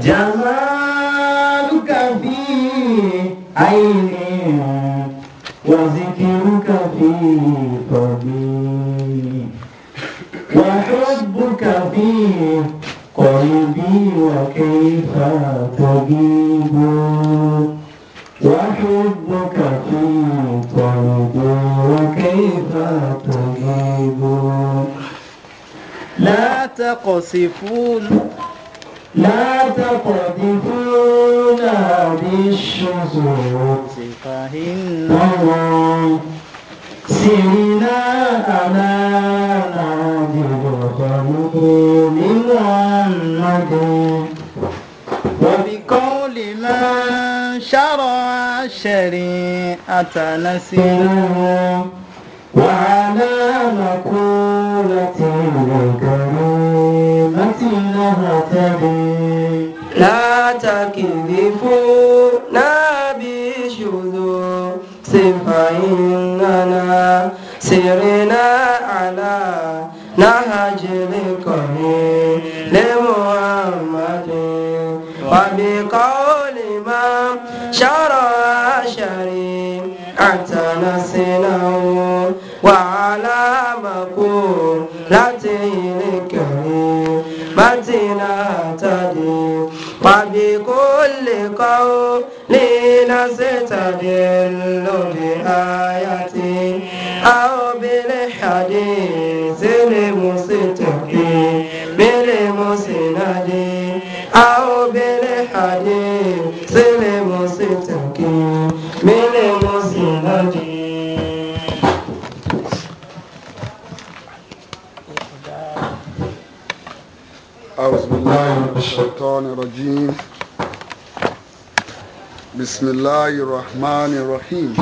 جمالك في عيني وذكرك في قلبي وحبك في قلبي وكيف تجيب وحبك في قلبي وكيف تجيب لا تقصفون látàkọ̀ ní fúnà ní ṣùgbọ́n wọ́n sì rí náà àná àwọn ìdìbò pẹ̀lú nínú àmàdé. وبقول من شرع شريعة نسيره وعلى مقولة الكريمة نهتدي لا تكذفونا بشذوذ فإننا سرنا على نهج الكريم لمحمد وبقول ما شرع شريعتنا سنه وعلى مقولته وبكل قول نستدل بآية أو بالحديث المستقيم بالمسند أو بالحديث المستقيم أعوذ بالله من الشيطان الرجيم بسم الله الرحمن الرحيم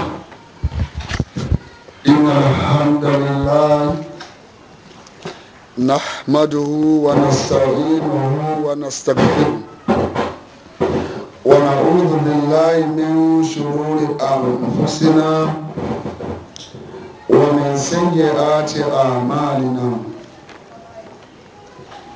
إن الحمد لله نحمده ونستعينه ونستغفره ونعوذ بالله من شرور أنفسنا ومن سيئات أعمالنا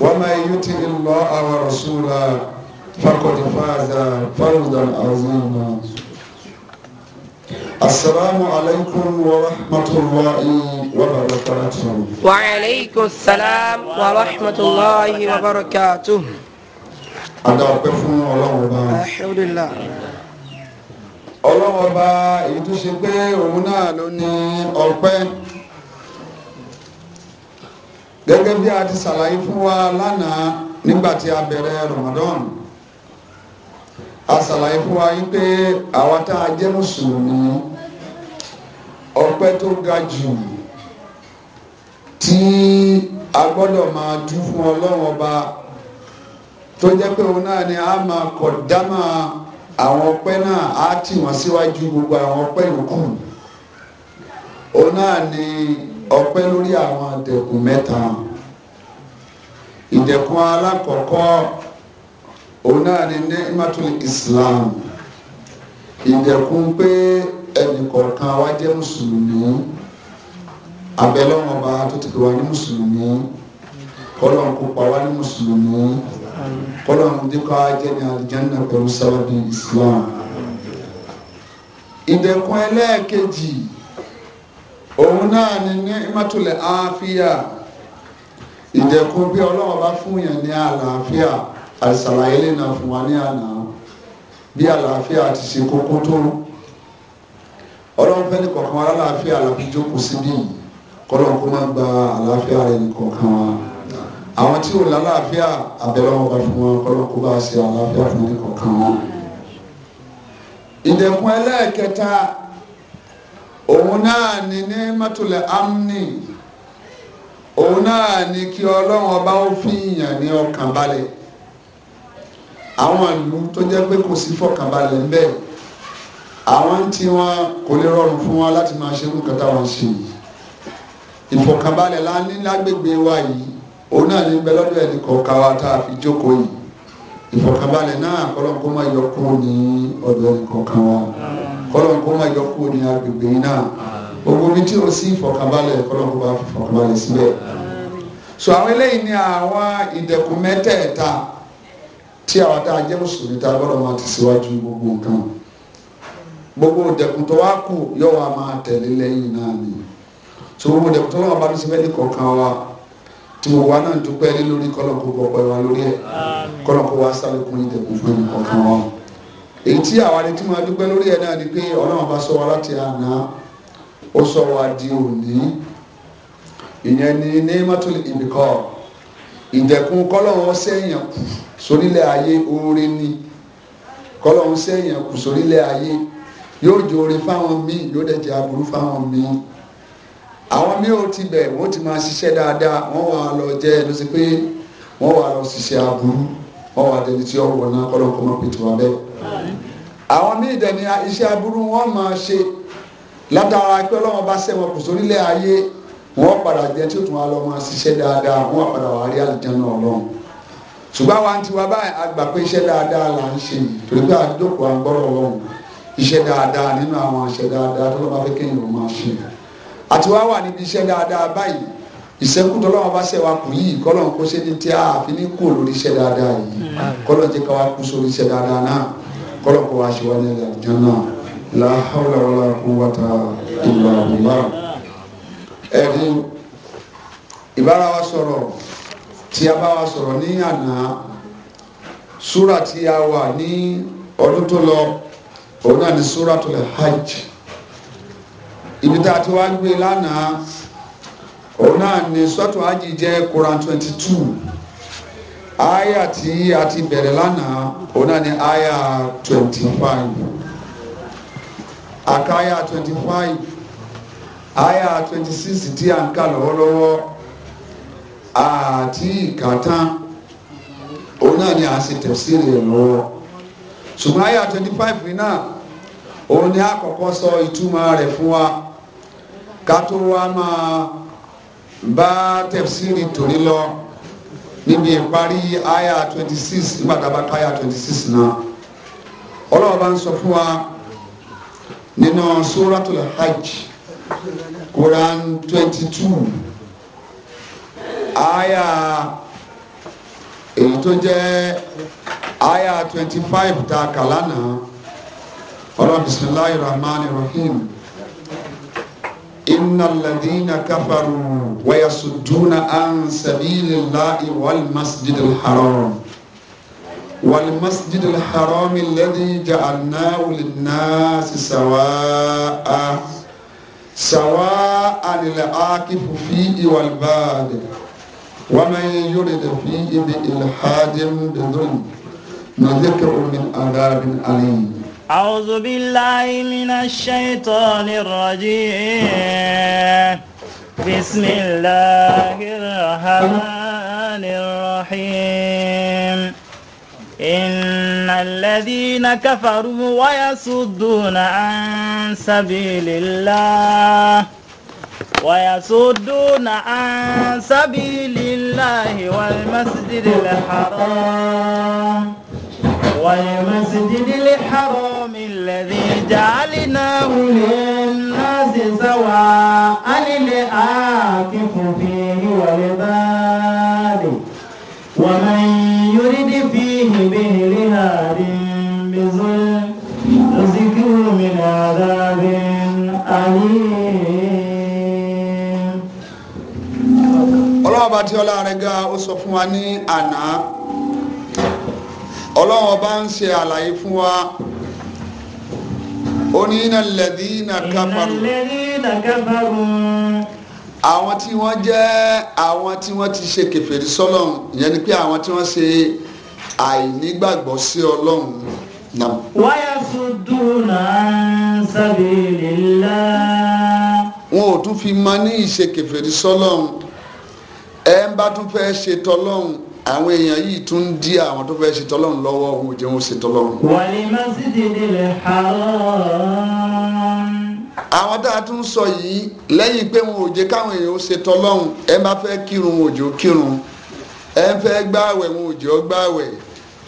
ومن يطع الله ورسوله فقد فاز فوزا عظيما السلام عليكم ورحمة الله وبركاته وعليكم السلام ورحمة الله وبركاته أدعوكم الله وبركاته الحمد لله ọlọ́wọ́ bá èyí tó ṣe pé òun gẹ́gẹ́ bí a ti ṣàlàyé fún wa lánàá nígbà tí a bẹ̀rẹ̀ Ramadan a ṣàlàyé fún wa wípé àwa tá a jẹ́ mùsùlùmí ọpẹ́ tó ga jù tí a gbọ́dọ̀ máa dún fún Ọlọ́run ọba tó jẹ́ pé òun náà ni a máa kọ̀ dámà àwọn ọpẹ́ náà á tì wọ́n síwájú gbogbo àwọn ọpẹ́ yòókù òun náà ni ọpẹ́ lórí àwọn àdẹ̀kùn mẹ́ta ìdẹ̀kùn alákọ̀ọ́kọ́ òun náà ni ni'matul islam ìdẹ̀kùn pé ẹnìkọ̀ọ̀kan wa jẹ́ mùsùlùmí abẹ́lọ́wọ́n ọba tó ti pè wá ní mùsùlùmí kọ́lọ́n kó pa wá ní mùsùlùmí kọ́lọ́n dínkọ́ ajẹ́ ní àlìjánná pẹ̀lú sábàbí islam ìdẹ̀kùn ẹlẹ́ẹ̀kejì òun náà ni ní mọ́tòlẹ̀ àáfíà ìdẹ̀kùn bí ọlọ́run bá fún yẹn ní àlàáfíà àìsàlàyé lè nà fún wa ní àná bí àlàáfíà ti ṣe kókó tó ọlọ́run fẹ́ ní kọ̀ọ̀kan aláàfíà làbújó kù síbí kọ́lọ́run kó má gba àlàáfíà rẹ̀ ní kọ̀ọ̀kan wa àwọn tí ò lálàáfíà àbẹ̀rẹ̀ wọn bá fún wọn kọ́lọ́run kó bá ṣe àlàáfíà fún ní kọ̀ọ̀kan ìdẹ̀kùn ẹlẹ́ẹ̀kẹta òun náà ni ní mọ́tòlẹ̀ amni òun náà ni kí ọlọ́run ọba ó fi ìyàn ní ọkàn balẹ̀ àwọn ìlú tó jẹ́ pé kò sí fọkànbalẹ̀ ń bẹ àwọn tí wọn kò lè rọrùn fún wọn láti máa ṣerú nǹkan táwọn ṣe yìí ìfọkànbalẹ̀ la ní lágbègbè wa yìí òun náà ní bẹ lọ́dọ̀ ẹni kọ̀ọ̀kan wa tá a fi jókòó yìí ìfọkànbalẹ̀ náà kọ́lọ́n kó yọ kúrò ní ọ̀dọ̀ ẹni kọ̀ọ̀kan wa kọ́lọ́n kó má jọ kú ní agbègbè yìí náà gbogbo mi tí o sì fọkànbalẹ̀ kọ́lọ́n kó bá fi fọkànbalẹ̀ síbẹ̀. so àwọn eléyìí ni àwọn ìdẹ̀kùn mẹ́tẹ̀ẹ̀ta tí àwọn tá a jẹ́ mùsùlùmí tá a gbọ́dọ̀ máa ti síwájú gbogbo nǹkan gbogbo ìdẹ̀kùn tó wá kù yóò wá máa tẹ̀lé lẹ́yìn náà ni so gbogbo ìdẹ̀kùn tó wà bá mi síbẹ̀ ní kọ̀ọ̀kan wa tí mo wá náà dúpẹ́ lé lórí kọ́lọ́n kó gbọ́ pẹ́ wa lórí ẹ̀ kọ́lọ́n kó wá sálẹ̀ kún ìdẹ̀kùn fún ẹnì wa èyí tí àwa ni tí mo dúpẹ́ lórí ẹ̀ náà ni pé ọlọ́run bá sọ wa láti àná ó sọ wa di òní ìyẹn ni ní mọ́tòlì ìbìkọ́ ìdẹ̀kùn kọ́lọ́run sẹ́yìn kù sórílẹ̀ ayé oore ni kọ́lọ́run sẹ́yìn kù sórílẹ̀ ayé yóò jẹ́ oore fáwọn míì yóò dẹ̀ jẹ́ aburú fáwọn míì àwọn míì ò ti bẹ̀ wọ́n ti máa ṣiṣẹ́ dáadáa wọ́n wà lọ jẹ́ ẹni sí pé wọ́n wà lọ ṣiṣẹ́ aburú wọn wà dẹni tí ọwọ́ náà kọlọ kọmọ pètè wọn bẹ́ẹ̀ àwọn míì dẹni iṣẹ́ aburú wọn máa ṣe látara pé Ọlọ́run bá ṣe wọn kò sórílẹ̀ ayé wọn padà jẹ tí ó tún wọn lọ máa ṣiṣẹ́ dáadáa wọn padà wà á rí àlùjáná Ọlọ́run ṣùgbọ́n àwọn àti wa báyìí àgbà pé iṣẹ́ dáadáa là ń ṣe torí pé àdókò à ń gbọ́rọ̀ Ọlọ́run iṣẹ́ dáadáa nínú àwọn àṣẹ dáadáa tó lọ́ bá fẹ́ kéèyàn máa ṣe àti wá wà níbi iṣẹ́ dáadáa báyìí ìsẹ́kùtọ̀ lọ́wọ́ bá ṣẹ̀ wa kù yìí kọ́lọ́n kó ṣe ní tí a fi ní kó lórí iṣẹ́ dáadáa yìí kọ́lọ́n jẹ́ ká wa kú sórí iṣẹ́ dáadáa náà kọ́lọ́n kó wa ṣe wá ní àlùján náà la hawla wala quwwata illa billah. ẹ̀rí ìbára wa sọ̀rọ̀ tí a bá wa sọ̀rọ̀ ní àná súrà tí a wà ní ọdún tó lọ òun náà ní súrà tó lè hajj ibi tá a ti wá gbé lánàá òun náà ni sọ́tò ájì jẹ́ Quran twenty two aya tí a ti bẹ̀rẹ̀ lánàá òun náà ni aya twenty five àka twenty five aya twenty six tí a ń kà lọ́wọ́lọ́wọ́ àti ìkàtà òun náà ni a ṣe tẹ̀síìrì ẹ̀ lọ́wọ́ ṣùgbọ́n aya twenty five náà òun ni a kọ́kọ́ sọ ìtumọ̀ rẹ̀ fún wa ká tó máa bá tẹ̀síìrì tòrí lọ níbi ìparí àyà twenty six nígbà tá a bá twenty six náà ọlọ́run bá ń sọ fún wa nínú the hajj quran twenty two àyà èyí tó jẹ́ àyà twenty five tá a kà lánàá ọlọ́run bismillahir rahmanir rahim. إن الذين كفروا ويصدون عن سبيل الله والمسجد الحرام والمسجد الحرام الذي جعلناه للناس سواء سواء العاكف فيه والباد ومن يرد فيه بإلحاد بظلم نذكر من عذاب أليم أعوذ بالله من الشيطان الرجيم بسم الله الرحمن الرحيم إن الذين كفروا ويصدون عن سبيل الله ويصدون عن سبيل الله والمسجد الحرام والمسجد الحرام الذي جعلناه للناس سواء للآكف فيه ولباد ومن يرد فيه بإلهاد بظلم نزكه من عذاب أليم ọlọ́ọ̀bá tí ọlá rẹ̀ ga ó sọ fún wa ní àná ọlọ́run ọba ń ṣe àlàyé fún wa ó ní iná lẹ́dí iná kábàrú. àwọn tí wọ́n jẹ́ àwọn tí wọ́n ti ṣe kèfèrí sọ́lọ́run ìyẹn ni pé àwọn tí wọ́n ṣe àìnígbàgbọ́ sí ọlọ́run náà. wáyà sùdúnà sábìlélá. wọn ò tún fi máa ní ìṣe kèfèrí sọ́lọ́run ẹ ń bá tún fẹ́ ṣe tọ́lọ́run àwọn èèyàn yìí tún ń dí àwọn tó fẹ́ ṣe tọ́lọ́run lọ́wọ́ òun jẹ́ wọn ṣe tọ́lọ́run. wàlí masjidil haram. àwọn tá a tún sọ yìí lẹ́yìn pé wọn ò jẹ́ káwọn èèyàn ó ṣe tọ́lọ́run ẹ má fẹ́ kírun wọn ò jẹ́ ó kírun ẹ fẹ́ gbààwẹ̀ wọn ò jẹ́ ó gbààwẹ̀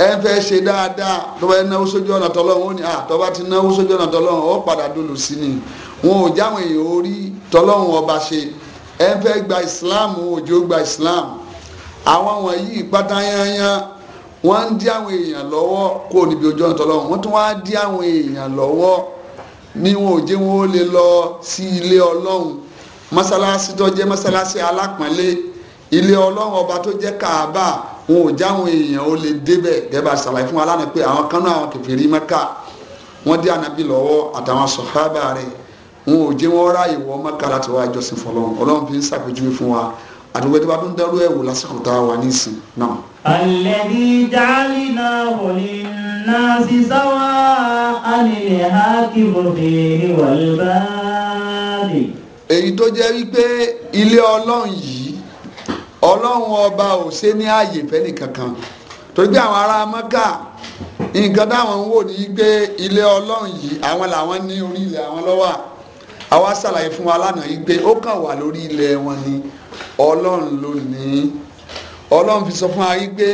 ẹ fẹ́ ṣe dáadáa tó bá náwó sójú ọ̀nà tọ́lọ́run ó ní à tó bá ti náwó sójú ọ̀nà tọ́lọ́run ó padà dolo sí ni wọn ò jáwọn èèyàn orí tọ́lọ́run ọba ṣe ẹ fẹ́ gba ìsìláàmù wọn ò jẹ́ gba ìsìláàmù àwọn wọ̀nyí pátá yányán wọ́n ń dí àwọn èèyàn lọ́wọ́ kó níbi ojú ọ̀nà tọ́lọ́run wọ́n tún wá dí àwọn èèyàn lọ́wọ́ ní wọn ò jẹ́ wọn ó lè lọ sí ilé ọlọ́run mọ́sálásí tó jẹ́ mọ́sálásí alápọ̀nlé ilé ọlọ́run ọba tó jẹ́ káàbà wọn ò jáwọn èèyàn ó lè débẹ̀ gẹ́gbà ṣàlàyé fún wa lánàá pé àwọn kan àwọn kèfèrí Mẹ́kà wọ́n dí ànábì lọ́wọ́ àtàwọn sọ̀hábà rẹ̀ wọn ò jẹ́ wọn ráàyè wọ Mẹ́kà láti wá jọ́sìn fọlọ́run ọlọ́run fi ń ṣàpèjúwe fún wa àdúgbò tó bá tún dẹrú ẹ̀wò lásìkò tá a wà nísìn náà. àlẹ́bí jáàlì náà wọlé náà sí sáwá àlìlẹ̀ hákìmù bèrè wàlúbáàdì. èyí tó jẹ́ wípé ilé ọlọ́run yìí ọlọ́run ọba ò ṣe ní ààyè fẹ́ni kankan torí pé àwọn ará mọ́kà nǹkan táwọn ń wò ní pé ilé ọlọ́run yìí àwọn làwọn ní orí ilẹ̀ àwọn lọ́wọ́ àwa ṣàlàyé fún wa lánàá yìí pé ó kàn wà lórí ilẹ̀ wọn ni ọlọ́run ló ní ọlọ́run fi sọ fún wa wípé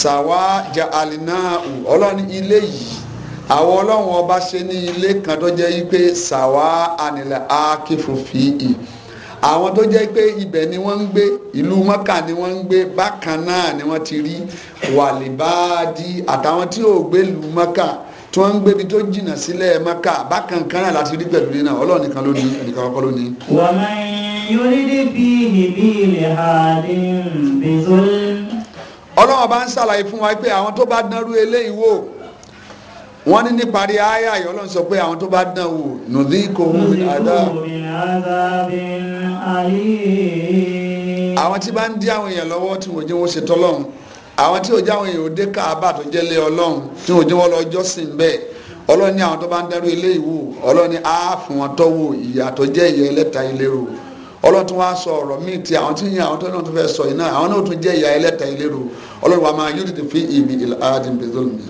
sàwa ja alinahu ọlọ́run ilé yìí àwọn ọlọ́run ọba ṣe ní ilé kan tó jẹ́ wípé sàwa anilẹ̀ akéfòfì ì àwọn tó jẹ́ pé ibẹ̀ ni wọ́n ń gbé ìlú mọ́kà ni wọ́n ń gbé bákan náà ni wọ́n ti rí wàlíbáàdì àtàwọn tí ò gbé ìlú mọ́kà tí wọ́n ń gbébi tó jìnnà sílẹ̀ mọ́kà bákan kan náà láti rí pẹ̀lú ní náà ọlọ́run nìkan ló ní ẹnìkan kọ́ ló ní. wàá يرد bihi بإلحاد بظلم ọlọ́run bá ń ṣàlàyé fún wa pé àwọn tó bá dánrú eléyìí wò wọ́n ní níparí ayé ayé ọlọ́run sọ pé àwọn tó bá dán wò nùdí kò ń rìn àdá. àwọn tí bá ń dí àwọn èèyàn lọ́wọ́ tí wọ́n jẹ́ wọ́n ṣe tọ́lọ́run àwọn tí òjá àwọn èèyàn ò dé káàbà tó jẹ́ lé ọlọ́run tí wọ́n jẹ́ wọ́n lọ jọ́sìn bẹ́ẹ̀ ọlọ́run ní àwọn tó bá ń dánrú eléyìí wò ọlọ́run ní á wọn tọ́wò ìyà ọlọ́tún wa sọ ọ̀rọ̀ míì tí àwọn tí ń yan àwọn tó náà tún fẹ́ sọ yìí náà àwọn náà tún jẹ́ ìyá ẹlẹ́ta ìlérò ọlọ́run wa máa yóò ti fi ìbí ìlàjì bẹ́sọ̀lù mi.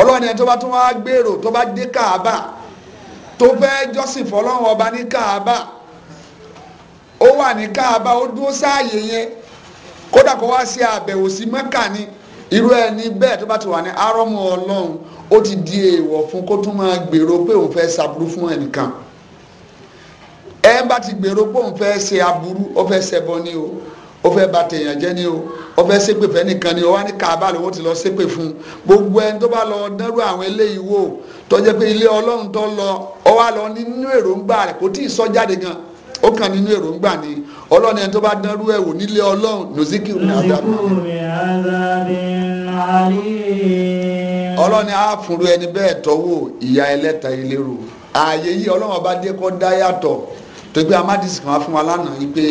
ọlọ́run yẹn tó bá tún wá gbèrò tó bá dé káàbà tó fẹ́ jọ́sìn fọlọ́run ọba ní káàbà ó wà ní káàbà ó dúró sáàyè yẹn kódà kó wá sí àbẹ̀wò sí mẹ́kà ni irú ẹni bẹ́ẹ̀ tó bá ti wà ní arọ́mọ ọlọ́run ó ti di èèwọ̀ fún kó tún máa gbèrò pé òun fẹ́ ṣàbùrú fún ẹnìkan ẹ bá ti gbèrò pé òun fẹ́ ṣe aburú ó fẹ́ ṣẹbọ ni o ó fẹ́ ba tèèyàn jẹ́ ni o ó fẹ́ ṣépè fẹ́ ni o wá ní kaaba lówó ti lọ ṣépè fún gbogbo ẹni tó bá lọ dẹ́rù àwọn eléyìí wò tó pé ilé ọlọ́run tó lọ ọ wá lọ nínú èròǹgbà rẹ̀ kò tí sọ jáde gan ó kàn nínú èròǹgbà ni ọlọ́run ẹni tó bá dẹ́rù ẹ̀ wò nílé ọlọ́run nùzíkì ọlọ́run ẹni bẹ́ẹ̀ tọ́wọ́ ìyá ẹlẹ́ta ilé ààyè tẹgbẹ́ amadis kan fún wa lánàá yìí pé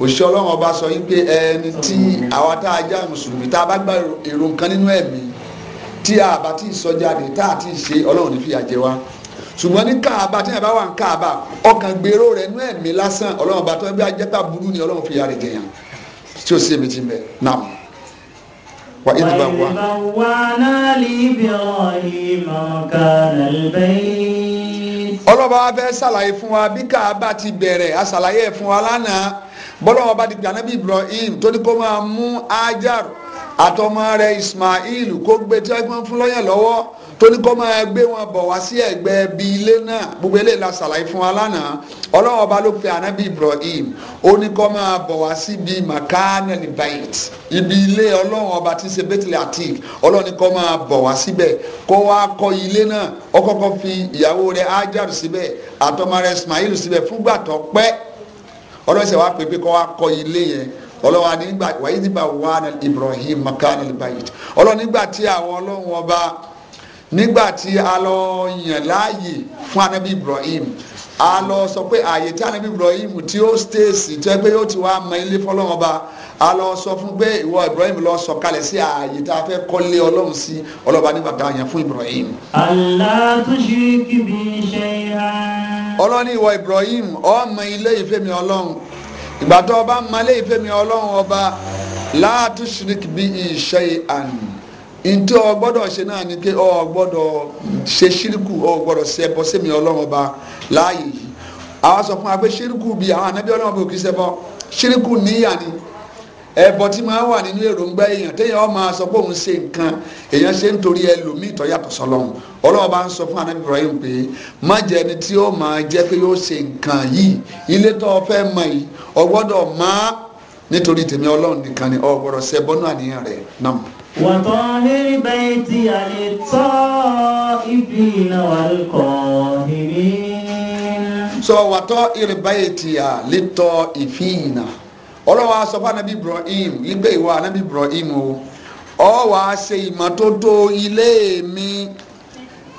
òṣìṣẹ́ ọlọ́run ọba sọ yìí pé ẹni tí àwa tá a já mùsùlùmí tá a bá gba èrò nǹkan nínú ẹ̀mí tí a bá ti sọ jáde tá a ti ṣe ọlọ́run ní fìyà jẹ wá ṣùgbọ́n ní káàbà tí yàrá wà ní káàbà ọkàn gbèrò rẹ̀ nú ẹ̀mí lásán ọlọ́run bá tó ẹgbẹ́ ajẹ́pà burú ni ọlọ́run fìyà rẹ̀ jẹyàn tí ó sì èmi ti mẹ́ nàm. wà náà lè bẹ̀rọ̀ ìmọ̀ ọlọ́ba wa fẹ́ ṣàlàyé fún wa bí káàbà ti bẹ̀rẹ̀ àṣàlàyé ẹ̀ fún wa lánàá bọ́lọ́wọ́ bá ti gbà nábì Ibrahim tó ní kó máa mú ájàrò àtọmọ Ismail kó gbé tí wọ́n fún lọ́yàn lọ́wọ́ tó kó máa gbé wọn bọ̀ wá sí ilé gbogbo eléyìí la ṣàlàyé fún wa lánàá ọba ló pe anabi Ibrahim ó ní kó máa bọ̀ wá sí ibi makanel bait ibi ilé ọlọwọ ọba ti ṣe bethlehem ní fi ìyàwó síbẹ̀ àtọmọ Ismail síbẹ̀ tó pẹ́ ọlọ́sẹ̀ wá kó wá ọlọ́wà nígbà wàyí nígbà wà ní Ibrahim makana bayit ọlọ́wà nígbà tí àwọn ọlọ́run ọba nígbà tí a lọ yàn láàyè fún anabi Ibrahim a lọ sọ pé ààyè tí anabi Ibrahim tí ó stéèsì tó ẹ pé yóò ti wá mọ ilé fọlọ́run ọba a lọ sọ fún pé ìwọ Ibrahim lọ sọ kalẹ̀ sí ààyè tá a fẹ́ kọ́lé ọlọ́run sí ọlọ́ba nígbà tá a yàn fún Ibrahim. Allah tushrik bi shay'an. ọlọ́ni ìwọ Ibrahim ọmọ ilé ìfẹ́mi ọlọ́run ìgbà tó o bá mi ọlọ́run ọba láàtú ṣìríkì bí ìṣe àná ntí o gbọ́dọ̀ ṣe náà ni pé o gbọ́dọ̀ ṣe ṣíríkù o gbọ́dọ̀ ṣe ẹbọ sẹmi ọlọ́run ọba láàyè yìí àwọn sọ fún wa pé ṣíríkù bíi àwọn ànábì ọlọ́run ọba òkè ṣẹbọ ṣíríkù níyà ni. Yani ẹbọ tí máa wà nínú èròǹgbà èèyàn téèyàn ọmọ sọ pé òun ṣe nǹkan èèyàn ṣe nítorí ẹlòmíì tó yàtọ̀ sọlọ́hún ọlọ́run bá ń sọ fún anabi Ibrahim pé má jẹ ẹni tí ó máa jẹ pé yóò ṣe nǹkan yìí ilé tó fẹ́ mọ yìí ọgbọ́dọ̀ má nítorí tèmi ọlọ́run nìkan ni ọ gbọ́dọ̀ ṣe bọ́nú àníyàn rẹ̀ náà. wàtọ́ nílí bẹ́ẹ̀ tí a lè tọ́ ibi náà wà lóko lè tọ́ ìfihìnà ọlọ́wọ́ aṣọ fún anabi ibrahim igbe ìwọ anabi ibrahim o ọ wàá ṣe ìmọ́tótó ilé mi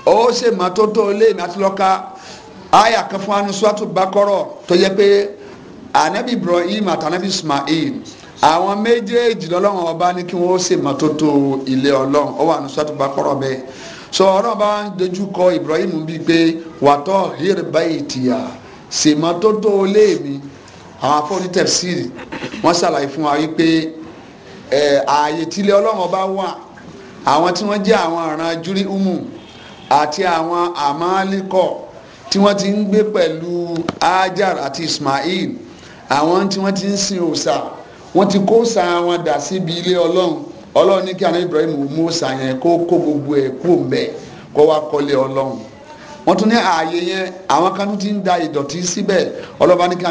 ó ṣe ìmọ́tótó ilé mi àti lọ́ka àyà kan fún anusuatu bakọ́rọ̀ tó yẹ pé anabi ibrahim àti anabi ismail àwọn méjèèjì lọ́lọ́run ọba ní kí wọ́n ṣe ìmọ́tótó ilé ọlọ́run ó anusuatu bakọ́rọ̀ bẹ́ẹ̀ sọ ọlọ́run bá ń dojú kọ ibrahim bíi pé wàtọ́ hírbáyìtìyà mi àwọn afọ́ni tẹ̀síìrì wọ́n ṣàlàyé fún wa wípé ààyè tílé ọlọ́run ọba wà àwọn tí wọ́n jẹ́ àwọn àràn júrí umu àti àwọn àmàlíkọ̀ tí wọ́n ti ń gbé pẹ̀lú Hajar àti Ismail àwọn tí wọ́n ti ń sin òòṣà wọ́n ti kó òòṣà wọn dà síbi ilé ọlọ́run ọlọ́run ní kí àná Ibrahim mú òòṣà yẹn kó kó gbogbo ẹ̀ kú òun kó wá kọ́lé ọlọ́run wọ́n tún ní ààyè yẹn àwọn kan ti ń da ìdọ̀tí síbẹ̀ ọlọ́ba ní kí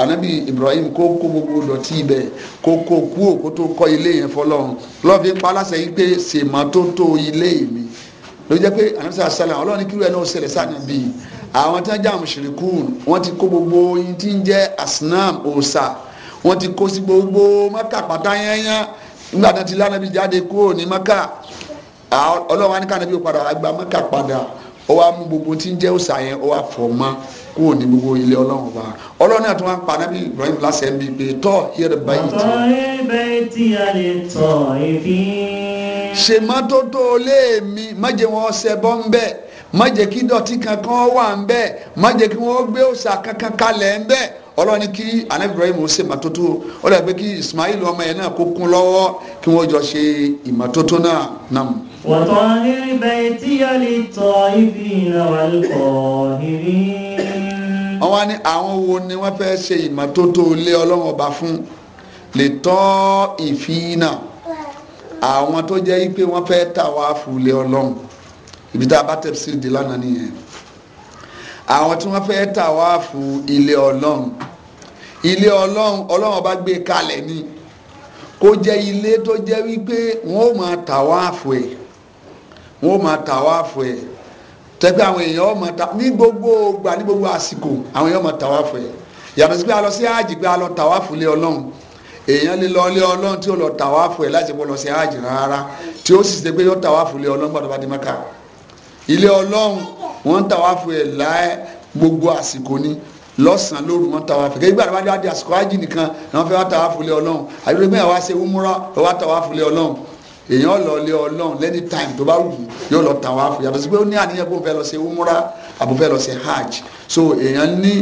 anabi Ibrahim kó kó gbogbo ìdọ̀tí ibẹ̀ kó kó kú òkú tó kọ́ ilé yẹn fọlọ́run lọ́ọ̀fi ń pa aláṣẹ yìí pé ṣèmọ́tótó ilé mi ló jẹ́ pé anabi sàlẹ̀ sàlẹ̀ ọlọ́run ní kí wẹ́n náà ṣẹlẹ̀ sáà níbí àwọn tí wọ́n jẹ́ àmùsùlùkù wọ́n ti kó gbogbo yín tí ń jẹ́ asinam òòsà wọ́n ti kó sí gbogbo Mẹ́kà padà àgbà ó wá mú gbogbo tí ń jẹ́ òòsà yẹn wa fọ fọ̀ mọ́ kúrò ní gbogbo ilé ọlọ́run ọba ọlọ́run náà tún pa nábì Ibrahim lásẹ̀ ń bi pé tọ́ yẹrẹ báyìí tó. ọ̀rọ̀ tí a lè tọ̀ ṣe mi má wọn kankan wà ń má kí gbé kankan kalẹ̀ ń ọlọ́run kí anabi ibrahim ṣe Ismail ọmọ yẹn náà kó kún lọ́wọ́ kí wọ́n jọ ṣe náà وطهر بيتي للطائفين والقاهرين àwọn ni àwọn wo ni wọ́n fẹ́ ṣe ìmọ́tótó ilé ọlọ́run ọba fún lè tọ́ ìfínà àwọn tó jẹ́ pé wọ́n fẹ́ tà wá fúlé ọlọ́run ibi tá a bá tẹ̀sí di lánàá nìyẹn àwọn tí wọ́n fẹ́ tà wá fún ilé ọlọ́run ilé ọlọ́run ọlọ́run ọba gbé kalẹ̀ ni kó jẹ́ ilé tó jẹ́ wípé wọ́n ó máa tà wá fún ẹ̀ wọn ò máa tà wá fún ẹ tẹ́gbẹ́ àwọn èèyàn ọmọ ta ní gbogbo gbà ní gbogbo àsìkò àwọn èèyàn ọmọ tà wá fún ẹ yàtọ̀ sí pé a lọ sí àjì pé a lọ tà wá fún lé ọlọ́run èèyàn lè lọ ilé ọlọ́run tí ó lọ tà wá fún ẹ láti wọ́n lọ sí àjì rárá tí ó sì ṣe pé yóò tà wá fún lé ọlọ́run gbọ́dọ̀ bá dé mẹ́ka ilé ọlọ́run wọ́n ń wá fún ẹ láì gbogbo àsìkò ni lọ́sàn-án lóru wọn tàwa fẹ́ kéjìgbà wọn á di àsìkò ájì nìkan ni wọ́n fẹ́ wá tàwa fúlẹ̀ ọlọ́run àbí wọ́n wá ṣe wúmúrà wọ́n wá tàwa fúlẹ̀ ọlọ́run èèyàn lọ lé ọlọ́run lẹ́ni time tó bá wù yóò lọ tàwáàfù yàtọ̀ sí pé ó ní àníyàn kó fẹ́ lọ ṣe umra àbò fẹ́ lọ ṣe hajj so èèyàn ní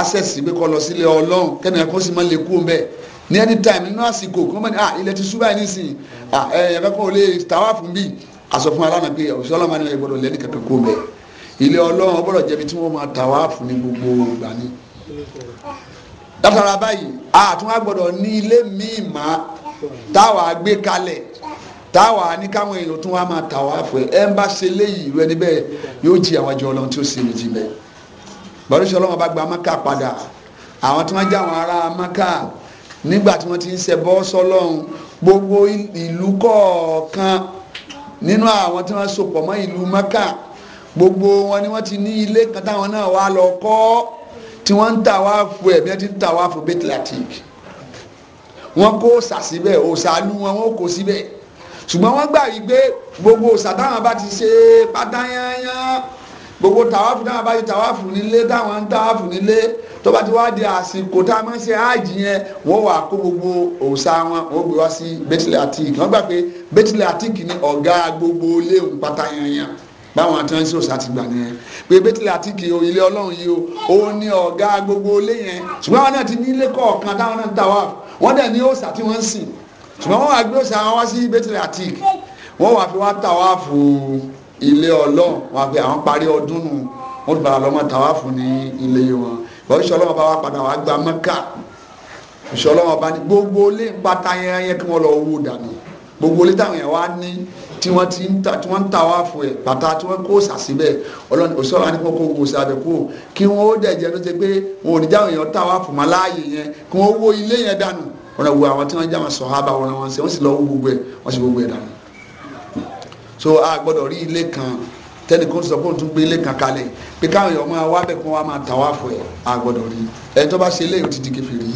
access pé kó lọ sílé ọlọ́run kẹ́nìyàn kó sì máa lè kú mbẹ́ ní any time nínú àsìkò kí wọ́n mọ̀ ní à ah, ilẹ̀ ti ṣúbà nísìnyí à ah, ẹ̀yàn fẹ́ kó lè tàwáàfù bí àsọ fún aláàmì pé òṣìṣẹ́ ọlọ́run máa ní gbọ́dọ̀ lẹ́ni kankan kó mbẹ́ ilé ọlọ́run ọgbọ́dọ̀ jẹ́bi tí wọ́n máa tàwáàfù ní gbogbo ìgbà ni látara báyìí àtúnwá gbọ́dọ̀ ní ilé míì má táwa gbé kalẹ̀ táwa ní káwọn èèyàn tún wá máa tàwa fún ẹ ẹ ń bá ṣe léyìí rẹ níbẹ̀ yóò jí àwọn ẹjọ́ ọlọ́run tí ó ṣe méjì bẹ́ẹ̀ bọ́dúnṣe ọlọ́run bá gba maka padà àwọn tí wọ́n já àwọn ará maka nígbà tí wọ́n ti ń ṣe bọ́ sọ́lọ́run gbogbo ìlú kọ̀ọ̀kan nínú àwọn tí wọ́n sopọ̀ mọ́ ìlú maka gbogbo wọn ni wọ́n ti ní ilé kan táwọn náà wá lọ kọ́ tí wọ́n ń tàwa fún ẹ̀ bí wọ́n ti ń tàwa fún bẹ́tìlátìk wọ́n kó sàsíbẹ̀ òsàlù wọn wọ́n kó síbẹ̀ ṣùgbọ́n wọ́n gbà wípé gbogbo òòṣà táwọn bá ti ṣe pátáyányá gbogbo tàwáfù táwọn bá ti tàwáfù nílé táwọn ń tàwáfù nílé tó bá ti wá di àsìkò tá a máa ń ṣe áàjì yẹn wọ́n wà kó gbogbo òòṣà wọn wọ́n gbé wá sí bẹ́tìlẹ̀ àtìkì wọ́n gbà pé bẹ́tìlẹ̀ àtìkì ni ọ̀gá gbogbo léwu pátáyányá báwọn àtúnṣe òòṣà ti gbà nìyẹn pé bẹ́tìlẹ̀ àtìkì o ilé ọlọ́run yìí o òun ni ọ̀gá gbogbo lé yẹn ṣùgbọ́n àwọn náà ti ní ilé kọ̀ọ̀kan táwọn náà ń tàwáfù wọ́n dẹ̀ ní òòṣà tí wọ́n ń sìn ṣùgbọ́n wọ́n wá gbé òsè àwọn wá sí bethel atik wọ́n wá fi wá tàwáàfù ilé ọlọ́run wọ́n fi àwọn parí ọdún nù wọ́n ti bára lọ́mọ tàwáàfù ní ilé wọn ìwọ ìṣọlọ́wọ́ bá wá padà wá gba mẹ́kà ìṣọlọ́wọ́ bá ní gbogbo ilé pátá yẹn yẹn kí wọ́n lọ wó dànù gbogbo ilé táwọn yẹn wá ní tí wọ́n ti ń ta tí wọ́n ń ta wá fún ẹ̀ bàtà tí wọ́n kó sàsíbẹ̀ ọlọ́ni òṣèlú wọn lọ wo àwọn tí wọn jẹ àwọn sọhábà wọn wọn ṣe wọn sì lọ wo gbogbo ẹ wọn sì gbogbo ẹ dànù so a gbọ́dọ̀ rí ilé kan tẹni kò sọ fóun tún gbé ilé kan kalẹ̀ pé káwọn èèyàn máa wá bẹ̀ kó wọn máa tà wá fọ ẹ a gbọ́dọ̀ rí ẹni tó bá ṣe eléyìí ti di kẹfìrí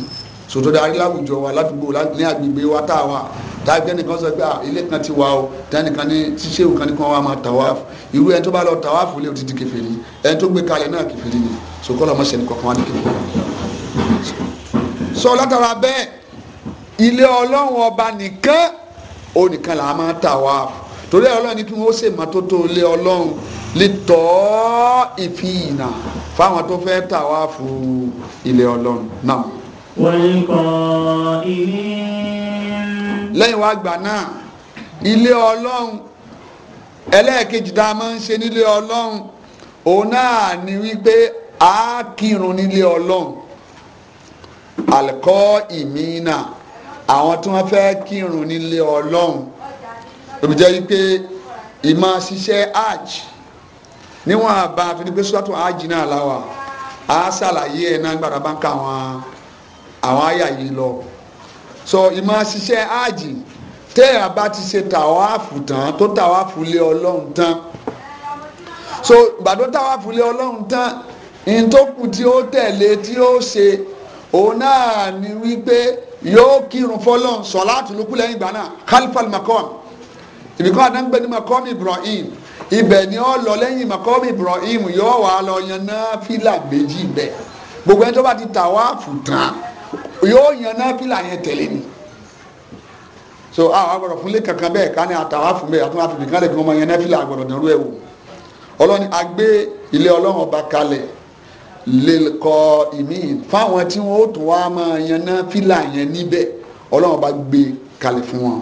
sòtò darí láwùjọ wa ládùúgbò ní agbègbè wa tá a wà tàbí ẹnìkan sọ pé ilé kan ti wà o tẹnìkan ní ṣíṣe òkan nìkan wa máa tà wá irú ẹni tó bá lọ tà wá fò lé òtítì kẹfìrí ẹni tó gbé kalẹ̀ náà kẹfìrí ni sòkòlò ọmọ ṣẹni kankan wá ní kẹfìrí. sọ látara bẹ́ẹ̀ ilé ọlọ́run ọba nìkan onìkan là á máa tà wá torí ọlọ́run ní kí wọ́n ṣe mọ́tótó ilé ọlọ́run lè tọ́ ìfihìnà fáwọn tó fẹ́ tà wá fún ilé ọlọ́run náà. wọ́n ń kọ́ ilé. lẹ́yìn wá gbà náà ilé ọlọ́run ẹlẹ́ẹ̀kejì tá a máa ń ṣe nílé ọlọ́run òun náà ni wípé a kírun nílé ọlọ́run àlùkò ìmínà àwọn tí wọ́n fẹ́ kírun nílé ọlọ́run lóbi jẹ́ wípé ìmọ̀ ṣiṣẹ́ hajj níwọ̀n àbá àfinigbé sọ́tò hajj náà láwà á ṣàlàyé ẹ̀ náà gbàdá bá ń ka àwọn àwọn àyà yìí lọ so ìmọ̀ ṣiṣẹ́ hajj tẹ́ àbá ti ṣe tàwáàfù tán tó tàwáàfù lé ọlọ́run tán so gbàdó tàwáàfù lé ọlọ́run tán ní tó tí ó tẹ̀lé tí ó ṣe òun náà ni wípé yóò kírun fọlọ́n sọ̀láàtù ló kú lẹ́yìn ìgbà náà khalifal makom ibìkan ni makom ibrahim ibẹ̀ ni ó lọ lẹ́yìn makom ibrahim yóò wà lọ yan náfìlà méjì bẹ́ẹ̀ gbogbo ẹni tó bá ti tàwáàfù tán yóò yan náfìlà yẹn tẹ̀lé ni so àwọn agbọ̀dọ̀ fúnlé kankan bẹ́ẹ̀ ká ní àtàwáàfù bẹ́ẹ̀ àtúnwáfù bìkan lè fi wọn yan náfìlà agbọ̀dọ̀ dẹ̀rú ẹ̀ wò ọlọ́ni agbé ilé ọlọ́run ọba kalẹ̀ lè kọ ìmí fáwọn tí wọn ó tún wá máa yanná fílà yẹn níbẹ̀ ọlọ́run bá gbé kalẹ̀ fún wọn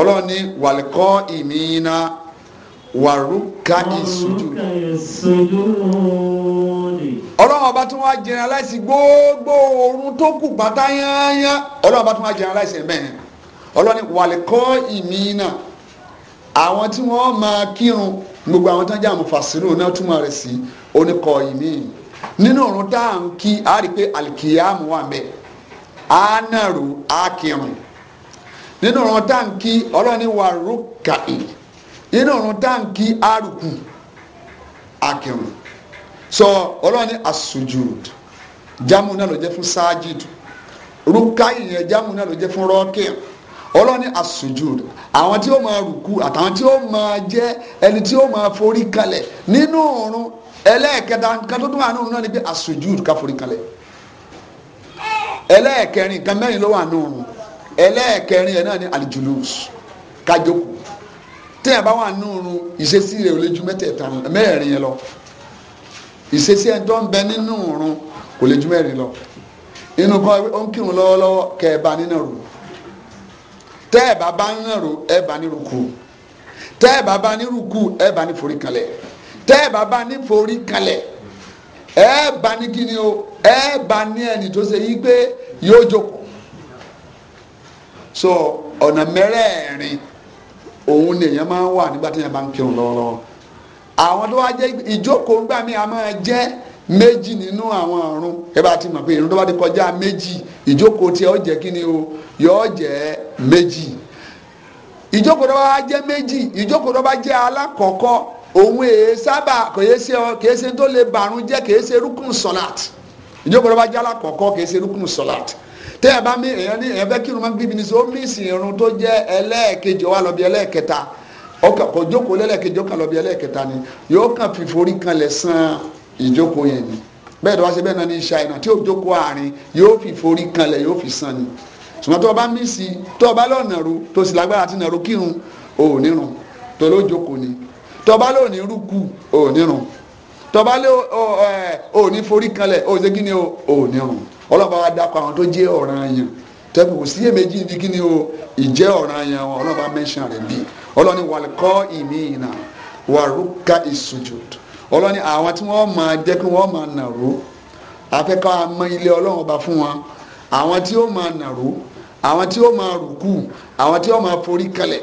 ọlọ́run ní wàlẹ́kọ́ ìmí náà wàrúkà ìsújú. ọlọ́run ọba tí wọ́n á jẹun aláìsí gbogbo oorun tó kù pátá yányá ọlọ́run ọba tí wọ́n á jẹun aláìsí mẹ́rin ọlọ́run ní wàlẹ́kọ́ ìmí náà àwọn tí wọ́n máa kírun gbogbo àwọn tí wọ́n jẹ́ àmúfàsírò náà túmọ̀ rẹ̀ sí oníkọ̀ ìmí náà nínú ọ̀run tá à ń kí a rí i pé alikiyamu wà mẹ́ a nàró a kírun nínú ọ̀run tá à ń kí ọlọ́ni wà rúkàì nínú ọ̀run tá à ń kí arùkù a kírun sọ ọlọ́ni asujud jamu náà ló jẹ́ fún sajid rúkàì yẹn jamu náà ló jẹ́ fún rọ́kìn ọlọ́ni àwọn tí ó máa àtàwọn tí ó máa jẹ́ ẹni tí ó máa forí kalẹ̀ nínú ọ̀run ẹlẹ́ẹ̀kẹta nǹkan tó tún wà nínú náà ni pé àsùjúdù ká kalẹ̀ ẹlẹ́ẹ̀kẹrin nǹkan mẹ́rin ló wà nínú ẹlẹ́ẹ̀kẹrin yẹn náà ni alijulus ká jókòó bá wà nínú ìṣesí rẹ̀ ò mẹ́tẹ̀ẹ̀ta mẹ́rin lọ ìṣesí ẹ̀ tó ń bẹ nínú òrun kò lè lọ inú kan ó ń kírun lọ́wọ́lọ́wọ́ nínú bá nínú tẹ́ bàbá ní forí kalẹ̀ ẹ bá ní kíni o ẹ bá ní ẹni tó ṣe yí pé yóò jókòó so ọ̀nà mẹ́rẹ̀ẹ̀rin òun ni èèyàn máa ń wà nígbà tí èèyàn bá ń kírun lọ́wọ́lọ́wọ́ àwọn tó wá jẹ́ ìjókòó ńgbà míì a máa jẹ́ méjì nínú àwọn ọ̀run ẹ bá ti mọ̀ pé ìrun tó bá ti kọjá méjì ìjókòó ó jẹ́ kíni o yóò jẹ́ méjì ìjókòó tó bá jẹ́ méjì ìjókòó tó bá jẹ́ alákọ̀ọ́kọ́ òun èé sábà kèé ṣe kèé ṣe tó lè bàrún jẹ́ kèé ṣe rúkùn sọ̀làt ìjókòó lọ́ba jálá kọ̀ọ̀kọ́ kèé ṣe rúkùn tẹ́ ẹ bá mi èèyàn ní èèyàn fẹ́ kírun máa ń gbíbi ní sọ ó mísìn irun tó jẹ́ ẹlẹ́ẹ̀kejì ó wá lọ bí ẹlẹ́ẹ̀kẹta ọkàn kò jókòó lẹ́lẹ́kejì ó kàn lọ bí ẹlẹ́ẹ̀kẹta ni yóò kàn fi forí kanlẹ̀ san ìjókòó yẹn ni bẹ́ẹ̀ tó wá ṣe bẹ́ẹ̀ náà ní ṣáínà tí ó jókòó àárín yóò fi forí kanlẹ̀ yóò fi san ni ṣùgbọ́n tó o bá mísìn tó o bá lọ́ọ̀nà ru tó o sì lágbára àti nàró ni tọba ló ní rúkú ò ní rùn tọba ló ò ní forí kanlẹ̀ ò ṣe kí ni ò ní rùn ọlọ́ba wa dapọ̀ àwọn tó jẹ́ ọ̀ranyàn tẹ́kù kò sí èméjì ní kí ni o ìjẹ́ ọ̀ranyàn wọn ọlọ́ba mẹ́sàn rẹ̀ bí ọlọ́ni wàlùkọ́ ìmí ìnà wàrúkà ìsùjùd ọlọ́ni àwọn tí wọ́n máa jẹ́ kí wọ́n máa nàró afẹ́kọ́ àmọ́ ilé ọlọ́run ọba fún wọn àwọn tí ó máa nàró àwọn tí ó máa rùkù àwọn tí ó máa forí kalẹ̀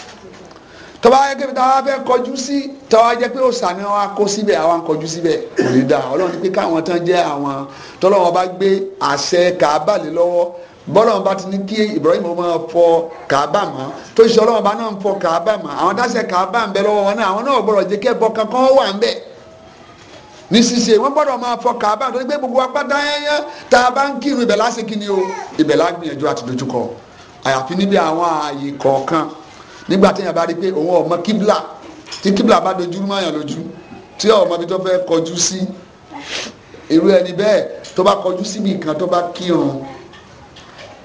tọ́ba ayẹ́kẹ́ bí táwa fẹ́ kọjú sí tọ́wa jẹ́ pé òòsà ni wọ́n á kó síbẹ̀ àwa ń kọjú síbẹ̀ kò ní dáa ọlọ́run ní pé káwọn tán jẹ́ àwọn tọ́lọ́wọ́n bá gbé àṣẹ kàábà lé lọ́wọ́ bọ́lọ́wọ́n bá ti ní kí Ibrahim máa fọ kàábà mọ́ tó ṣe ọlọ́wọ́n bá náà ń fọ kàábà mọ́ àwọn táṣẹ kàábà ń bẹ lọ́wọ́ wọn náà àwọn náà gbọ́dọ̀ jẹ́ kẹ́ bọ́ kankan wà ń bẹ̀ ní ṣíṣe wọn gbọ́dọ̀ máa fọ kàábà tó ní pé gbogbo apáta yẹnyẹn tá a bá ń kírun ibẹ̀ lásìkò ni o ibẹ̀ lágbìyànjú àti dojúkọ àyàfi níbi àwọn ààyè kọ̀ọ̀kan nígbà téèyàn bá rí pé òun ọmọ kíbla tí kíbla bá dojúrú mọ́ àyàn lójú tí ọmọ bí tó fẹ́ kọjú sí irú ẹni bẹ́ẹ̀ tó bá kọjú síbi kan tó bá kírun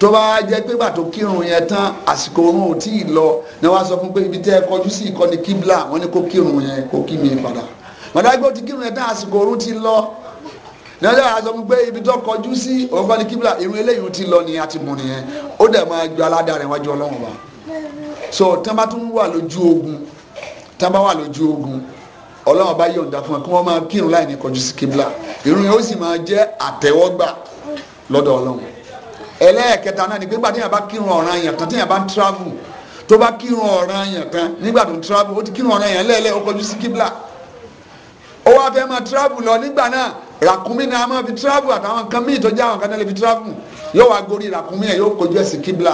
tó bá jẹ́ pé gbà tó kírun yẹn tán àsìkò oorun ò tí ì lọ ni wọ́n á sọ fún pé ibi tẹ́ ẹ kọjú sí ìkọ́ ni kíbla wọ́n ní kó kírun yẹn kó kí mi padà mọ̀dájú ti kírun yẹn tán àsìkò oorun ti lọ níwájú àwọn sọ pé ibi tó kọjú sí òun kọ́ ni kíbla irun eléyìí ti lọ ni a ti mú nìyẹn ó dẹ̀ máa ju aládàá rẹ̀ wájú ọlọ́run wa so tí wọ́n bá tún wà lójú ogun tí wọ́n bá wà lójú ogun ọlọ́run bá yọ̀ǹda fún wọn kí wọ́n máa kírun láì ní kọjú sí kíbla irun yóò sì máa jẹ́ àtẹ́wọ́gbà lọ́dọ̀ ọlọ́run ẹlẹ́ẹ̀kẹta náà ni pé nígbà téèyàn bá kírun ọ̀ràn yẹn tán téèyàn bá ń travel tó bá kírun ọ̀ràn yẹn tán nígbà tó ń travel ó ti kírun ọ̀ràn yẹn lẹ́ẹ̀lẹ́ ó kọjú sí kíbla ó wá fẹ́ máa travel lọ nígbà náà Rakumi ni a máa fi travel àtàwọn nǹkan míì tó jẹ́ àwọn kan náà lè fi travel yóò wá gorí ràkúnmí yẹn yóò kojú ẹ̀sìn kíbla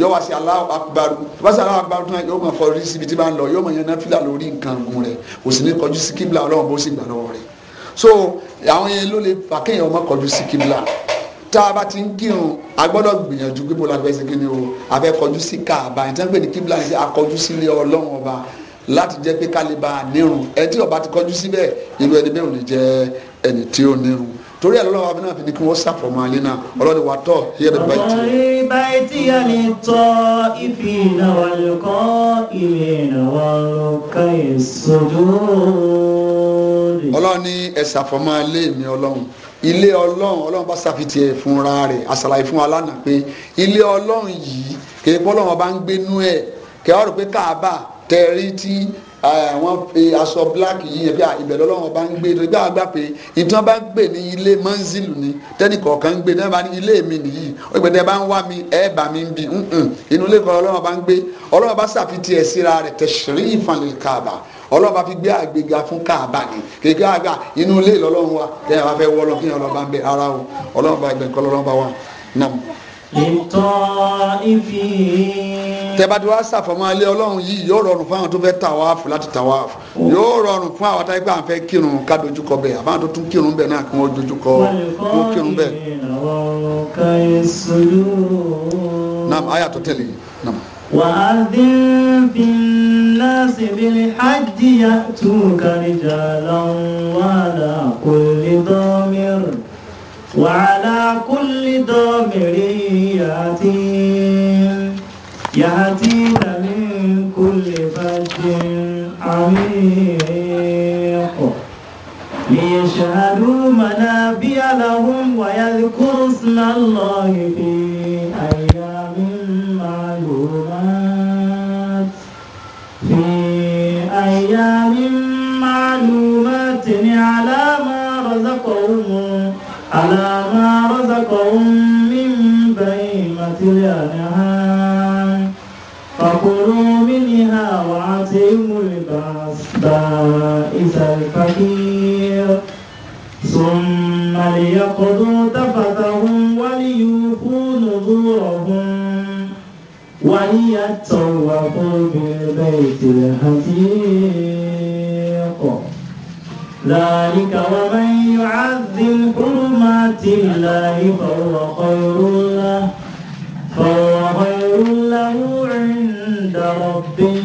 yóò wá sí Allahu Akbar tó bá sí Allahu Akbar tó náà yóò máa fọ orí síbi tí bá ń lọ yóò máa yan náfìlà lórí nǹkan gun rẹ̀ kò sì ní kọjú sí kíbla ọlọ́run bó sì gbà lọ́wọ́ rẹ̀ so àwọn yẹn ló lè fà kéèyàn ọmọ kọjú sí kíbla tá a bá ti ń kírun a gbọ́dọ̀ gbìyànjú pé bọ́lá gbẹ́sẹ̀ ni o àfẹ́ kọjú sí káàbà ìtàn pé ní kíbla ṣe akọjú sílé ọlọ́run ọba láti jẹ́ pé kálíba nírun ẹ tí ọba ti kọjú síbẹ̀ ìlú ẹni bẹ́ẹ̀ ò ní jẹ́ ẹni tí ó nírú torí ẹ lọ́wọ́ abiná fi ni kí wọ́n sàpọ̀ máa náà ọlọ́ni wà tọ́ yẹ lè bá ìtì. ọ̀rẹ́ báyìí tí a lè tọ́ ìfì ìnáwó lùkọ́ ìmì ìnáwó lùkọ́ ìṣojú. ọlọ́ni ẹ sàpọ̀ máa lé mi ọlọ́run ilé ọlọ́run ọlọ́run bá ṣàfitì ẹ̀ fúnra rẹ̀ àṣàlàyé fún wa lánàá pé ilé ọlọ́run yìí kèé pọ́lọ́run ọba ń gbénú ẹ̀ kẹ́ àwọn aṣọ black yìí yẹn bí ìbẹ̀rẹ̀ ọlọ́run bá ń gbé tó gbà gbà pé ìtàn bá gbé ní ilé manzilu ni tẹ́nì kọ̀ọ̀kan gbé náà bá ní ilé mi nìyí ó gbẹ̀dẹ̀ bá ń wá mi ẹ̀ bá mi ń bì inú ilé kan ọlọ́run bá ń gbé ọlọ́run bá ṣàfitì ẹ̀ síra rẹ̀ tẹ̀sírí ìfàlẹ̀ kàbà ọlọ́run bá fi gbé àgbéga fún kàbà ni kéèké àgbà inú ilé ìlọ́lọ́run wa tẹ́bàtí wá sàfọ̀mọ́ alẹ́ ọlọ́run yìí yóò rọrùn fún àwọn tó fẹ́ tàwáàfù láti tàwáàfù yóò rọrùn fún àwọn táyé pé ń fẹ́ kírun ká dojúkọ bẹ́ẹ̀ àbáwọn tó tún kírun bẹ́ẹ̀ náà kí wọ́n dojúkọ wọ́n kírun bẹ́ẹ̀. naam aya tó tẹ̀lé naam. وأذن في الناس بالحج يأتوك رجالا وعلى كل ضامر وعلى كل ضامر يأتين يأتين من كل فج عميق ليشهدوا منابي لهم ويذكروا اسم الله في أيام معلومات في أيام معلومات على ما رزقهم على ما رزقهم من بهيمة الأنعام فكلوا منها وأطعموا بائس الفقير ثم ليقضوا تفتهم وليوفوا نذورهم وليتوفوا بالبيت العتيق ذلك ومن يعذب الله فهو خير له فهو خير له عند ربه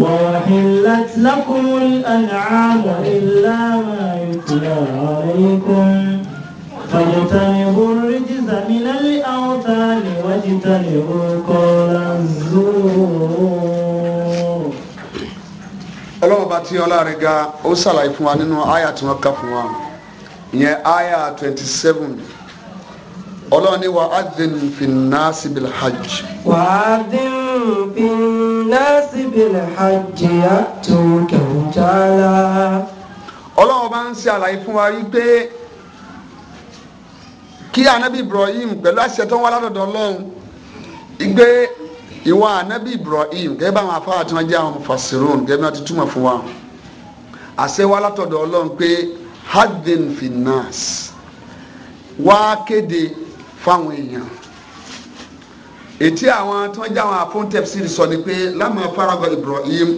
وحلت لكم الأنعام إلا ما يتلى عليكم فاجتنبوا الرجز من الأوثان واجتنبوا قول الزور ọlọ́run bá tí ọlá rẹ̀ ga ó ṣàlàyé fún wa nínú àyà tí wọ́n kà fún wa ìyẹn aya twenty seven ọlọ́run ní wa adin finnasi bil hajj. wa adin finnasi bil hajj yàtò kẹ̀wùjálá. ọlọ́run bá ń ṣe àlàyé fún wa wípé kí anabi ibrahim pẹ̀lú àṣẹ tó ń wá látọ̀dọ̀ ọlọ́run igbe ìwà anabi ibrahim gẹ́gẹ́ bá àwọn afáwà tí wọ́n jẹ́ àwọn fàṣírùn gẹ́gẹ́ bí wọ́n ti túmọ̀ fún wa àṣẹ wá látọ̀dọ̀ ọlọ́run pé hadden finnas wá kéde fáwọn èèyàn ètí àwọn tí wọ́n jẹ́ àwọn afúntẹ̀síri sọ ni pé lámà faragọ Ibrahim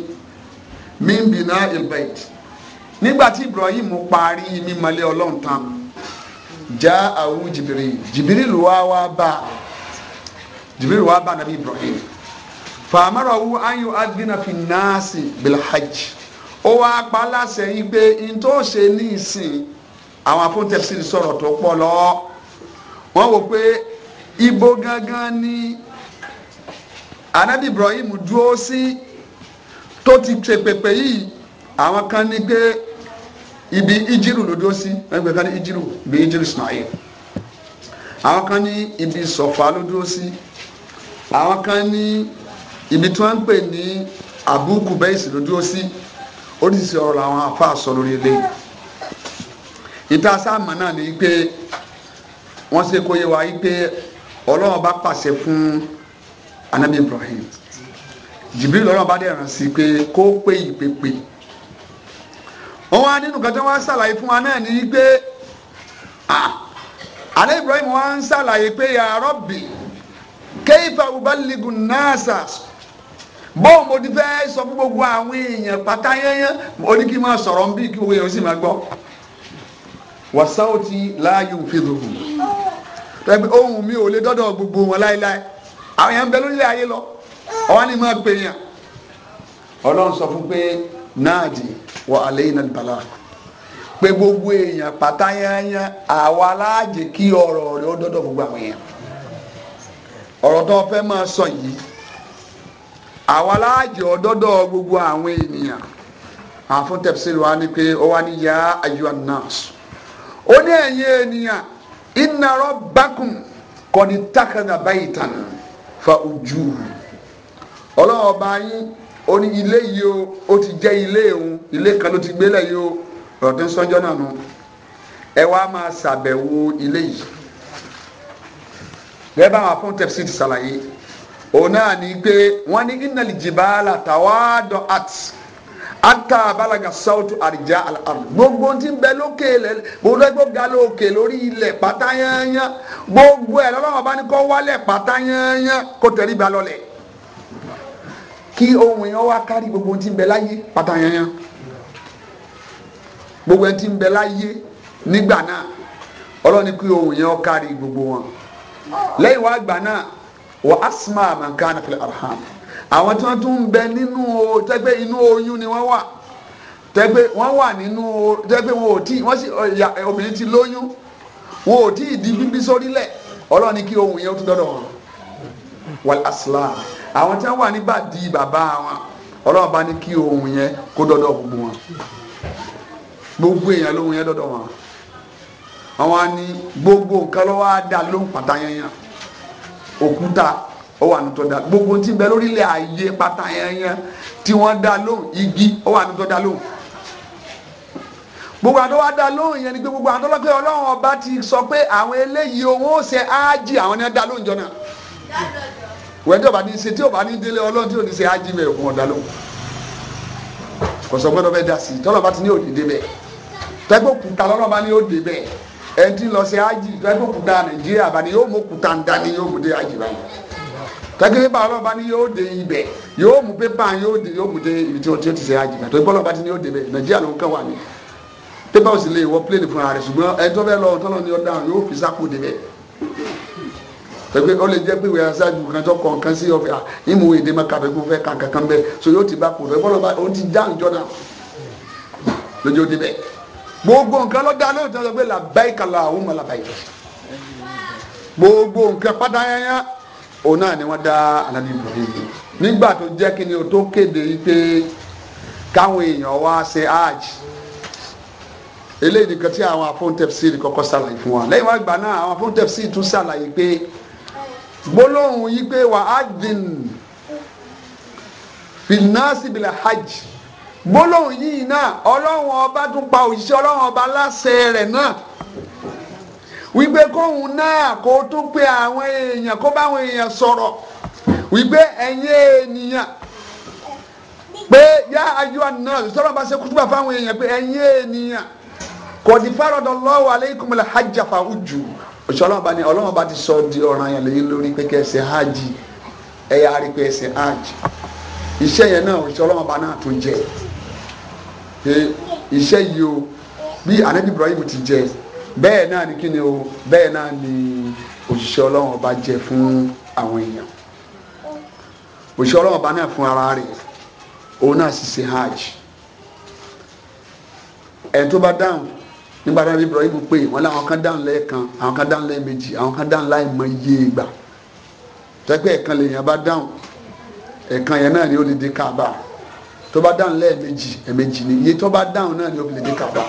mímbìnà ilbait nígbà tí Ibrahim parí mímọlẹ Ọlọ́run tán já àwù jìbìrì jìbìrì ló wá wá bá jìbìrì wá bá nàbí Ibrahim fàmàrà wù ayò adínàfin náà bilhajj ó wá pa láṣẹ yìí pé n tó ṣe ní ìsìn àwọn afúntẹ̀sí sọ̀rọ̀ tó pọ̀ lọ wọ́n wò pé ibo gangan ni anabi Ibrahim dúró sí tó ti ṣe yìí àwọn kan ní pé ibi ijiru ló dúró sí ẹgbẹ́ e kan ní ijiru ibi ijiru Ismail àwọn kan ní ibi sọ̀fà ló dúró sí àwọn kan ní ibi tí wọ́n ń pè ní abuku bẹ́ẹ̀sì ló dúró sí. Si oríṣiríṣi ọ̀rọ̀ làwọn afa sọ lórí eléyìí ìta náà ni pé wọ́n ṣe kó yé wa pé ọlọ́run bá pàṣẹ fún anabi Ibrahim jìbìrì lọ́rùn bá dẹ̀ ràn sí pé kó pé ìpèpè wọ́n wá nínú kan ṣàlàyé fún wa náà ni pé Ibrahim wọ́n ṣàlàyé pé ya Rabbi nasa bọ́ọ̀ mo ti fẹ́ sọ fún gbogbo àwọn èèyàn pátá oníkì máa sọ̀rọ̀ ń bí kí owó yẹn sì máa gbọ́ wàsáwò ti láàyè òfin ohun mi ò lè dọ́dọ̀ gbogbo wọn láéláé àwọn ń bẹ lórílẹ̀ ayé lọ ni máa pè yàn ọlọ́run sọ fún pé náàdì wà á náà pé gbogbo èèyàn àwa láàjì kí ọ̀rọ̀ rẹ̀ ó dọ́dọ̀ gbogbo àwọn ọ̀rọ̀ tó fẹ́ máa sọ yìí àwa láàjì ọdọdọ gbogbo àwọn ènìyàn àfún tẹ̀sílì wa ni pé ó wá ní ya ayọ̀ ó ní ẹ̀yin ènìyàn inna takana fa ojú ọlọ́wọ́ bá ó ní ilé yìí o ó ti jẹ́ ilé òun ilé kan ló ti gbélé yìí o ọ̀dún sọ́jọ́ náà nu ẹ wá máa ṣàbẹ̀wò ilé yìí bá òun náà ni pé wọ́n jibala tàwádọ́ at ata abalaga sautu gbogbo ti ń lókè gbogbo ẹgbẹ́ lórí ilẹ̀ gbogbo ẹ̀ lọ́wọ́ bá ní kọ́ wálẹ̀ pátáyányá kó tẹ̀lé lọ́lẹ̀ kí ohun yẹn wá kárí gbogbo ti ń láyé gbogbo ti láyé nígbà náà kí ohun gbogbo wọn lẹ́yìn wá gbà náà wa asma mankana fil arham awon tí wọ́n tún bẹ o tegbe inu oyún ni won wa tegbe won wa ninu o tegbe won o ti won si obìnrin ti lóyún won o ti di bíbí sórílẹ̀ ọlọ́run ní ohun yẹn ó tún dọ́dọ̀ wọn wal aslam àwọn tí wọ́n wà níbàdí bàbá wọn ọlọ́run bá ohun ko dodo gbogbo won gbogbo eyan lóhun yẹn dọ́dọ̀ wọn gbogbo òkúta ó wà nítorí dá gbogbo tí ń bẹ lórílẹ̀ ayé pátá yanyan tí wọ́n dá lóhùn igi ó wà nítorí dá lóhùn gbogbo àdó wa dá lóhùn yẹn ni pé gbogbo àdó lọ́pẹ́ ọlọ́run ọba ti sọ pé àwọn eléyìí òun ó ṣe áájì àwọn náà dá lóhùn jọ náà wẹ́n tí ọba ní ṣe tí ọba ní délé ọlọ́run tí ò ní ṣe áájì mẹ́ òkun ọ̀dá lóhùn kò sọ gbọ́dọ̀ bẹ́ẹ̀ dá sí i tọ́lọ́ bá ti ní òdìdé bẹ́ẹ̀ tẹ́gbọ́n kùtà lọ́lọ́ bá ní òdìdé bẹ́ẹ̀ ẹni tí lọ sí ájì tẹ́gbẹ́ òkúta nàìjíríà bá ní yóò mú òkúta ń dání yóò mú dé ájì báyìí tẹ́gbẹ́ bá ọlọ́ba ní yóò dé ibẹ̀ yóò mú pépà yóò dé yóò mú dé ibi tí o ti ṣe ájì bá tó gbọ́ ọlọ́ba ti ní yóò dé bẹ̀ nàìjíríà ló ń kẹ́ wà ní pépà ò sì lè wọ pléènì fúnra rẹ̀ ṣùgbọ́n ẹni tó fẹ́ lọ tọ́lọ́ ní ọ̀dà yóò fi sápò dé bẹ̀ tẹgbẹ ó lè jẹ́ pé ìwé aṣáájú kan tó kọ nǹkan sí ọfẹ ìmú èdè máa kàbẹ kó fẹ́ kàn kankan bẹ so yóò ti bá kó fẹ́ bọlọ bá ti já ìjọ náà lójó débẹ gbogbo nǹkan lọ́dá lóyún tó ń sọ pé làbáyìí kàlà àwọn ọmọ làbáyìí gbogbo nǹkan pátá yányá òun náà ni wọ́n dá aládé Ibrahim nígbà tó jẹ́ kí ni o tó kéde pé káwọn èèyàn wá ṣe hajj eléyìí nìkan tí àwọn afóńtẹ́fsì kọ́kọ́ ṣàlàyé fún wa lẹ́yìn wàá gbà náà àwọn afóńtẹ́fsì tún ṣàlàyé pé gbólóhùn yìí pé wà á dín fìnnásì bìlà hajj gbólóhùn yìí náà ọlọ́run ọba tún pa òṣìṣẹ́ ọlọ́run ọba láṣẹ rẹ̀ náà wípé kóhun náà kó tún pe àwọn èèyàn kó báwọn èèyàn sọ̀rọ̀ wípé ẹ̀yin ènìyàn pé yá ayọ́ àná sọ́dọ̀ bá ṣe kútùbà fáwọn èèyàn pé ẹ̀yin ènìyàn kò ní fárọ̀dọ̀ lọ́wọ́ aleikum la hajj fa ojú òṣìṣẹ́ ọlọ́run ọba ni ọlọ́run ọba ti sọ di ọ̀ràn yẹn lẹ́yìn lórí pé kẹsẹ̀ hajj ẹ̀yà àrípẹ́ ẹ̀sẹ̀ hajj iṣẹ́ yẹn náà òṣìṣẹ́ ọlọ́run ọba náà tún jẹ́ ẹ̀ pé iṣẹ́ yìí o bí anabi ibrahim ti jẹ bẹ́ẹ̀ náà ni kí ni o bẹ́ẹ̀ náà ni òṣìṣẹ́ ọlọ́run ọba jẹ fún àwọn èèyàn òṣìṣẹ́ ọlọ́run ọba náà fún ara rẹ̀ òun náà sì ṣe hajj ẹni tó bá dáhùn nígbà tí ibrahim pè wọn láwọn kan dáhùn lẹ́ẹ̀kan àwọn kan dáhùn lẹ́ẹ̀mejì àwọn kan dáhùn láìmọ̀ iye ìgbà tẹ́pẹ́ ẹ̀kan lèèyàn bá dáhùn ẹ̀kan yẹn náà ni ó lè di káàbà tó bá dáhùn lẹ́ẹ̀mejì ni iye tó bá dáhùn náà ni obìnrin ní kaba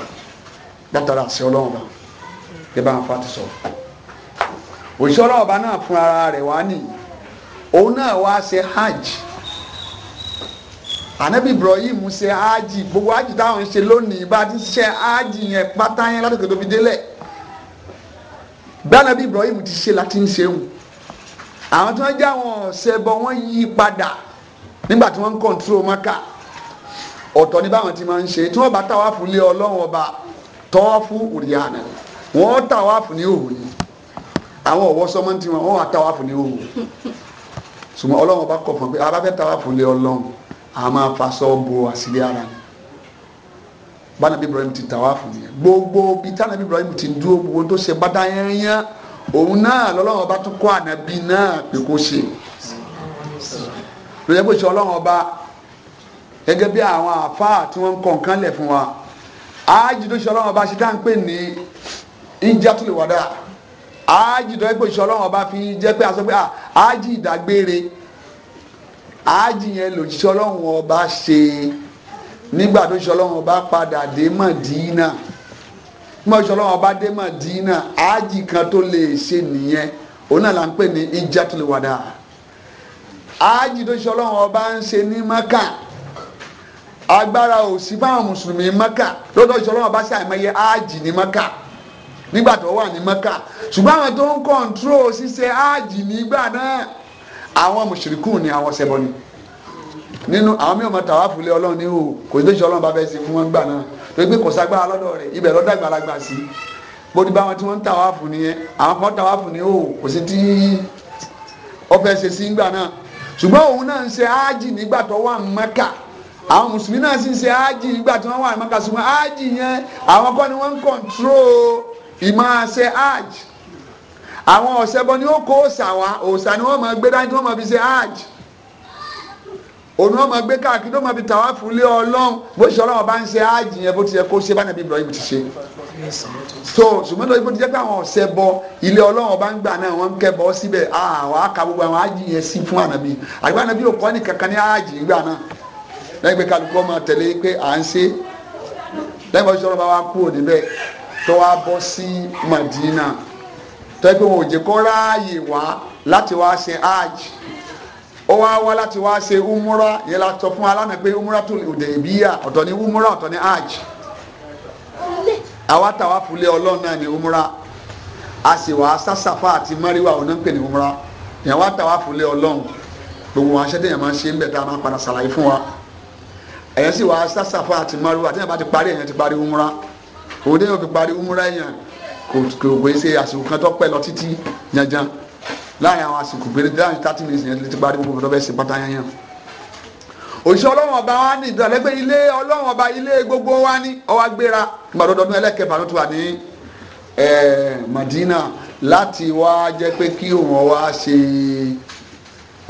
látara àṣẹ ọlọ́run bá ẹ bá wọn fa ti sọ. òṣìṣẹ́ ọlọ́run bá náà fún ara rẹ̀ wá nì òun náà wá ṣe hajj ànábì Ibrahim ṣe hajj gbogbo hajj táwọn ṣe lónìí bá ti ṣe hajj yẹn pátá yẹn látòkè tó fi délẹ̀ gbanabi Ibrahim ti ṣe láti ń ṣeun àwọn tí wọ́n já wọn ṣẹbọ wọ́n yí padà nígbà tí wọ́n ń kọńtúrò Mákà ọ̀tọ̀ ní báwọn ti máa ń ṣe tí wọ́n bá tàwáfù lé ọlọ́run ọba tọ́wáfù òrìànà wọ́n tàwáfù ní òhù ni àwọn ọ̀wọ́ sọmọ ti wọn wọ́n wà tàwáfù ní òhù ṣùgbọ́n ọlọ́run ọba kọ̀ fún pé abáfẹ́ tàwáfù lé ọlọ́run a máa faṣọ bo àṣírí ara ni bánàbí Ibrahim ti tàwáfù nìyẹn gbogbo bí tánàbí Ibrahim ti dúró gbogbo tó ṣe bá dáyẹnyẹ gẹ́gẹ́ bí àwọn àfáà tí wọ́n ń kọ nǹkan lẹ̀ fún wa ájì tó ṣe ọlọ́run ọba ṣe tá à ń pè ní ìjátúlẹ̀ wàdà ájì tó ẹgbẹ́ ṣe ọlọ́run ọba fi jẹ́ pé a sọ pé ájì ìdágbére ájì yẹn lòjíṣẹ́ ọlọ́run ọba ṣe nígbà tó ṣe ọlọ́run ọba padà dé Mọ̀dínà nígbà tó ṣe ọlọ́run ọba dé Mọ̀dínà ájì kan tó lè ṣe nìyẹn òun náà là ń pè ní ìjátúlẹ̀ wàdà ájì tó ṣe ọlọ́run ọba ń ṣe ní Mọ́kà agbára ò sí fáwọn mùsùlùmí mẹ́kà lọ́dọ̀ ìṣọ́lọ́wọ́ bá ṣe àìmọye áàjì ní mẹ́kà nígbà tó wà ní mẹ́kà ṣùgbọ́n àwọn tó ń kọ́ńtró ṣíṣe áàjì nígbà náà àwọn mùṣírikù ni àwọn ṣẹbọ ni nínú àwọn mí ọmọ tàwa fúlẹ̀ ọlọ́run ní o kò sí ìṣọ́ ọlọ́run bá fẹ́ ṣe fún wọn gbà náà torí pé kò ságbára lọ́dọ̀ rẹ̀ ibẹ̀ lọ́dọ̀ àgbàlagbà sí bóni bá wọn tí wọ́n tàwa fún nìyẹn àwọn kan tàwa fún ni o kò sí tí ọ ṣe sí ńgbà náà ṣùgbọ́n òun náà ń ṣe áàjì nígbà tó wà ní àwọn mùsùlùmí náà sì ń ṣe ájì nígbà tí wọ́n wà ní maka ṣùgbọ́n ájì yẹn àwọn kọ́ ni wọ́n ń kọ̀ntró ìmọ̀ ṣe ájì àwọn ọ̀sẹ̀bọ ni ó kó òòṣà wá òòṣà ni wọ́n máa gbé dání tí wọ́n máa fi ṣe ájì òun náà máa gbé káàkiri tó máa fi tàwa fún lé ọlọ́run bó ṣe ọlọ́run bá ń ṣe ájì yẹn bó ti yẹ kó ṣe bánàbí Ibrahim ti ṣe so ṣùgbọ́n lóyún bó ti jẹ́ pé àwọn ọ̀sẹ̀ bọ ilé ọlọ́run bá ń gbà náà wọ́n ń kẹ́ bọ́ síbẹ̀ àwọn àka gbogbo àwọn ájì yẹn sí fún ànàbí àgbà ànàbí ò kọ́ ní kankan ní ájì ìgbà náà lẹ́yìn pé kálukú ọmọ tẹ̀lé pé à ń ṣe lẹ́yìn pé sọ́dọ̀ bá wá kúrò níbẹ̀ tó wá bọ́ sí Madina tó yẹ pé wọn ò jẹ́ kó ráàyè wá láti wá ṣe hajj ó wá wá láti wá ṣe umura yẹn la sọ fún wa lánàá pé umura tó lè bí yà ọ̀tọ̀ ni umura ọ̀tọ̀ ni hajj àwa tàwa fúlẹ̀ ọlọ́run náà ni umra a sì wá sásàfà àti mariwa ọ̀nà ń pè ní umra ìyẹn wá tàwa fúlẹ̀ ọlọ́run gbogbo wọn tẹ̀yẹ̀ máa ṣe ń bẹ̀ tá a máa padà ṣàlàyé fún wa ẹ̀yẹ́ sì wá sàfà àti márùwà àti ẹ̀yẹ́ bá ti parí ẹ̀yẹ́ ti parí umra òun dẹ́yìn òfin parí umra ẹ̀yàn kò kò gbé ṣe àsìkò kan tó pẹ́ lọ títí yanjan láàrin àwọn àsìkò péré láàrin thirty minutes yẹn ti parí gbogbo tó bẹ́ẹ̀ ṣe pátá yanyan. òṣìṣẹ́ ọlọ́wọ̀n ọba wa ní ìdánilẹ́gbẹ́ ilé ọlọ́wọ̀n ọba ilé gbogbo wa ní ọwọ́ agbéra gbàdọ́dọ́dún ẹlẹ́kẹ̀ẹ́fà ló ti ní Madina láti wá jẹ́ pé kí òun wá ṣe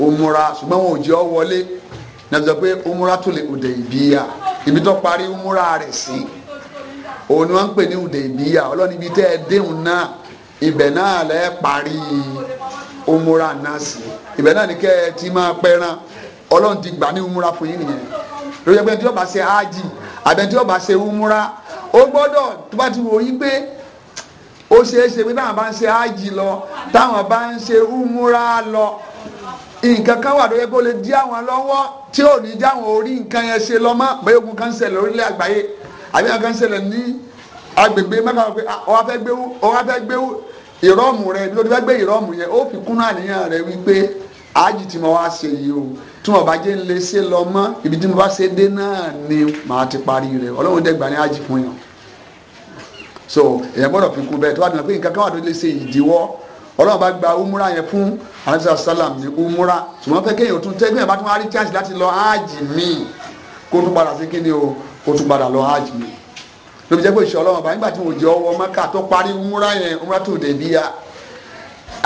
òmùra ṣùgbọ́n òun ò jẹ́ ọ wọlé nàbìsọ pé umura tó lè òde ìbíyà ibi tó parí umura rẹ̀ sí òun ni wọ́n ń pè ní òde ìbíyà ọlọ́ni ibi tẹ́ ẹ déhùn náà ibẹ̀ náà lẹ́ parí umura náà sí ibẹ̀ náà ni kẹ́ ẹ ti máa pẹ́ràn ọlọ́run ti gbà ní umura fún yín nìyẹn lórí ẹgbẹ́ tí wọ́n bá ṣe ájì àbẹ̀ tí wọ́n bá ṣe umura ó gbọ́dọ̀ tó bá ti wò yí pé ó ṣeé pé táwọn bá ń ṣe ájì lọ táwọn bá ń ṣe umura lọ nǹkan kan wà lóye kó lè dí àwọn lọ́wọ́ tí ò ní já àwọn orí nǹkan yẹn ṣe lọ́mọ́ bẹ́ẹ̀ ogun kan ṣẹlẹ̀ lórílẹ̀ àgbáyé àbí nǹkan ṣẹlẹ̀ ní agbègbè mẹ́ta wọ́n pé ọ̀wá ah, fẹ́ gbéwú ọ̀wá fẹ́ gbéwú ìrọ́ọ̀mù rẹ ló ti fẹ́ gbé ìrọ́ọ̀mù yẹn ó fi kúnnú àníyàn rẹ wípé àájì tí mo wá ṣe yìí o tí mo bá jẹ́ ń lè ṣe lọ ibi tí mo bá ṣe dé náà ni màá ti parí rẹ ọlọ́run dẹ́gbà ní àájì fún yàn so èèyàn gbọ́dọ̀ fi kú bẹ́ẹ̀ tó bá dùn pé nǹkan kan wà tó lè ṣe ìdíwọ́ ọlọ́run bá gba umura yẹn fún anabisa salam ní umura ṣùgbọ́n fẹ́ kéèyàn tún tẹ́gbẹ́ bá tún wá rí chance láti lọ hajj míì kó tún padà sí kíni o kó tún padà lọ hajj míì lóbi jẹ́ pé ìṣọ́ ọlọ́run bá nígbà tí mo jẹ́ ọwọ́ mọ́kà tó parí umura yẹn umura tó dé bíyà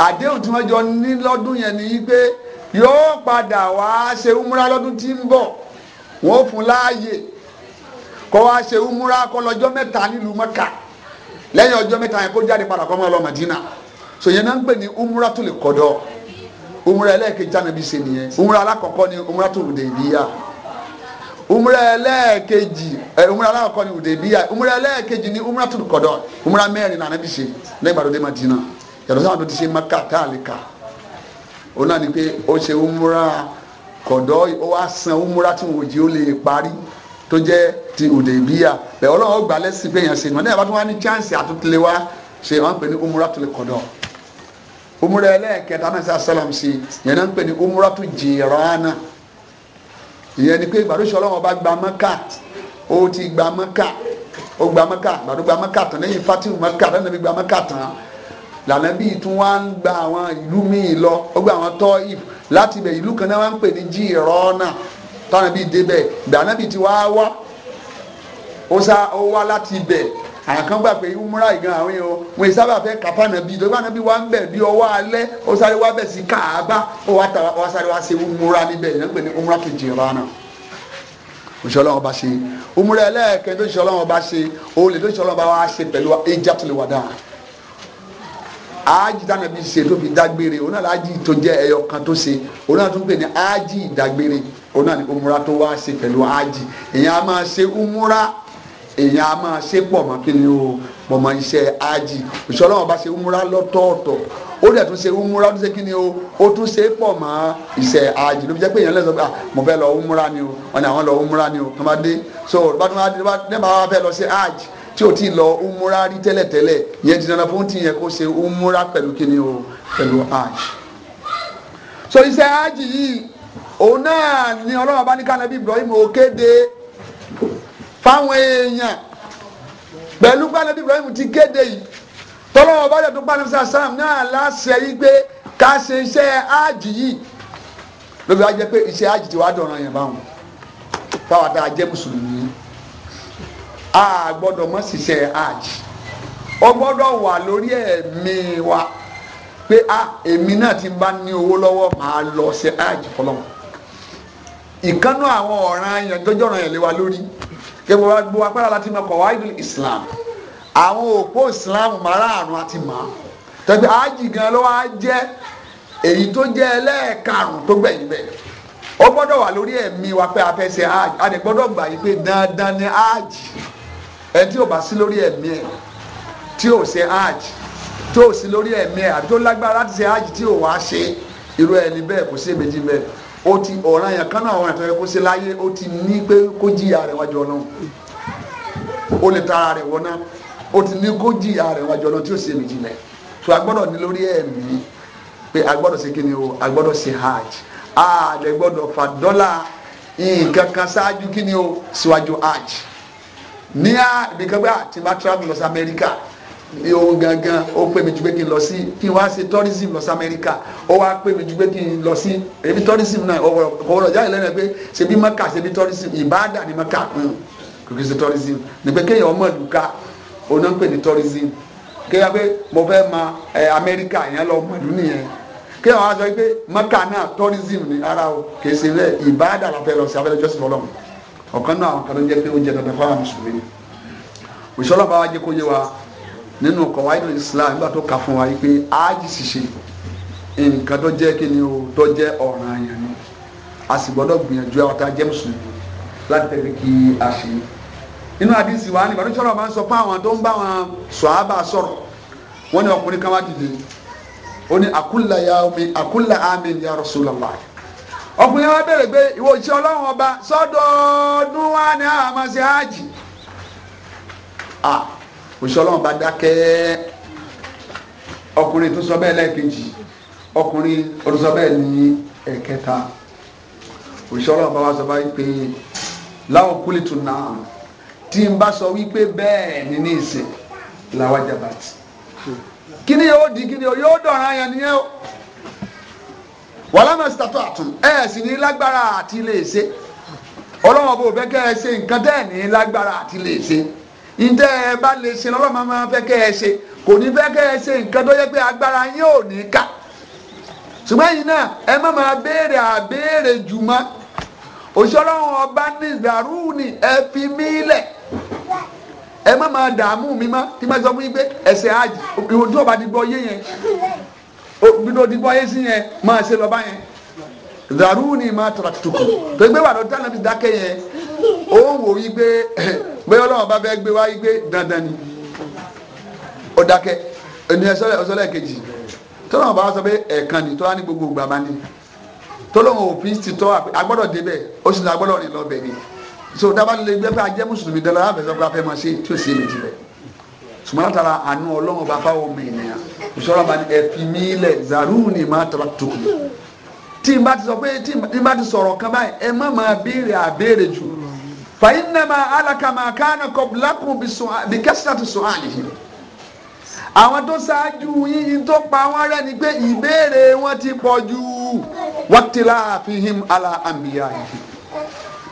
àdéhùn tí wọ́n jọ ní lọ́dún yẹn ni pé yóò padà wá ṣe umura lọ́dún tí ń bọ̀ wọ́n fún láàyè kó wá ṣe umura kó lọ́jọ́ mẹ́ta nílùú mọ́kà lẹ́yìn ọjọ́ mẹ́ta yẹn kó jáde padà kó máa lọ Mádínà so yẹn náà ń pè ní umra tó lè kọ́dọ̀ umra ẹlẹ́ẹ̀kejì tánàbí ṣe nìyẹn umra alákọ̀ọ́kọ́ ni umra tó lè bíyà umra ẹlẹ́ẹ̀kejì ẹ umra alákọ̀ọ́kọ́ ni òde bíyà umra ẹlẹ́ẹ̀kejì ni umra tó lè kọ́dọ̀ umra mẹ́rin náà nàbí ṣe lẹ́yìn ìgbàlódé Madina yàtọ̀ sáwọn tó ti ṣe maka táàlìkà ó náà ni pé ó ṣe umra kọ̀dọ̀ ó wá san umra tí wọ́n jẹ́ ó lè parí tó jẹ́ ti Hudaybiya ó gbà lẹ́sìn pé èèyàn ṣe ìmọ̀ náà bá tún wá ní chance àtúntìlẹ̀ wá ṣe wọ́n pè ní umra tó lè kọ̀dọ̀ umura ẹlẹ́ẹ̀kẹta náà sá sálàm sí yẹn náà ń pè ní umura tó jìrọ̀ánà ìyẹn ni pé ìgbàdúṣe ọlọ́run ọba gba mọ́kà ó ti gba mọ́kà ó gba mọ́kà ìgbàdú gba mọ́kà tán lẹ́yìn fatihu mọ́kà lẹ́nu bí gba mọ́kà tán lànà bíi tún wá ń gba àwọn ìlú míì lọ ó gba àwọn tọ́ if láti ibẹ̀ ìlú kan náà wá ń pè ní jìrọ̀ánà táwọn bíi débẹ̀ ìgbà ti wá wá ó sá ó wá láti ibẹ̀ àwọn kan gbà pé umra ìgan àwọn èèyàn wọn ìsábà fẹ́ kápá nàbí tó nàbí wa ń bẹ̀ bí ọwọ́ alẹ́ ó sáré wá bẹ̀ sí káàbá ó wá tàwa ó sáré wá ṣe umra níbẹ̀ ìyẹn ń ní umra kejì rana òṣìṣẹ́ ọlọ́run bá ṣe umra ẹlẹ́ẹ̀kẹ́ tó ṣiṣẹ́ ọlọ́run bá ṣe olè tó ṣiṣẹ́ ọlọ́run bá wá ṣe pẹ̀lú Hijjatul Wada ájì táwọn ẹbí ṣe tó fi dágbére òun náà lájì tó jẹ ẹyọ kan tó ṣe òun náà tún pè ní ájì ìdágbére òun náà ní umura tó wá ṣe pẹ̀lú ájì èèyàn á máa ṣe umura èèyàn a máa ṣe pọ̀ mọ́ kí ni o pọ̀ mọ́ iṣẹ́ ájì ìṣọ́lá wọn ṣe umura lọ́tọ̀ọ̀tọ̀ ó dẹ̀ tún ṣe umura ó tún ṣe kí ni o ó tún ṣe pọ̀ mọ́ iṣẹ́ ájì ló fi jẹ́ pé èèyàn lẹ́sọ̀ pé mo fẹ́ lọ umura ni o wọn ni àwọn lọ umura ni o tó máa dé so bá tó máa dé bá wà fẹ́ lọ ṣe ájì tí o ti lọ umura rí tẹ́lẹ̀tẹ́lẹ̀ yẹn ti dandan fún tiyẹn kó ṣe umura pẹ̀lú kí ni o pẹ̀lú ájì so iṣẹ́ ájì yìí òun náà ni ọlọ́run bá ní kánẹ́bí Ibrahim fáwọn èèyàn pẹ̀lú gbàdúrà Ibrahim ti kéde yìí tọ́lọ́wọ́ bá dẹ̀ gbàdúrà sàn sàn náà láṣẹ yìí pé ká ṣe iṣẹ́ áàjì yìí lóbi wá jẹ́ pé iṣẹ́ ti wá dọ̀ràn yẹn báwọn fáwọn àtàwọn jẹ́ mùsùlùmí a gbọ́dọ̀ mọ́ ṣiṣẹ́ áàjì ó gbọ́dọ̀ wà lórí ẹ̀mí wa pé a èmi ti bá ní owó lọ́wọ́ lọ ṣe fọlọ́wọ́ àwọn ọ̀ràn yẹn yẹn lé wa lórí. kébù wa gbogbo apára láti mọ kọ̀ wáyé islam àwọn òpó islam márààrún àti mọ́ tẹ́gbẹ́ ájì gan ló wá jẹ́ èyí tó jẹ́ ẹlẹ́ẹ̀karùn-ún tó gbẹ̀yìn bẹ́ẹ̀ ó gbọ́dọ̀ wà lórí ẹ̀mí wa pé afẹ́sẹ̀ ájì a lè gbọ́dọ̀ gbà yí pé dandan ni ájì ẹ tí ò bá sí lórí ẹ̀mí ẹ̀ tí ò ṣe ájì tí ò sí lórí ẹ̀mí ẹ̀ àbí tó lágbára láti ṣe ájì tí ò wá ṣe irú ẹni bẹ́ẹ̀ kò sí èméjì bẹ́ẹ̀ ó ti ọ̀ràn yẹn kánú àwọn ẹ̀tọ́ yẹn kó ṣe láyé ó ti ní pé kó jìyà rẹ̀ wájú ọ̀nà ó lè tara rẹ̀ wọ́n náà ó ti ní kó jìyà rẹ̀ wájú ọ̀nà tí ó ṣe méjì lẹ̀ tó a gbọ́dọ̀ ní lórí ẹ̀mí pé a gbọ́dọ̀ ṣe kíni o a gbọ́dọ̀ ṣe hajj a lè gbọ́dọ̀ fa dọ́là nǹkan kan ṣáájú kíni o síwájú hajj ní a ibìkan gbà tí n bá travel lọ sí Amẹ́ríkà ní ohun gangan ó pè mí ju pé kí n lọ sí kí n wá ṣe tourism lọ sí Amẹ́ríkà ó wá pè mí ju pé kí n lọ sí ebi tourism náà ọ̀rọ̀ jáde lẹ́nu ẹ̀ pé ṣebí mọ́kà ṣebí tourism ìbáàdà ni mọ́kà hmm, kò kì í ṣe tourism ní pé kéèyàn ọmọ ìdúkà òun náà ń pè ní tourism kéèyàn pé mo fẹ́ ma Amẹ́ríkà yẹn lọ mọ̀lú nìyẹn kéèyàn wá sọ pé mọ́kà náà tourism ni rárá o kì í ṣe bẹ́ẹ̀ ìbáàdà la fẹ́ lọ sí abẹ́lẹ́ jọ́sìn fọlọ́mù ọ̀kan náà àwọn kan ló jẹ́ pé nínú ọkọ̀ wáyé ní Islam nígbà tó kà fún wa yìí pé ájì ṣiṣẹ́ nǹkan tó jẹ́ kí ni o tó jẹ́ ọ̀ràn àyàn ni a sì gbọ́dọ̀ gbìyànjú àwọn tá jẹ́ mùsùlùmí láti tẹ̀lé kí a ṣe inú àdìsí wa ni ìbàdàn sọ̀rọ̀ máa ń sọ fún àwọn tó ń bá wọn sọ̀hábà sọ̀rọ̀ wọ́n ní ọkùnrin kan wá dìde ó ní àkúlà ya omi àkúlà amin ya Rasulullah ọkùnrin wa bẹ̀rẹ̀ pé ìwọ òṣìṣẹ́ ọlọ́run ọba sọ́dọọdún wa ni a máa ṣe hájì òṣìṣẹ́ ọlọ́run bá dákẹ́ ọkùnrin tó sọ bẹ́ẹ̀ lẹ́ẹ̀kejì ọkùnrin olùsọ bẹ́ẹ̀ ní ẹ̀kẹta òṣìṣẹ́ ọlọ́run bá wá sọ báyìí pé láwọn kúlì tún náà tí n bá sọ wípé bẹ́ẹ̀ ni ní ìsìn làwọn jàbàtì kí ni yóò di kí ni yóò dọ̀ràn ayàn nìyẹn o wàlámà sítátọ̀ àtún ẹ̀ ní lágbára àti lè ọlọ́wọ́n bò bẹ́ẹ̀ kẹ́ ẹ ǹjẹ́ ẹ bá lè ṣe lọ́wọ́ máa máa fẹ́ kẹ́ ẹ ṣe kò ní fẹ́ kẹ́ ẹ ṣe nǹkan tó yẹ pé agbára yín ò ní ká ṣùgbọ́n yìí náà ẹ má máa béèrè àbéèrè jù mọ́ ọba ní ìdàrú ni ẹ fi mí lẹ̀ ẹ má máa dààmú mi mọ́ kí má sọ fún yín pé ẹ̀sẹ̀ àjì ojú ọba ti yé yẹn ojú ọba ti yé sí yẹn máa ṣe lọ́ba yẹn dàrúni máa tàràtùkù tó gbé wà lọ dáná bí dákẹ́ yẹn ó wò wí pé bẹ́ẹ̀ ọlọ́run bá fẹ́ gbé wá wí pé dandan ni ó dákẹ́ ẹni ẹsọ́lẹ̀ ọsọ́lẹ̀ kejì tọ́lọ́run bá wá sọ pé ẹ̀ẹ̀kan ni tó wá ní gbogbo ìgbà máa ní tọ́lọ́run òfin ti tọ́ agbọ́dọ̀ débẹ̀ ó sì lọ agbọ́dọ̀ rìn lọ bẹ̀ ni so dábàá lè gbé pé ajẹ́ mùsùlùmí dẹ́lá àfẹsọ́ pé a fẹ́ máa ṣe tí ó sì èmi jìbẹ̀ sùmọ́nà tara àánú ọlọ́run bá fáwọn ọmọ ènìyàn ìṣọ́ra zaruni máa tí n bá ti sọ pé tí n bá ti sọ̀rọ̀ kan báyìí ẹ má máa béèrè àbéèrè jù fàyínàmà alákàmà kánà kọ̀bùlákùn bí kẹ́sìtà ti sùn àlè yìí àwọn tó ṣáájú yíyí tó pa wọ́n rẹ́ ni pé ìbéèrè wọn ti pọ̀ jù wọ́tìlá àfihìm àlà àmìyá yìí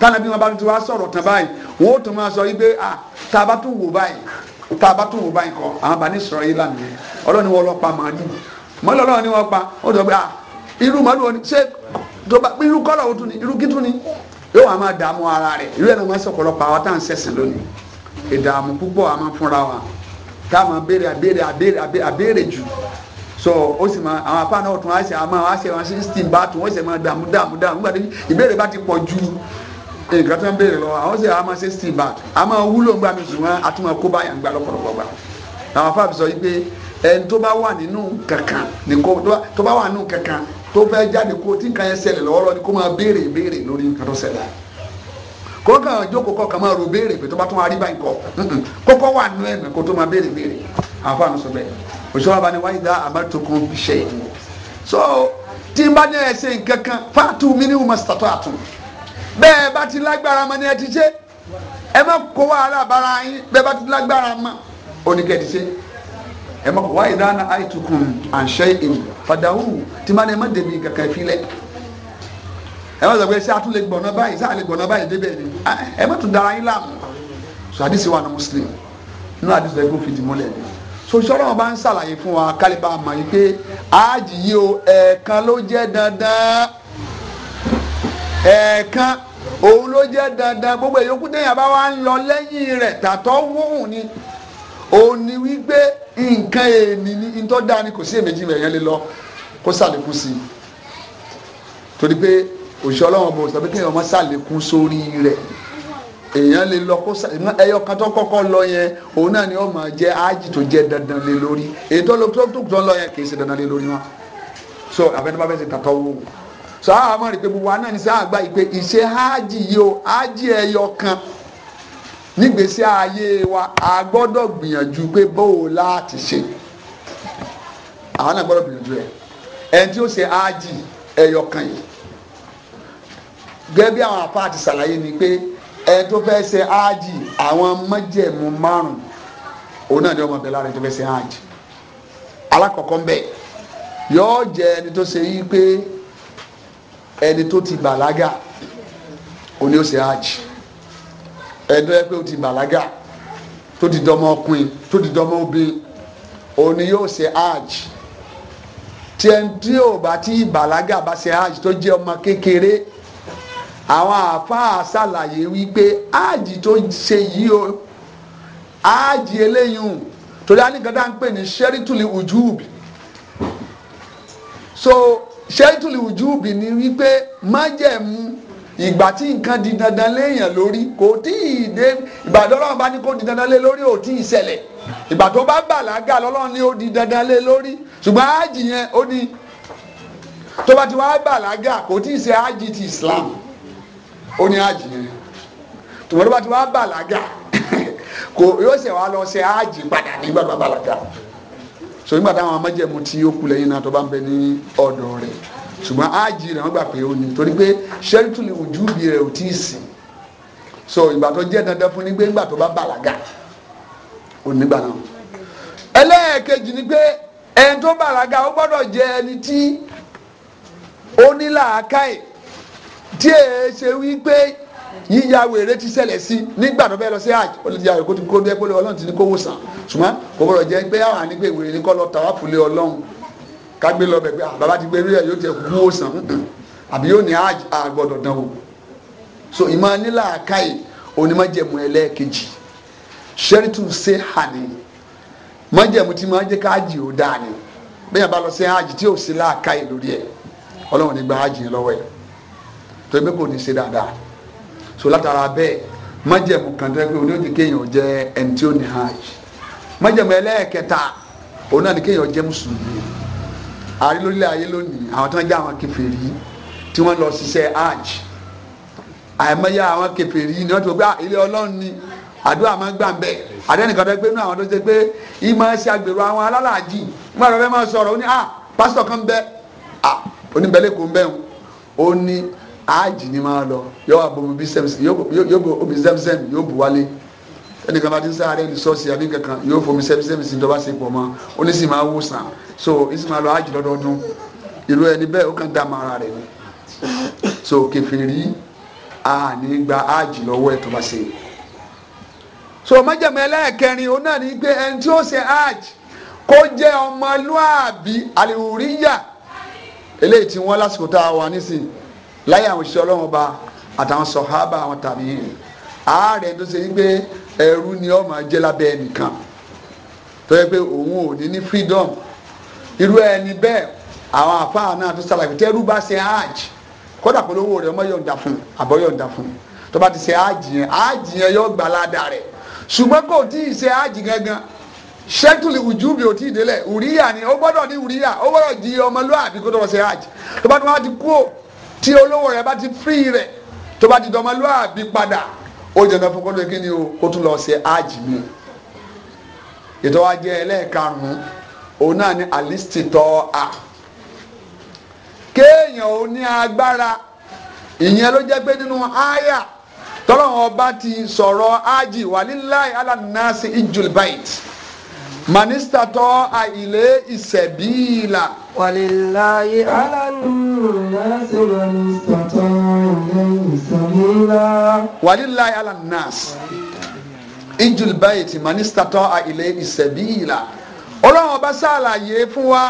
tánàbí wọn bá ti wá sọ̀rọ̀ tán báyìí wọn ó tún máa sọ yí pé à tá a wò báyìí tá a wò báyìí kọ àwọn bá ní sọ̀rọ̀ yìí lànà ọlọ́ni wọn lọ pa màálù mọ́lọ́lọ́ ni wọ́n pa ó sọ pé à irú màálù wọn ni ṣé jọba irú kọ́lọ̀ wọn tún ni irú kítún ni yóò wá máa dààmú ara rẹ̀ irú ẹ̀ náà wọ́n sọ̀pọ̀lọpọ̀ àwọn tá à ń sẹ̀sìn lónìí ìdààmú púpọ̀ a fúnra wa tá a máa béèrè àbéèrè àbéèrè àbéèrè jù so ó sì máa àwọn apá náà tún á ṣe àmọ́ àwọn á ṣe àwọn sixteen bá tún wọ́n sì máa dààmú dààmú dààmú nígbà ìbéèrè bá ti pọ̀ ju nǹkan tó ń béèrè lọ àwọn sì àwọn máa ṣe sixteen bá a máa wúlò ńgbà mi ṣùgbọ́n a tún máa kó báyà ńgbà lọ́pọ̀lọpọ̀ gbà àwọn afáàbí sọ yìí pé ẹni tó bá wà nínú kankan nìkan tó bá wà nínú kankan tó fẹ́ jáde kó tí nǹkan yẹn ṣẹlẹ̀ lọ́wọ́lọ́ ni kó máa béèrè béèrè lórí nǹkan tó ṣẹlẹ̀ kó kàn jókòó kọ́ kàn máa ro béèrè pé tó bá tún wá rí báyìí kọ́ kókó wà nù ẹ̀mí kó tó máa béèrè béèrè àfààní sọ bẹ́ẹ̀ òṣìṣẹ́ wa bá ní wáyé dá àmọ́tòkùn ṣe é so tí n bá ní ẹ̀ ṣe nǹkan kan fáàtù mi ní ìwọ̀n sàtọ́ àtún bẹ́ẹ̀ bá ti lágbára mọ́ ni ẹ ti ṣe ẹ má kó wàhálà bára yín bẹ́ẹ̀ bá ti lágbára mọ́ oníkẹ́ ti ṣe ẹ ma wáyé dáná àìtukùn àṣẹ ìwù fàdáwù tí má ní ẹ má dèbí kankan filẹ̀ ẹ má sọgbẹ́ sí àtúnlẹ̀ gbọ̀nà báyìí sí àlẹ̀ gbọ̀nà báyìí débẹ̀ ni ẹ má dara yín láàmú so àdìsí wa ni muslim nínú àdìsí rẹ kó fìdí múlẹ̀ ni so sọ́dọ̀ wọn bá ń ṣàlàyé fún wa kálíbà àmọ́ yìí pé ààjì yìí o ẹ̀ẹ̀kan ló jẹ́ dandan ẹ̀ẹ̀kan òun ló jẹ́ dandan gbogbo èyókù téèyàn bá wá ń lọ lẹ́yìn rẹ̀ tàtọ́ wóhùn ni òun ni wípé nǹkan èèní ni ntọ́ da ni kò sí èméjì mẹ́rin yẹn lé lọ kó sàlékún sí i torí pé òṣìṣẹ́ ọlọ́run bò sọ pé kéèyàn má sàlékún sórí rẹ̀ èèyàn lè lọ kó ẹyọ kan tó kọ́kọ́ lọ yẹn òun náà ni ó máa jẹ́ ájì tó jẹ́ dandan lé lórí èyí tó tó lọ yẹn kì í ṣe dandan lé lórí wọn so àbẹnubá fẹsẹ̀ tàtọ́ wò so àwọn àmọ́ rí pé gbogbo wa náà ní sáà gba ìpè ìṣe ájì yìí o ájì ẹyọ kan nígbèsí ayé wa a gbọ́dọ̀ gbìyànjú pé bóò láti ṣe àwọn náà gbọ́dọ̀ gbìyànjú ẹ̀ ẹni tí ó ṣe ájì ẹ̀yọkàn yìí gẹ́gẹ́ bí àwọn àpá àti ṣàlàyé ni pé ẹni tó fẹ́ ṣe ájì àwọn mọ́jẹ̀mú márùn òun náà ni ọmọ bẹ̀rẹ̀ lára ẹni tó fẹ́ ṣe ájì alákọ̀ọ́kọ́ ń bẹ̀ yóò jẹ ẹni tó ṣe yí pé ẹni tó ti bàlágà òun ni ó ṣe ájì ẹ̀dọ́ ẹ pé o ti bàlágà tó di dọmọ ọkùnrin tó di dọmọ obìnrin òun ni yóò ṣe hajj tí ẹni tí ò bá ti bàlágà bá ṣe hajj tó jẹ́ ọmọ kékeré àwọn àáfàá ṣàlàyé wípé hajj tó ṣe yìí o hajj eléyìí torí àníkan tá à ń pè ní ṣẹ́rítùlì ujúùbì so ṣẹ́rítùlì ujúùbì ni wípé májẹ̀mú ìgbà tí nǹkan di dandan léèyàn lórí kò tí ì dé ìgbà tó lọ́wọ́ bá ní kó di dandan lé lórí ò tí ì ṣẹlẹ̀ ìgbà tó bá bàlágà lọ́lọ́run ni ó di dandan lé lórí ṣùgbọ́n ájì yẹn ó ní tó bá ti wá bàlágà kò tí ì ṣe ájì ti Islam ó ní ájì yẹn tòmọ́ tó bá ti wá bàlágà kò yóò ṣe wá lọ ṣe ájì padà nígbà tó bá bàlágà so nígbà táwọn amájẹ̀mú tí ó kú lẹ́yìn náà tó bá ń bẹ ní ọ̀dọ̀ rẹ̀ ṣùgbọ́n ájì rẹ̀ wọ́n gbà pé ó ní torí pé ṣẹ́ńtù ni ojú bí rẹ̀ ò tí ì sí so ìgbà tó jẹ́ dandan fún ni pé ńgbà tó bá bàlágà ò nígbà náà ẹlẹ́ẹ̀kejì ni pé ẹni tó bàlágà ó gbọ́dọ̀ jẹ́ ẹni tí ó ní làákàyè tí èé ṣe wípé yíya wèrè ti ṣẹlẹ̀ sí nígbà tó bẹ́ẹ̀ lọ sí àjò olùdíyà rẹ̀ kó ti kó bẹ́ẹ̀ pé ọlọ́run ti ní kó sàn ṣùgbọ́n kò gbọ́dọ̀ jẹ́ pé àwọn ànígbè wèrè ní kọ́ lọ tàwa fúlé ọlọ́run kágbé lọ bẹ̀ pé ah, bàbá ti gbé rí ẹ̀ yóò tiẹ̀ kú ó sàn àbí yóò ní àgbọ̀dọ̀ ah, dán o so ìmọ̀ nílà káyì onímọ̀jẹ̀mú ẹlẹ́ẹ̀kejì ṣẹ́rìtù ṣe hà ní mọ̀jẹ̀mú tí máa jẹ́ káàjì ó dáa ni bẹ́ẹ̀ bá lọ sí àjì tí ò sí láàkáyì lórí ẹ̀ ọlọ́run ní gba àjì yẹn lọ́wọ́ ẹ̀ tó ẹgbẹ́ kò ní ṣe dáadáa so látara bẹ́ẹ̀ mọ̀jẹ̀mú kan tó ẹgbẹ́ oníjì kéèyàn jẹ́ ẹni tí ó ní àjì mọ̀jẹ̀mú ẹlẹ́ẹ̀kẹta òun náà ní kéèyàn jẹ́ mùsùlùmí ari lórílẹ̀ ayé lónìí àwọn tó ń jẹ́ àwọn kèfèrí tí wọ́n lọ ṣiṣẹ́ awon àìmọye àwọn kèfèrí ni wọ́n ti wọ́n ah, ilé ni àdúrà máa ń gbà ń bẹ̀ àdẹ́nìkan tó gbé nínú àwọn tó ṣe pé ìmọ̀ ẹ̀ṣẹ̀ àgbèrò àwọn alálàájì nígbà tó fẹ́ máa sọ̀rọ̀ ó ní ah pásítọ̀ kan bẹ́ ah oníbẹ̀lẹ̀ kò ń ó ní ni máa lọ yóò bomi bí yóò ẹnìkan bá ti ń sáré ní ṣọ́ọ̀ṣì àbí kankan yóò fomi sẹ́mísẹ́mísì tó bá ṣe pọ̀ mọ́ ó máa wò sàn so ní sì máa lọ ájì lọ́dọọdún ìlú ẹni bẹ́ẹ̀ ó kàn dá mọ́ ara rẹ̀ ni so kẹfìrí àní gba ájì lọ́wọ́ ẹ̀ tó bá so májàmọ́ ẹlẹ́ẹ̀kẹrin òun náà ní pé ẹni tí ó ṣe ájì kó jẹ́ ọmọlúàbí àlùríyà eléyìí tí wọ́n lásìkò tá a wà nísìn láyé àwọn òṣìṣẹ́ ọlọ́run ọba àtàwọn sọ̀hábà àwọn tàbí yìí ààrẹ tó ṣe wípé ẹrú ni ó máa jẹ́ lábẹ́ ẹnìkan tó yẹ pé òun ò ní ní freedom irú ẹni bẹ́ẹ̀ àwọn àfáà náà tó ṣàlàyé tẹ́rú bá ṣe hajj kódà polówó rẹ̀ ọmọ yọ̀ǹda fún àbọ̀ yọ̀ǹda fún tó bá ti ṣe hajj yẹn hajj yẹn yóò gbà ládàá rẹ̀ ṣùgbọ́n kò tí ì ṣe hajj gangan ṣẹ́tùlì ùjúbi ò tí ì délẹ̀ ùríyà ni ó gbọ́dọ̀ ní ùríyà ó gbọ́dọ̀ di ọmọlúwàbí kó tó wọ́n ṣe hajj tó bá ti wọ́n ti kú tí olówó rẹ̀ bá ti fírí rẹ̀ tó bá ti dọmọlúwàbí padà ó jẹ́ dandan kó lè kí ni o kó tún lọ ṣe ájì mi ètò wa jẹ́ ẹlẹ́ẹ̀karùn-ún òun náà ni alistitọ́ a kéèyàn ò ní agbára ìyẹn ló jẹ́ pé nínú àyà tọ́lọ́wọ́n ọba ti sọ̀rọ̀ ájì wàlíláì alànàṣì ìjùlbáìtì manistatọ a ilé ìsẹ̀bíìlà. walilayi alannas manistatọ ilé ìsẹ̀bíìlà. walilayi alannas ijulbayiti manistatọ a ilé ìsẹ̀bíìlà. ọlọ́run ọba ṣàlàyé fún wa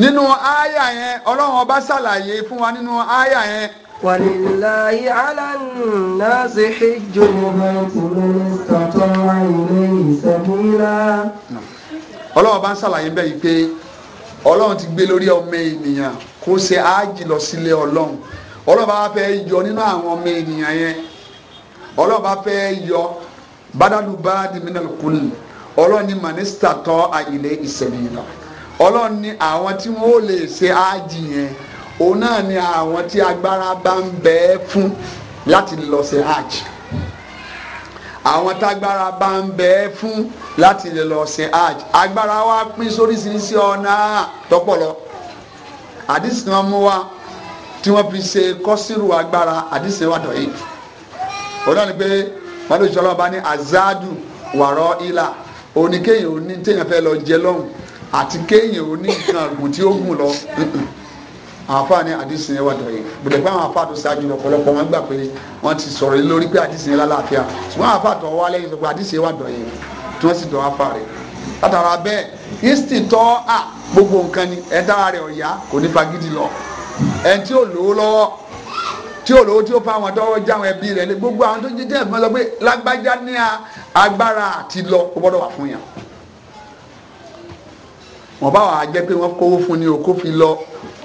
nínú àyà yẹn ọlọ́run ọba ṣàlàyé fún wa nínú àyà yẹn. ولله على الناس حج البيت من استطاع إليه سبيلا ọlọ́run bá ń ṣàlàyé bẹ́ẹ̀ yìí pé ọlọ́run ti gbé lórí ọmọ ènìyàn kó ṣe áàjì lọ sílé ọlọ́run ọlọ́run bá fẹ́ yọ nínú àwọn ọmọ ènìyàn yẹn ọlọ́run bá fẹ́ yọ badalu badi minal kul ọlọ́run ni manista tọ́ àyìnlẹ̀ ìsẹ̀lẹ̀ yìí lọ ọlọ́run ni àwọn tí wọ́n ó lè ṣe áàjì yẹn òun náà ni àwọn tí agbára bá ń bẹ ẹ́ fún láti lọ ṣe hajj àwọn tágbára bá ń bẹ ẹ́ fún láti lọ ṣe hajj agbára wa pín sóríṣiríṣi ọ̀nà tọ́pọ̀lọ́ àdìsí ni wọ́n mú wa tí wọ́n fi ṣe kọ́sírù agbára àdìsí wa dọ̀yìn òun náà ni pé wọ́n lè sọ́lọ́ bá ní azadu wàrọ̀ ilà òní oní ò ní téèyàn fẹ́ lọ jẹ lọ́hùn àti kéèyàn ò ní nǹkan àgùn tí ó gùn lọ. àwọn afa ni àdìsí yẹn wà dọ̀yìn gbọdọ̀ pé àwọn afa tó ṣáájú lọ pọ̀lọpọ̀ wọn gbà pé wọ́n ti sọ̀rọ̀ lórí pé àdìsí yẹn lálàáfíà ṣùgbọ́n àwọn afa tó wá lẹ́yìn sọ pé àdìsí tí wọ́n sì dọ̀ afa rẹ̀ látara bẹ́ẹ̀ kristi tọ́ à gbogbo nǹkan ni ẹ̀ dára rẹ̀ ọ̀yá kò ní fagídí lọ ẹ̀ tí ò lówó lọ́wọ́ tí olówó tí ó fa àwọn tọwọ já àwọn ẹbí rẹ lé gbogbo àwọn tó jẹ jẹ ìfọwọ́sọ pé lágbájá ní agbára àti lọ ó gbọ́dọ̀ wà fún yàn wọ́n bá wàá jẹ́ pé wọ́n kówó fún ni o kó fi lọ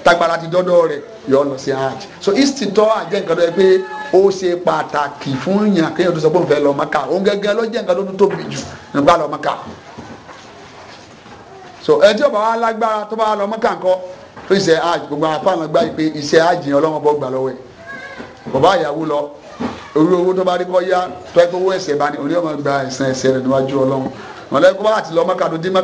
tagbara ti dọ́dọ̀ rẹ̀ yọ lọ sí hajj so istitọ́ àjẹ́ nǹkan tó yẹ pé ó ṣe pàtàkì fún yàn kéèyàn tó sọ pé òun fẹ́ lọ Mẹ́kà òun gẹ́gẹ́ ló jẹ́ nǹkan tó tóbi jù nígbà lọ Mẹ́kà so ẹjọ́ bá wa lágbára tó bá wa lọ Mẹ́kà ńkọ́ tó ṣe hajj gbogbo àfààní gbá yìí pé iṣẹ́ hajj yẹn ọlọ́wọ́n bọ́ gbà lọ́wọ́ ẹ̀ bàbá ìyàwó lọ orí owó tó bá rí kọ́ yá tó ẹ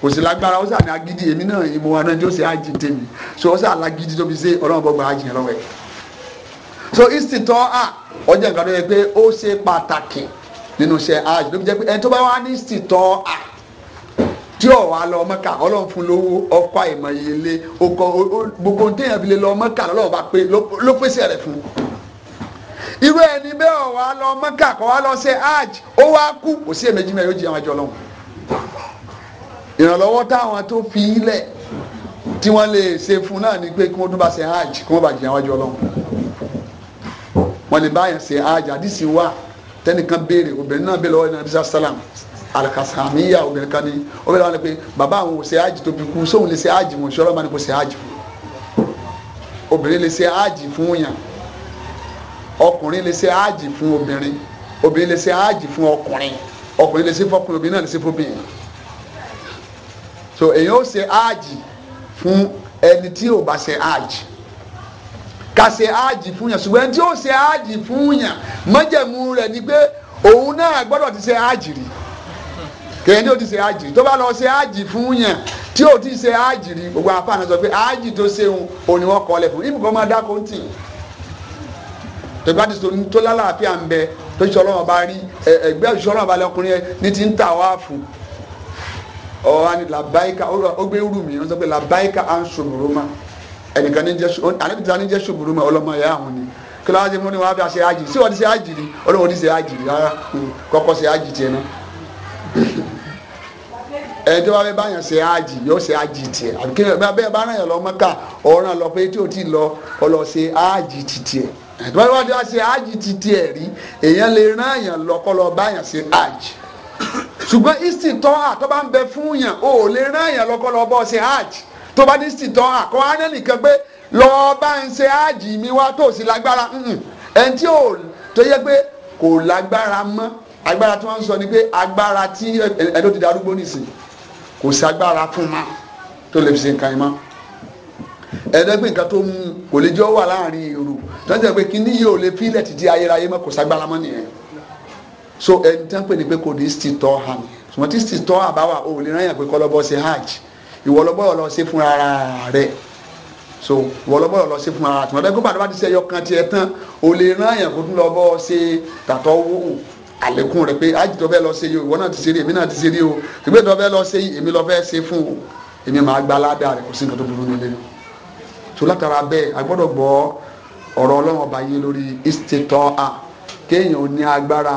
kò sí lágbára ó sàn ní agídí èmi náà ni mo tí ó sì ájì tèmi so ó sàn lágídí tó fi ṣe gba ájì lọ́wọ́ ẹ̀ so istitọ́ a ọjọ́ nǹkan tó yẹ pé ó ṣe pàtàkì nínú iṣẹ́ ájì ló fi jẹ́ pé ẹni tó bá wà ní istitọ́ a tí ò wá lọ mọ́kà ọlọ́run fún lówó ọkọ̀ àìmọye ilé gbogbo téèyàn fi lè lọ mọ́kà lọ́wọ́ bá pé ló pèsè rẹ̀ fún irú ẹni bẹ́ẹ̀ ọ̀ wá lọ mọ́kà kọ́ wá lọ ṣe hajj ó wá kú kò sí èméjì mẹ́rin jí àwọn àjọ lọ́hùn ìrànlọ́wọ́ táwọn tó fi í lẹ̀ tí wọ́n lè ṣe fún náà ni pé kí wọ́n tún bá ṣe hajj kí wọ́n bá jìyàn wájú ọlọ́run wọ́n lè bá yẹn ṣe hajj àdìsí wa tẹnìkan béèrè obìnrin náà béèrè lọ́wọ́ ìnáyà sálàm alikasamiya obìnrin kan ní obìnrin wọn lè pe bàbá àwọn ò ṣe hajj tó fi kú sóun lè ṣe hajj wọn ṣọlọ́ máa ní kò ṣe hajj fún obìnrin lè ṣe hajj fún yàn ọkùnrin lè ṣe hajj fún obìnrin obìnrin lè ṣe hajj fún ọkùnrin ọkùnrin lè ṣe fọkùnrin obìnrin náà lè ṣe fọbìnrin so èyàn ó ṣe áàjì fún ẹni tí ò bá ṣe áàjì ká ṣe áàjì fún yàn ṣùgbọ́n ẹni tí ó ṣe áàjì fún yàn májẹ̀mú rẹ̀ ni pé òun náà gbọ́dọ̀ ti ṣe áàjì rí kẹ́hìn tí ó ti ṣe áàjì tó bá lọ ṣe áàjì fún yàn tí ó ti ṣe áàjì rí gbogbo àfààní sọ pé áàjì tó ṣe òun òun ni wọ́n kọ́ ọ lẹ̀ fún ibùkún máa ń tì í sọ̀rọ̀ tó lálàáfíà ń bẹ tó sọ̀rọ̀ ọba rí ẹgbẹ́ sọ̀rọ̀ ọba lẹ́kùnrin ní ti ń tà wá fún ọ wá ní labaika ó gbé rú mi wọ́n sọ pé labaika à ń ṣòbòrò ma ẹnìkan ní jẹ́ àníbìtì ní jẹ́ ọlọ́mọ ìyá àwọn ni kí ló wá ṣe mú ni wọ́n á fi ṣe àjì sí wọ́n ti ṣe àjì rí ọlọ́wọ́ ti ṣe àjì rí rárá hmm, kọ́kọ́ ṣe àjì tiẹ̀ náà ẹni tó bá fẹ́ báyàn ṣe àjì yóò ṣe àjì tiẹ̀ àbí kí bẹ́ẹ̀ bá ràn yàn lọ mọ́kà ọ̀ràn lọ pé tí o ti lọ ọlọ ṣe àjì ti tiẹ̀ tó bá ṣe àjì tiẹ̀ rí èèyàn lè ràn yàn lọ kọ́ lọ báyàn ṣe àjì ṣùgbọ́n istitọ́ à tó bá ń bẹ fún yàn o ò lè rán yàn lọ́kọ́lọ́ bọ́ ṣe hajj tó bá ní istitọ́ à kọ́ á rán nìkan pé lọ́ọ́ bá ń ṣe hajj mi wá tó sì lágbára ẹni tí ò tó yẹ pé kò lágbára mọ́ agbára tí wọ́n ń sọ ni pé agbára tí ẹni tó ti darúgbó nìsín kò sí agbára fún ma tó lè fi ṣe nǹkan yẹn mọ́ ẹ̀ẹ́dẹ́gbẹ̀ nǹkan tó mú kò lè jọ wà láàrin èrò tó ń sọ pé kíní yìí ò lè fílẹ̀ títí ayérayé mọ́ kò ságbára mọ́ nìyẹn so ẹni tán pè ní pé kò ní stitọ́ ha ṣùgbọ́n tí stitọ́ ha bá wà o ò lè ráyà pé kọ́lọ́bọ́ ṣe hajj ìwọ lọ́bọ́ yọ lọ sí fún ara rẹ̀ so ìwọ lọ́bọ́ yọ lọ sí fún ara tìmọ́tẹ́ kó bàdúrà ti ṣe ẹyọ kan tiẹ̀ tán o lè ráyà kó tún lọ́bọ́ ṣe tàtọ́ wò ó àlékún rẹ̀ pé hajj tó fẹ́ lọ ṣe yìí ìwọ náà ti ṣe rí èmi náà ti ṣe rí o ìgbé tó fẹ́ lọ ṣe yìí èmi lọ fẹ́ ṣe fún o èmi máa gba aládàá rẹ̀ kò sí nǹkan tó burú nílé so látara bẹ́ẹ̀ a gbọ́dọ̀ gbọ́ ọ̀rọ̀ Ọlọ́run ọba yé lórí istitọ́a kéèyàn ní agbára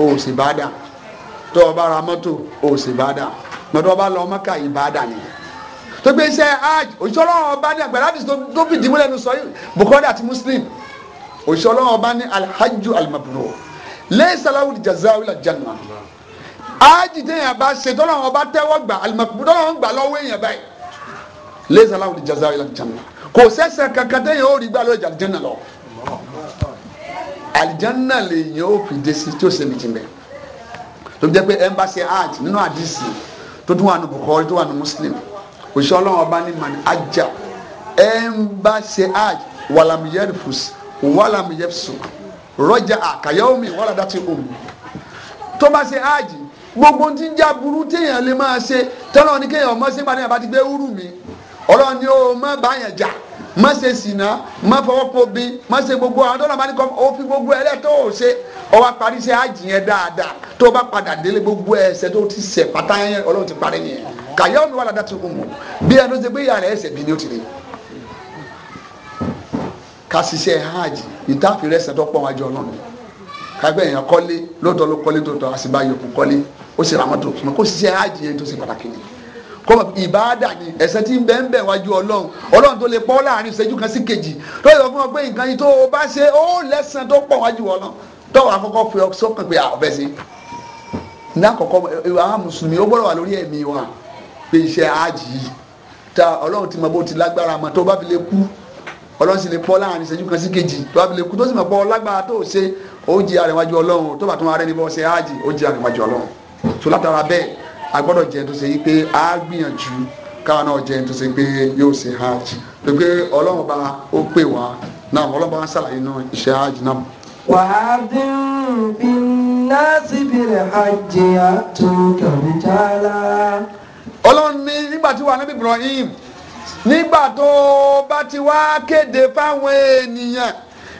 o ò sì bá dà tó o bá ra mọ́tò o ò sì bá dà mọ́tò o bá lọ mọ́kà yìí bá dà nìyẹn tó gbé iṣẹ́ hajj òṣìṣẹ́ ọlọ́run ọba ní àgbàlá àti tó fi dìbò lẹ́nu sọ yìí bukhari àti muslim òṣìṣẹ́ ọlọ́run ọba ní alhajju almabrur laysa lahu jaza'u illa janna hajj téèyàn bá ṣe tọ́lọ́run ọba tẹ́wọ́ gbà almabrur tọ́lọ́run gbà lọ́wọ́ èèyàn báyìí laysa lahu jaza'u illa janna kò sẹ́sẹ̀ kankan téèyàn ó rí gbà lọ́jà janna lọ àlìjánná lèèyàn ó fi dé sí tí ó sẹ́mi jìnbẹ́ tó jẹ́ pé embassy art nínú àdìsí tó tún wà nù Bukhari tó wà nù Muslim òṣìṣẹ́ ọlọ́run ọba ní mani ajá embassy art wàlàmìyẹ́rìfùs wàlàmìyẹ́fùsù rọ́jà àkàyọ́mì wàlàdàtì òmù tó bá ṣe áàjì gbogbo tí ń já burú téèyàn lè máa ṣe tọ́lọ́ ní kéèyàn ọmọ sí ìpàdé àbá ti gbé wúrù mi ọlọ́run ni ó má báyàn jà. Ja má ṣe sìnà má fọwọ́ pọ̀ bí má ṣe gbogbo àwọn tọ́lọ̀ bá ní kọ́ ó fi gbogbo ẹ̀ lẹ́tọ́ ò ṣe ọwọ́ parí ṣe àjì yẹn dáadáa tó o bá padà délé gbogbo ẹ̀ṣẹ̀ tó ti ṣẹ̀ pátá yẹn ọlọ́run ti parí yẹn kàyọ́ ọ̀nù wà ládàá tó kún mu bí ẹni tó ṣe gbé yàrá ẹ̀ṣẹ̀ bí ni ó ti lè ká ṣiṣẹ́ hajj ìtàfẹ́ rẹ̀ ṣẹ̀tọ́ pọ̀ wájú ọlọ́run kábẹ́ èèyàn kọ́lé lóòótọ́ ló kọ́lé tó tọ́ àṣìbáyọ̀ kò kọ́lé ó ṣe ràmọ́tò kò ṣiṣẹ́ hajj yẹn tó ṣe pàtàkì nìyẹn kọ́mọ ìbáàdà ni ẹ̀ṣẹ̀ tí ń bẹ ń bẹ wájú ọlọ́run ọlọ́run tó lè pọ́ láàrin ìṣẹ́jú kan sí kejì tó yẹ fún ọ pé nǹkan yìí tó o bá ṣe ó lẹ́sàn tó pọ̀ wájú ọlọ́run tọ́wọ́ akọ́kọ́ fi sọ́kàn pé ọ̀fẹ́ sí ní àkọ́kọ́ àwọn mùsùlùmí ó gbọ́dọ̀ wà lórí ẹ̀mí wa pé iṣẹ́ ájì yìí ta ọlọ́run ti mọ bó ti lágbára mọ tó bá fi lè kú ọlọ́run sì lè pọ́ láàrin ìṣẹ́jú kan sí kejì tó bá fi lè kú tó sì mọ̀ pọ́ lágbára tó ṣe ó jìyà rẹ̀ wájú ọlọ́run tó bá tún ara ẹni bọ́ ṣe ájì ó jìyà rẹ̀ ọlọ́run tó látara bẹ́ẹ̀ Agbọdọ gbọ́dọ̀ jẹ́ tó ṣe yí pé a gbìyànjú káwa náà jẹ́ tó ṣe pé yóò ṣe hajj tó pé ọlọ́run bá ó pè wá náà ọlọ́run bá ń ṣàlàyé inú iṣẹ́ hajj náà. wàhálà bí nọ́ọ̀sì bìrẹ̀ hajj àtúntò rìjàlá. ọlọ́run ní nígbà tí wà níbi Ibrahim nígbà tó bá ti wá kéde fáwọn ènìyàn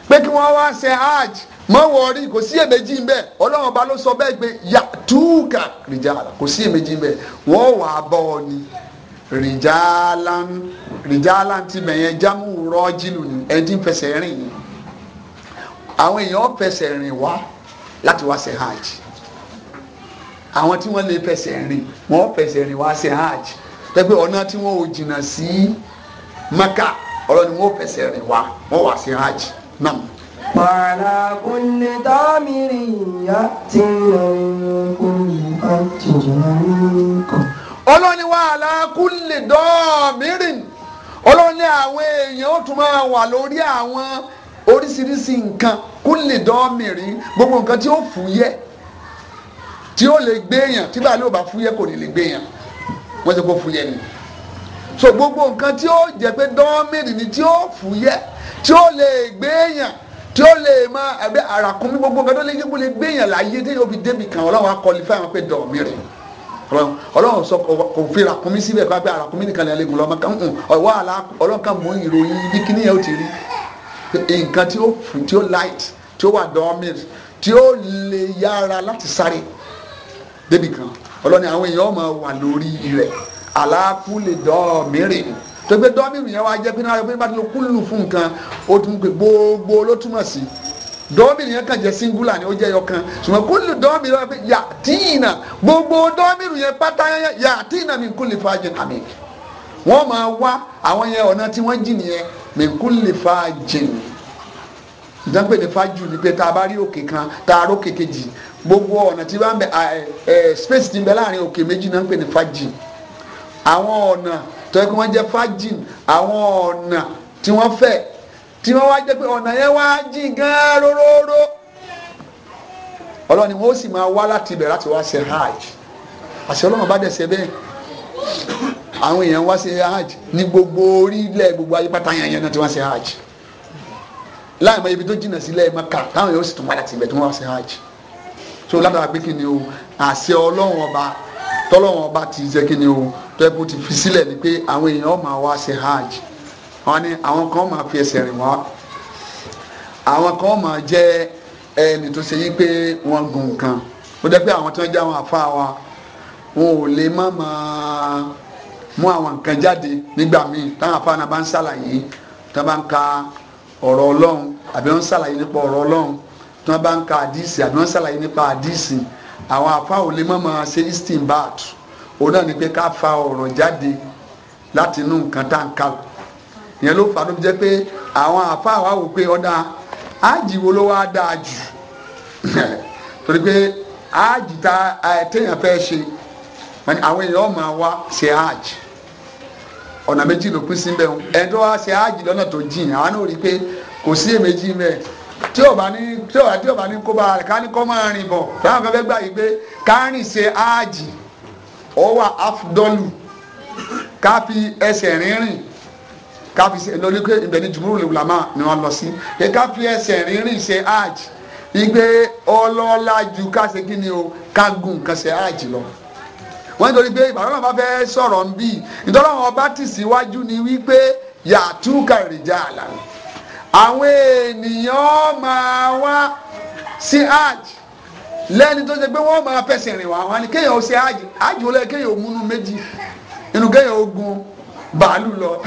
pé kí wọ́n wá ṣe hajj má wọrí kò sí èméjì ń bẹ ọlọ́run ọba ló sọ bẹ́ẹ̀ pé yàtúùkà rìjàlá kò sí èméjì ń bẹ wọ́n wà á bọ́ ọ ni rìjàlá rìjàlá ti bẹ̀yẹn jámù rọ́jìlù ni ẹni tí ń fẹsẹ̀ rìn yìí àwọn èèyàn fẹsẹ̀ rìn wá láti wá ṣe hajj àwọn tí wọ́n lè fẹsẹ̀ rìn wọ́n fẹsẹ̀ rìn wá ṣe hajj tẹ́gbẹ́ ọ̀nà tí wọ́n ò jìnnà sí maka ọlọ́ni wọ́n fẹsẹ̀ rìn wá wọ́n wá ṣe hajj náà. وعلى كل ضامر يأتينا من كل فج عميق ọlọ́ni wàhálà kúlè dọ́ọ̀mìrìn ọlọ́ni àwọn èèyàn ó tún máa wà lórí àwọn oríṣiríṣi nǹkan kúlè dọ́ọ̀mìrìn gbogbo nǹkan tí ó fúyẹ́ tí ó lè gbéyàn tí báyìí ló bá fúyẹ́ kò ní lè gbéyàn wọ́n ti kó fúyẹ́ ni so gbogbo nǹkan tí ó jẹ́ pé dọ́ọ̀mìrìn ni tí ó fúyẹ́ tí ó lè gbéyàn tí ó lè máa àbí àràkùnmí gbogbo nǹkan tó lè gbogbo lè gbéyàn láyé téèyàn fi débi kan ọlọ́run akọlifá àwọn pé dọ̀ọ̀mí rẹ̀ ọlọ́run sọ kò fi àràkùnmí síbẹ̀ kó a pé àràkùnmí nìkan lè légun lọ́mọ kan ọ̀wọ́ àlá ọlọ́run kan mọ ìròyìn ibi kíní yẹn ó ti rí nǹkan tí ó fún tí ó light tí ó wà dọ̀ọ̀mí tí ó lè yára láti sáré débi kan ọlọ́run àwọn èèyàn máa wà lórí rẹ̀ àlàáfù lè dọ̀ọ̀mí rẹ̀ tó gbé dọ́mìrù yẹn wá jẹ́ pé náà pé bá ti lo kúlù fún nǹkan ó tún pé gbogbo ló túmọ̀ sí dọ́mìrù yẹn kàn jẹ́ singular ni ó jẹ́ yọkan ṣùgbọ́n kúlù dọ́mìrù yẹn pé yà tíìnà gbogbo dọ́mìrù yẹn pátá yẹn yà tíìnà mi kúlì fàájìn àmì wọ́n máa wá àwọn yẹn ọ̀nà tí wọ́n jì nìyẹn mi kúlì fàájìn ìdánpẹ̀ ní fájú ni pé tá a bá rí òkè kan tá a rókè kejì gbogbo ọ̀nà tí wọ́n bẹ space ti bẹ láàrin òkè méjì náà ń pè ní fájì àwọn ọ̀nà tọ́jú kí wọ́n jẹ́ fájìn àwọn ọ̀nà tí wọ́n fẹ́ tí wọ́n wá jẹ́ pé ọ̀nà yẹn wá jìn gan-an róróró ọlọ́ni wọn ó sì máa wá láti ibẹ̀ láti wá ṣe hajj àṣẹ ọlọ́run bá dẹ̀ ṣe bẹ́ẹ̀ àwọn èèyàn wá ṣe hajj ní gbogbo orílẹ̀ gbogbo ayé pátá yẹn yẹn tí wọ́n ṣe hajj láì ibi tó jìnnà sílẹ̀ Mẹ́kà táwọn yóò sì tún wá láti ibẹ̀ tí wọ́n wá ṣe hajj so látara pé kí ni o àṣẹ ọlọ́run ọba tọ́lọ́wọ́n bá ti jẹ́ kí ni o tẹ́bù ti fi sílẹ̀ ni pé àwọn èèyàn máa wá ṣe hajj wọn ni àwọn kan máa fi ẹsẹ̀ rìn wá àwọn kan máa jẹ́ ẹni tó ṣe yín pé wọ́n gùn kan ó jẹ́ pé àwọn tó ń jẹ́ àwọn àfa wa wọn ò lè má máa mú àwọn nǹkan jáde nígbà míì táwọn àfa náà bá ń ṣàlàyé tí wọ́n ka ọ̀rọ̀ ọlọ́run àbí wọ́n ṣàlàyé nípa ọ̀rọ̀ ọlọ́run tí wọ́n bá ń ka àdìsí àbí wọ́n ṣàlàyé nípa àdìsí àwọn afa ò lè má máa ṣe istinbat òun náà ni pé ká fa ọ̀rọ̀ jáde láti inú nǹkan tá à ń kà ìyẹn ló fà ló jẹ́ pé àwọn afa wa wò pé ọ̀dà ájì wo ló wá dáa jù torí pé ájì tá téèyàn fẹ́ ṣe àwọn èèyàn máa wá ṣe ájì ọ̀nà méjì ló pín sí bẹ́ẹ̀ ẹni tó wá ṣe ájì lọ́nà tó jìn àwọn náà rí i pé kò sí èméjì mẹ́ẹ̀ tí ò bá ní tí ò bá tí ò bá ní kó bá rẹ̀ ká ní kó máa rìn bọ̀ táwọn kan fẹ́ gbà yìí pé ká rìn ṣe áàjì ó wà áfúdọ́lù ká fi ẹsẹ̀ rínrìn ká fi ṣe lórí pé ibẹ̀ ni jùmúrù lùlámà ni wọ́n lọ sí pé ká fi ẹsẹ̀ rínrìn ṣe áàjì igbe ọlọ́lá ju ká ṣe kí ni o ká gùn kan ṣe áàjì lọ wọ́n nítorí pé ìbàdàn náà bá fẹ́ sọ̀rọ̀ ń bì ìtọ́lọ́wọ́n bá tì síwájú ni wípé yàtúkà rìjà àlàyé àwọn ènìyàn máa wá sí hajj lẹ́ni tó ṣe pé wọ́n máa fẹsẹ̀ rìn wá wọn ni kéèyàn ó ṣe hajj hajj ó lẹ́ kéèyàn ó múnú méjì inú kéèyàn ó gun bàálù lọ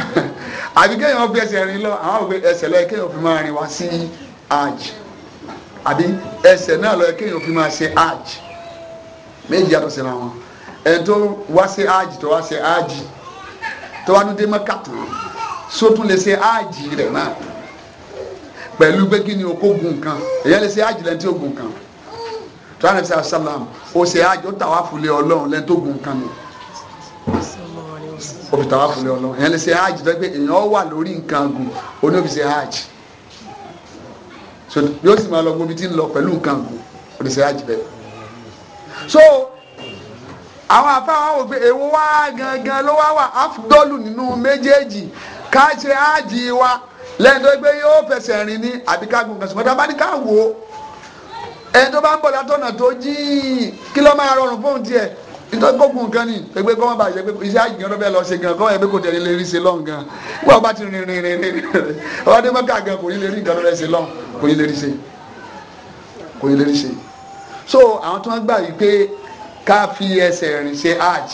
àbí kéèyàn ó fi ẹsẹ̀ rìn lọ àwọn òwe ẹsẹ̀ lọ́ọ́ kéèyàn fi máa rìn wá sí hajj àbí ẹsẹ̀ náà lọ́ọ́ kéèyàn fi máa ṣe hajj méjì yàtọ̀ sí wọn ẹni wá ṣe hajj tó wá ṣe hajj tó wá dúdé mọ́kàtà sótún lè ṣe hajj rẹ̀ náà pẹ̀lú pé kí ni o kó gun nǹkan èyàn lè ṣe àjìlẹ̀ tí o gun nǹkan tó ànàbí sàlá sàlám o ṣe àjò tàwa fúlẹ̀ ọlọ́run lẹ́ni tó gun nǹkan ni o fi tàwa fúlẹ̀ ọlọ́run èyàn lè ṣe àjì tó pé èyàn wà lórí nǹkan gùn o ní o fi ṣe àjì yóò sì máa lọ gbóbi tí ń lọ pẹ̀lú nǹkan gùn o lè ṣe àjì bẹ́ẹ̀. so àwọn afáwọn wò pé èwo wá gangan ló wá wà áfúdọ́lù nínú méjèèjì ká ṣe àjì wa. So, lẹ́yìn tó gbé yóò fẹsẹ̀ rìn ní àbíkágun kan ṣùgbọ́n tá a bá ní ká wò ó ẹni tó bá ń bọ̀ látọ̀nà tó jíìn kí ló máa rọrùn fóun tiẹ̀ nítorí gbógun nǹkan ni ẹgbẹ́ kọ́ máa bàjẹ́ pé iṣẹ́ àjùgàn tó fẹ́ lọ ṣe gan kọ́ ẹgbẹ́ kò tẹ̀lé lè rí ṣe lọ́n gan wọ́n bá ti rìn rìn rìn rìn ọba dé mọ́kà gan kò ní lè rí nǹkan tó fẹ́ ṣe lọ́n kò ní lè rí ṣe kò ní lè rí ṣe. so àwọn tó ń gbà yìí pé ká fi ẹsẹ̀ rìn ṣe hajj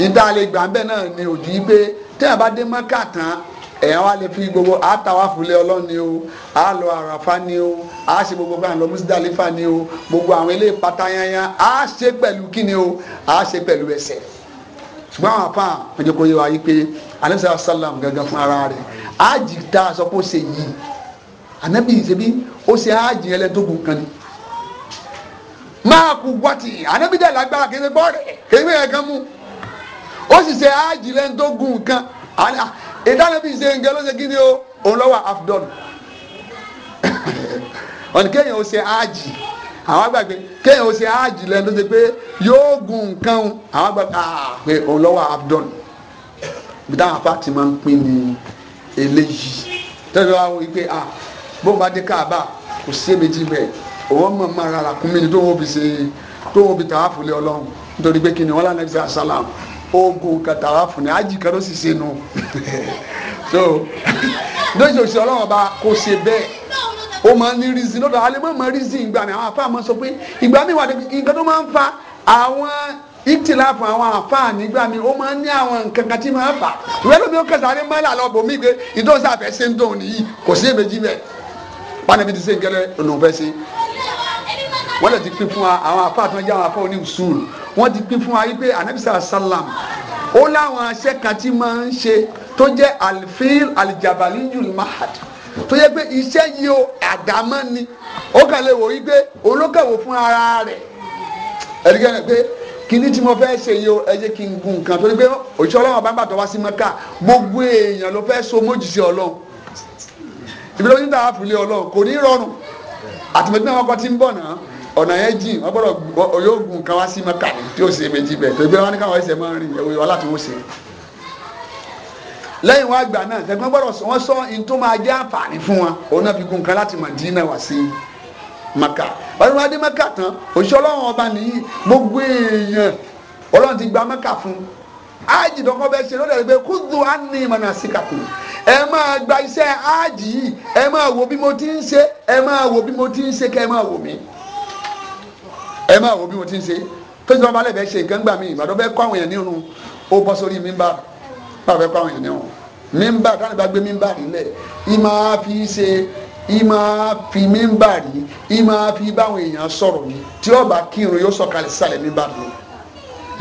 níta lè gbà ń bẹ̀ náà ni òdì yìí pé tẹ́yà bá dé mọ́kà tán èèyàn wá lè fi gbogbo àtàwáfúlẹ̀ ọlọ́run ni o a lọ àràfá ni o ṣe gbogbo bá lọ mùsùlùmí ni o gbogbo àwọn ilé ìpata a ṣe pẹ̀lú kí ni o a ṣe pẹ̀lú ẹsẹ̀ ṣùgbọ́n àwọn apá àjọkọ̀ yẹ yí pé gangan fún ara anabi ó ṣe yẹn kan ni máa kú gbọ́tì anabi dẹ̀ lágbára kébé kébé mú ó sì ṣe kan ìdánilẹ́bí ṣe nǹkan ló ṣe kí ni o òun lọ́wọ́ afdol ọ̀nì kéèyàn ó ṣe áàjì àwọn àgbàgbé kéèyàn ó ṣe áàjì lẹ́nu ló ṣe pé yóò gun nǹkan àwọn àgbàgbé pé òun lọ́wọ́ afdol bí táwọn apáàtì máa ń pín ní eléyìí tẹ́lẹ̀ wá wí pé bó bá dé káàbà kò sí èméjì bẹ́ẹ̀ òun mọ̀ máa rárá kún mi ni tó wọ́n fi ṣe tó wọ́n fi tàwáfù lé ọlọ́run nítorí pé kí ni wọ́n lánàá fi ṣe àṣàlàmù ogun kẹta wa fún ni ájì kan nu so lóṣù òṣìṣẹ́ ọlọ́run ọba kò ṣe bẹ́ẹ̀ ó máa ní reason lọ́dọ̀ alẹ́ mọ̀ mọ̀ reason ìgbà mi àwọn afáà máa sọ pé ìgbà mi wà ní nǹkan tó máa ń fa àwọn ìtìláfù àwọn àfáà nígbà mi ó máa ń ní àwọn nǹkan kan tí máa fà wẹ́n ó kẹsàn-án ní mọ́là lọ́bọ̀ mí pé ìdóòsà fẹ́ ṣe ń dóhùn nìyí kò sí èméjì bẹ́ẹ̀ pàdébí ti ṣe ń gẹ́lẹ́ ònà ṣe wọ́n lè ti pín fún wa àwọn àfáà tó ń jẹ́ àwọn àfáà oníṣùúrù wọ́n ti pín fún wa wípé anabisa salam ó láwọn aṣẹ́ kan tí máa ń ṣe tó jẹ́ alfil aljabaliyul mahad tó yẹ pé iṣẹ́ yìí ó àdámọ́ ni ó kàn lè wò wípé olókàwò fún ara rẹ̀ ẹ̀ríkẹ́ rẹ̀ pé kíní tí mo fẹ́ ṣe yìí ó ẹ jẹ́ kí n gun nǹkan torí pé òṣìṣẹ́ ọlọ́run bá ń wá sí mẹ́ka gbogbo èèyàn ló fẹ́ so mójúṣe ọlọ́run ìbílẹ̀ oníta àfìlẹ̀ ọlọ́run kò ní rọrùn àtìmọ́tí náà wọ́n kọ́ ti ń bọ̀ náà ọ̀nà yẹn jìn wọ́n gbọ́dọ̀ yóò gun kan wá sí mẹ́ka tí ó ṣe méjì bẹ́ẹ̀ tó gbé wọn ní káwọn ẹsẹ̀ máa ń rìn ẹ̀wọ̀ ìwà láti wọ́n ṣe. lẹ́yìn wọn àgbà náà tẹ̀gbọ́n gbọ́dọ̀ wọ́n sọ in tó máa jẹ́ àǹfààní fún wọn òun náà fi gun kan láti Mádínà wá sí mẹ́ka. wọ́n wá dé mẹ́ka tán òṣìṣẹ́ ọlọ́run ọba nìyí gbogbo èèyàn ọlọ́run ti gba mẹ́ka fún áàjì tó kọ́ bẹ́ẹ̀ ṣe lórí ẹ̀rẹ́gbẹ́ kúndùn á ní ìmọ̀nà síkàkù ẹ máa gba iṣẹ́ áàjì yìí ẹ máa wò bí mo ti ń ṣe ẹ máa wò bí mo ti ń ṣe kẹ́ ẹ máa wò mí ẹ máa wo bí mo ti ń ṣe tójú bá balẹ̀ bẹ́ẹ̀ ṣe nǹkan gbà mí ìbàdàn bẹ́ẹ̀ kọ́ àwọn èèyàn nínú ó bọ́ sórí mímbà báwo bẹ́ẹ̀ kọ́ àwọn èèyàn nínú mímbà táwọn ìbá gbé mímbà nílẹ̀ ì máa fi ṣe ì máa fi mímbà rí ì máa fi báwọn èèyàn sọ̀rọ̀ ni tí ó bá kírun yóò sọ̀kalẹ̀ sísàlẹ̀ mímbà ni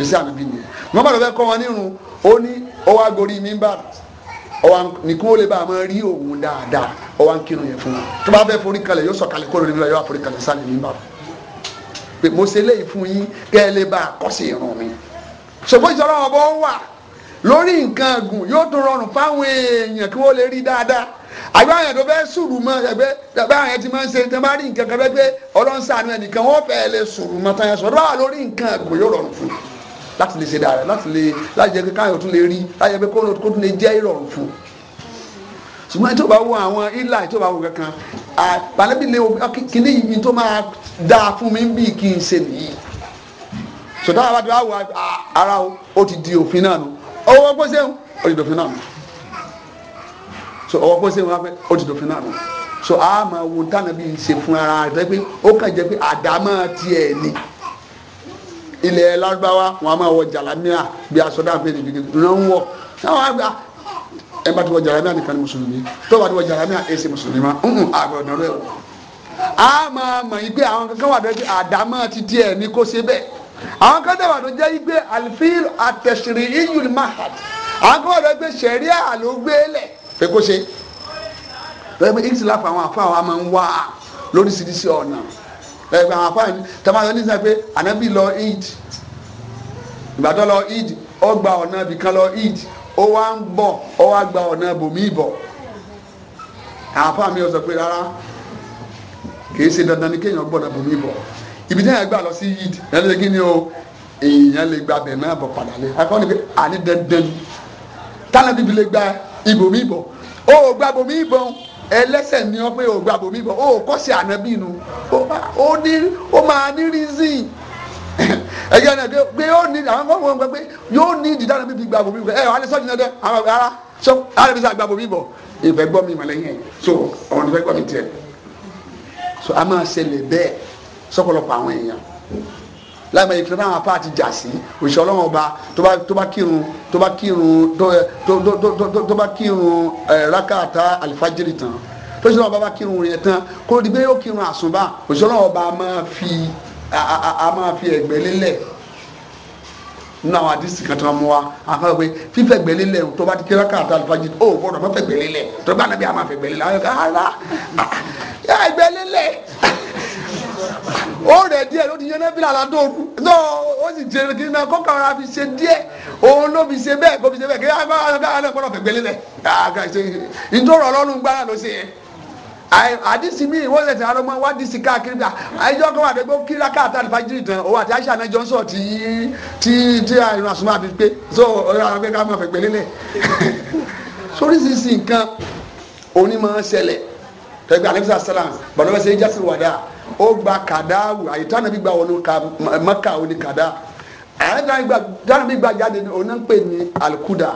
iṣẹ́ àmì bí mi wọ́n bá bẹ́ẹ̀ kọ́ wọn nínú ó ní ó wá gorí mímbà nìkún ó lè bá a máa rí òun dáadáa ó wá ń kírun yẹn fún wa tó bá fẹ́ forí kalẹ̀ yóò sọ̀kalẹ̀ kó lórí mímbà yóò wá forí kalẹ̀ sálẹ̀ mímbà pé mo ṣe léyìí fún yín kẹ́ ẹ lè bá àkọ́ṣe ìrun mi ṣùgbọ́n ìjọba ọ̀bọ wà lórí nǹkan ọ̀gùn yóò tún rọrùn fáwọn èèyàn kí wọ́n lè rí dáadáa àbí àwọn èèyàn tó fẹ́ sùúrù mọ́ ẹgbẹ́ ẹgbẹ́ àwọn èèyàn ti máa ń ṣe tẹ́ bá rí nǹkan kan pé ọlọ́run ṣàánú ẹnìkan wọ́n fẹ́ lè sùúrù mọ́ tán yẹn sọ̀rọ̀ lórí nǹkan ọ̀gùn yóò rọrùn fún láti lè ṣe dáadáa láti lè láti jẹ́ pé káyọ̀ tún lè rí láti jẹ́ pé kó tún lè jẹ́ ìrọ̀rùn fún un ṣùgbọ́n tó bá wo àwọn ilà tó bá wo kankan àbálẹ́bí lé kíní ibi tó máa dáa fún mi bí kí n ṣe nìyí sọ̀tọ́ àwọn àti wàá ara ó ti di òfin náà nù ọwọ́ pọ́ sẹ́wọ̀n ó ti di òfin náà nù so ọwọ́ pọ́ sẹ́wọ̀n afẹ́ ó ti di òfin náà nù so a máa wo tánà bí n ṣe fún ara rẹ pé ó kàn jẹ́ pé àdámọ́ tiẹ̀ ni ilẹ̀ lárúbáwá wọn a máa wọ jàlámíà bí aṣọ fẹ́ẹ́ nìyí ló ń wọ̀ ẹ bá ti wọ jàlámíà nìkan ni mùsùlùmí tó bá ti wọ jàlámíà ẹ ṣe mùsùlùmí ma ń àgbẹ̀ ọ̀dọ́ rẹ o. a máa mọ̀ yí pé àwọn kankan wà tó jẹ́ àdámọ́ ti díẹ̀ ní kó ṣe bẹ́ẹ̀ àwọn kan dẹ̀ wà tó jẹ́ yí pé alfil àtẹ̀sìrì iyùl mahad àwọn kan wà tó gbé sẹ̀ríà ló gbé lẹ̀ pé kó ṣe. lọ́yẹ̀ pé ìsìláfù àwọn àfọ àwọn máa ń wá lóríṣiríṣi ọ̀nà lọ́yẹ̀ pé àwọn àfọ àwọn tẹ̀wọ́n ní sẹ́ pé ànábì lọ eid ìbàdàn lọ eid ọgbà ọ̀nà ibìkan lọ eid ó wá ń bọ̀ ó wá gba ọ̀nà bòmí bọ̀ mi ò sọ pé rárá kìí ṣe dandan ni kéèyàn gbọ́dọ̀ bòmí bọ̀ ibi tí èèyàn gbà lọ sí yid ẹni kí o èèyàn lè gba bẹ̀ náà bọ̀ padà lé akọ́ni pé àní dandan ni tálẹ̀ bíbi lè gba ibòmí bọ̀ ó gba bòmí bọ̀ ẹlẹ́sẹ̀ ni wọ́n pé ó gba bòmí bọ̀ ó kọ́ sí ànábì nu ó máa ẹ̀jẹ̀ náà pé yóò ní àwọn ọmọ wọn pé yóò ní ìdí dáná bíbí gba bòmí ẹ wà ní sọ́ọ̀dì náà dẹ àwọn ọ̀gá ara sọ ara bí sá gba bòmí bọ̀ ìfẹ́ gbọ́ mi màlẹ́ yẹn so ọ̀rọ̀ ìfẹ́ gbọ́ mi tiẹ̀ so a máa ṣẹlẹ̀ bẹ́ẹ̀ sọ́kọlọpọ̀ àwọn èèyàn láìpẹ́ yìí kílódé àwọn apá àti jà sí òṣìṣẹ́ ọlọ́run ọba tó bá kírun tó bá kírun tó bá kírun rákàtà àlìfájìrì tán tó ṣe lọ́wọ́ bá bá kírun rẹ̀ tán kó o di pé yóò kírun àsùnbà òṣìṣẹ́ ọlọ́run ọba máa fi a máa fi ẹ̀gbẹ́ lélẹ̀ nínú àwọn àdìsí kan tí wọ́n mú wa àwọn ọ̀gbẹ́ fífẹ̀gbẹ́ lélẹ̀ tó bá ti kí rákàtà àlùfáàjì ó gbọ́dọ̀ má fẹ̀gbẹ́ lélẹ̀ tó bá nàbí àwọn àfẹ̀gbẹ́ lélẹ̀ àwọn ará yà ẹ̀gbẹ́ lélẹ̀ ah, ah, ó rẹ̀ díẹ̀ ló ti yẹn náà fílà ládòrú tó ó sì jẹ́ kí náà kọ́kọ́ ara fi ṣe díẹ̀ òun ló fi ṣe bẹ́ẹ̀ kó fi ṣe bẹ́ẹ̀ kí àdìsí mi wọ́n ṣẹ̀ṣẹ̀ arọ́mọ wá dìsí káàkiri bíi àìjọ kan wà pé kó kíra káàtà nípa jírí tán òun oh, àti Aisha náà Johnson ti ti ti àìrùn àsùnmọ́ àti pé so ọ̀rọ̀ àwọn pé ká máa fẹ̀gbẹ́ lélẹ̀ sóríṣiríṣi nǹkan onímọ̀ ṣẹlẹ̀ tẹ́gbẹ́ alẹ́bíṣà sálàm bọ̀dọ̀bẹ́sẹ̀ jásí wàdà ó gba kàdáwù àyètá nàbí gba wọnú Mẹ́kà òní kàdá àyètá nàbí gba jáde òun náà ń pè ní alukuda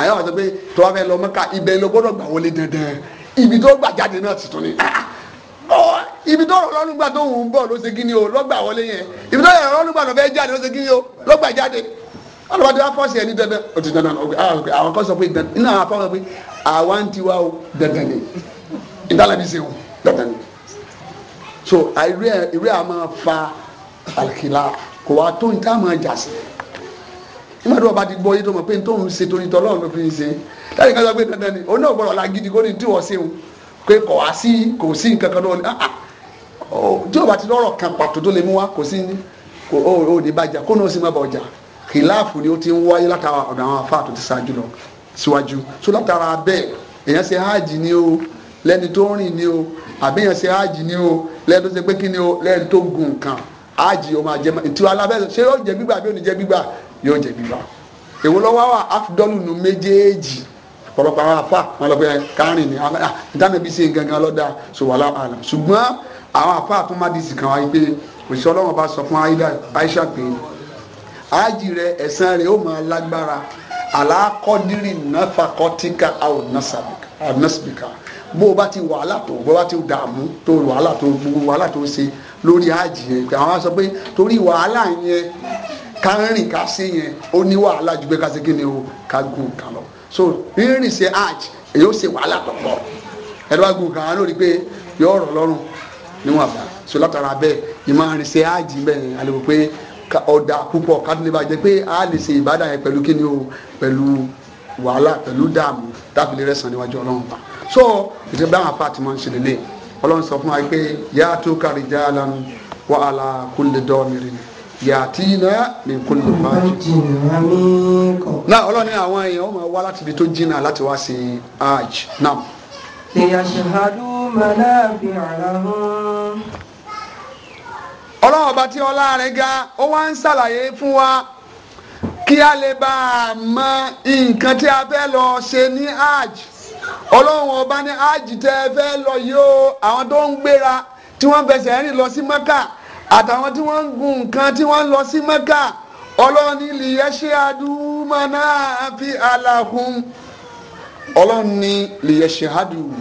àyẹ̀wò àti pé tọ́wọ́ fẹ́ lọ Mẹ́kà ibẹ̀ lọ gbọ́dọ̀ gbà wọlé dandan ibi tó gbà jáde náà ti tún ni ah, ah. Oh, ibi tó rọrùn lọ́nùgbà tó ń bọ̀ ló ṣe kí ni o lọ́gbà wọlé yẹn ibi tó rọrùn lọ́nùgbà tó fẹ́ jáde ló ṣe kí ni o lọ́gbà jáde ọlọ́wọ́ tí wọ́n fọ́ sí ẹni dandan o ti dandan àwọn kan sọ pé iná àwọn afọ́ sọ pé àwa ń tiwa o dandan ni ìdálábí ṣe o dandan ni so ìwé àmọ́ fa àkìlá kò wá tó ní tá a máa jà sí i nígbà tí wọn bá ti gbọ́ yé tó mọ̀ pé tó ń ṣe torí tọ́lọ́run ló fi ń ṣe láti ká sọ pé dandan ni òun náà gbọ́dọ̀ la gidi kó ní tí wọ́n ṣe o pé kò wá sí kò sí nǹkan kan náà ah, ah. tí o bá ti lọ́rọ̀ kan pàtó tó lè mú wa kò sí ní kò ó ní bàjá kó náà sì má bàjá kìláàfù ni ó ti ń wáyé látara ọ̀dọ̀ àwọn afá tó ti ṣáájú lọ síwájú so látara bẹ́ẹ̀ èèyàn ṣe hajj ni o lẹ́ni tó rìn ni o àbí èèyàn ṣe hajj ni o lẹ́ni tó ṣe pé kí ni o lẹ́ni tó gùn kan hajj o máa jẹ́ tí alábẹ́sẹ̀ ṣé yóò jẹ́ gbígbà bí ò ní jẹ́ gbígbà yóò jẹ gbígbà èwo lọ́wọ́ wa afidọ́lù nu méjèèjì ọ̀pọ̀lọpọ̀ àwọn afa wọn lọ pé eh, kárìn ni ah, ìdámẹ́bí ṣe gangan lọ́dà sọ wàhálà àlà ṣùgbọ́n àwọn afa àtúmọ̀dìsì kan wáyé pé òṣìṣẹ́ ọlọ́wọ́n bá sọ fún Aisha pé ájì rẹ ẹ̀san rẹ ó máa lágbára aláàkọ́dírì náfàkọ́tíkà àwònásíbìkà bó o bá ti wàhálà tó bó o bá ti dààmú tó wàhálà tó gbogbo wàhálà tó ṣe lórí ájì yẹn àwọn sọ pé torí wàhálà yẹn ká rìn ká sí yẹn ó ní wàhálà ju pé ká ṣe kí ni o ká gun kan lọ so rírìn ṣe hajj èyí ó ṣe wàhálà lọ́pọ̀ ẹ̀rọ bá gun kan lórí pé yọ ọ̀rọ̀ lọ́rùn níwọ̀n àbá so látara bẹ́ẹ̀ ìmọ̀ rìn ṣe hajj bẹ́ẹ̀ alẹ́ wò pé ọ̀dà púpọ̀ kádùnlé bá jẹ́ pé a lè ṣe ìbádà yẹn pẹ̀lú kíni o pẹ̀lú wàhálà pẹ̀lú dààmú dábìlì rẹ̀ sàn níwájú ọlọ́run pa so ìṣe báwọn apáàtì máa ń ṣe lélẹ̀ ọlọ́run sọ fún wa pé yàtò kàrídà lánàá wàhálà kúlẹ̀ dọ́ọ̀mìrì ni yàtìnà min kulli fajj. náà ọlọ́ni àwọn èèyàn máa wá láti ibi tó jìnnà láti wá sí hajj náà. liyashhadu manafi'a hàn. ọlọ́run ọba tí ọlá rẹ̀ ga ó wá ń ṣàlàyé fún wa kí a lè bá a mọ nǹkan tí a fẹ́ lọ ṣe ní hajj ọlọ́run ọba ní hajj tẹ́ ẹ fẹ́ lọ yìí o àwọn tó ń gbéra tí wọ́n fẹsẹ̀ rìn lọ sí mẹ́kà. Si àtàwọn tí wọ́n ń gun nǹkan tí wọ́n ń lọ sí mẹ́kà ọlọ́run ní lìyẹ́ṣẹ́ adúmọ̀nà fi àlàkùn ọlọ́run ní lìyẹ́ṣẹ́ adùn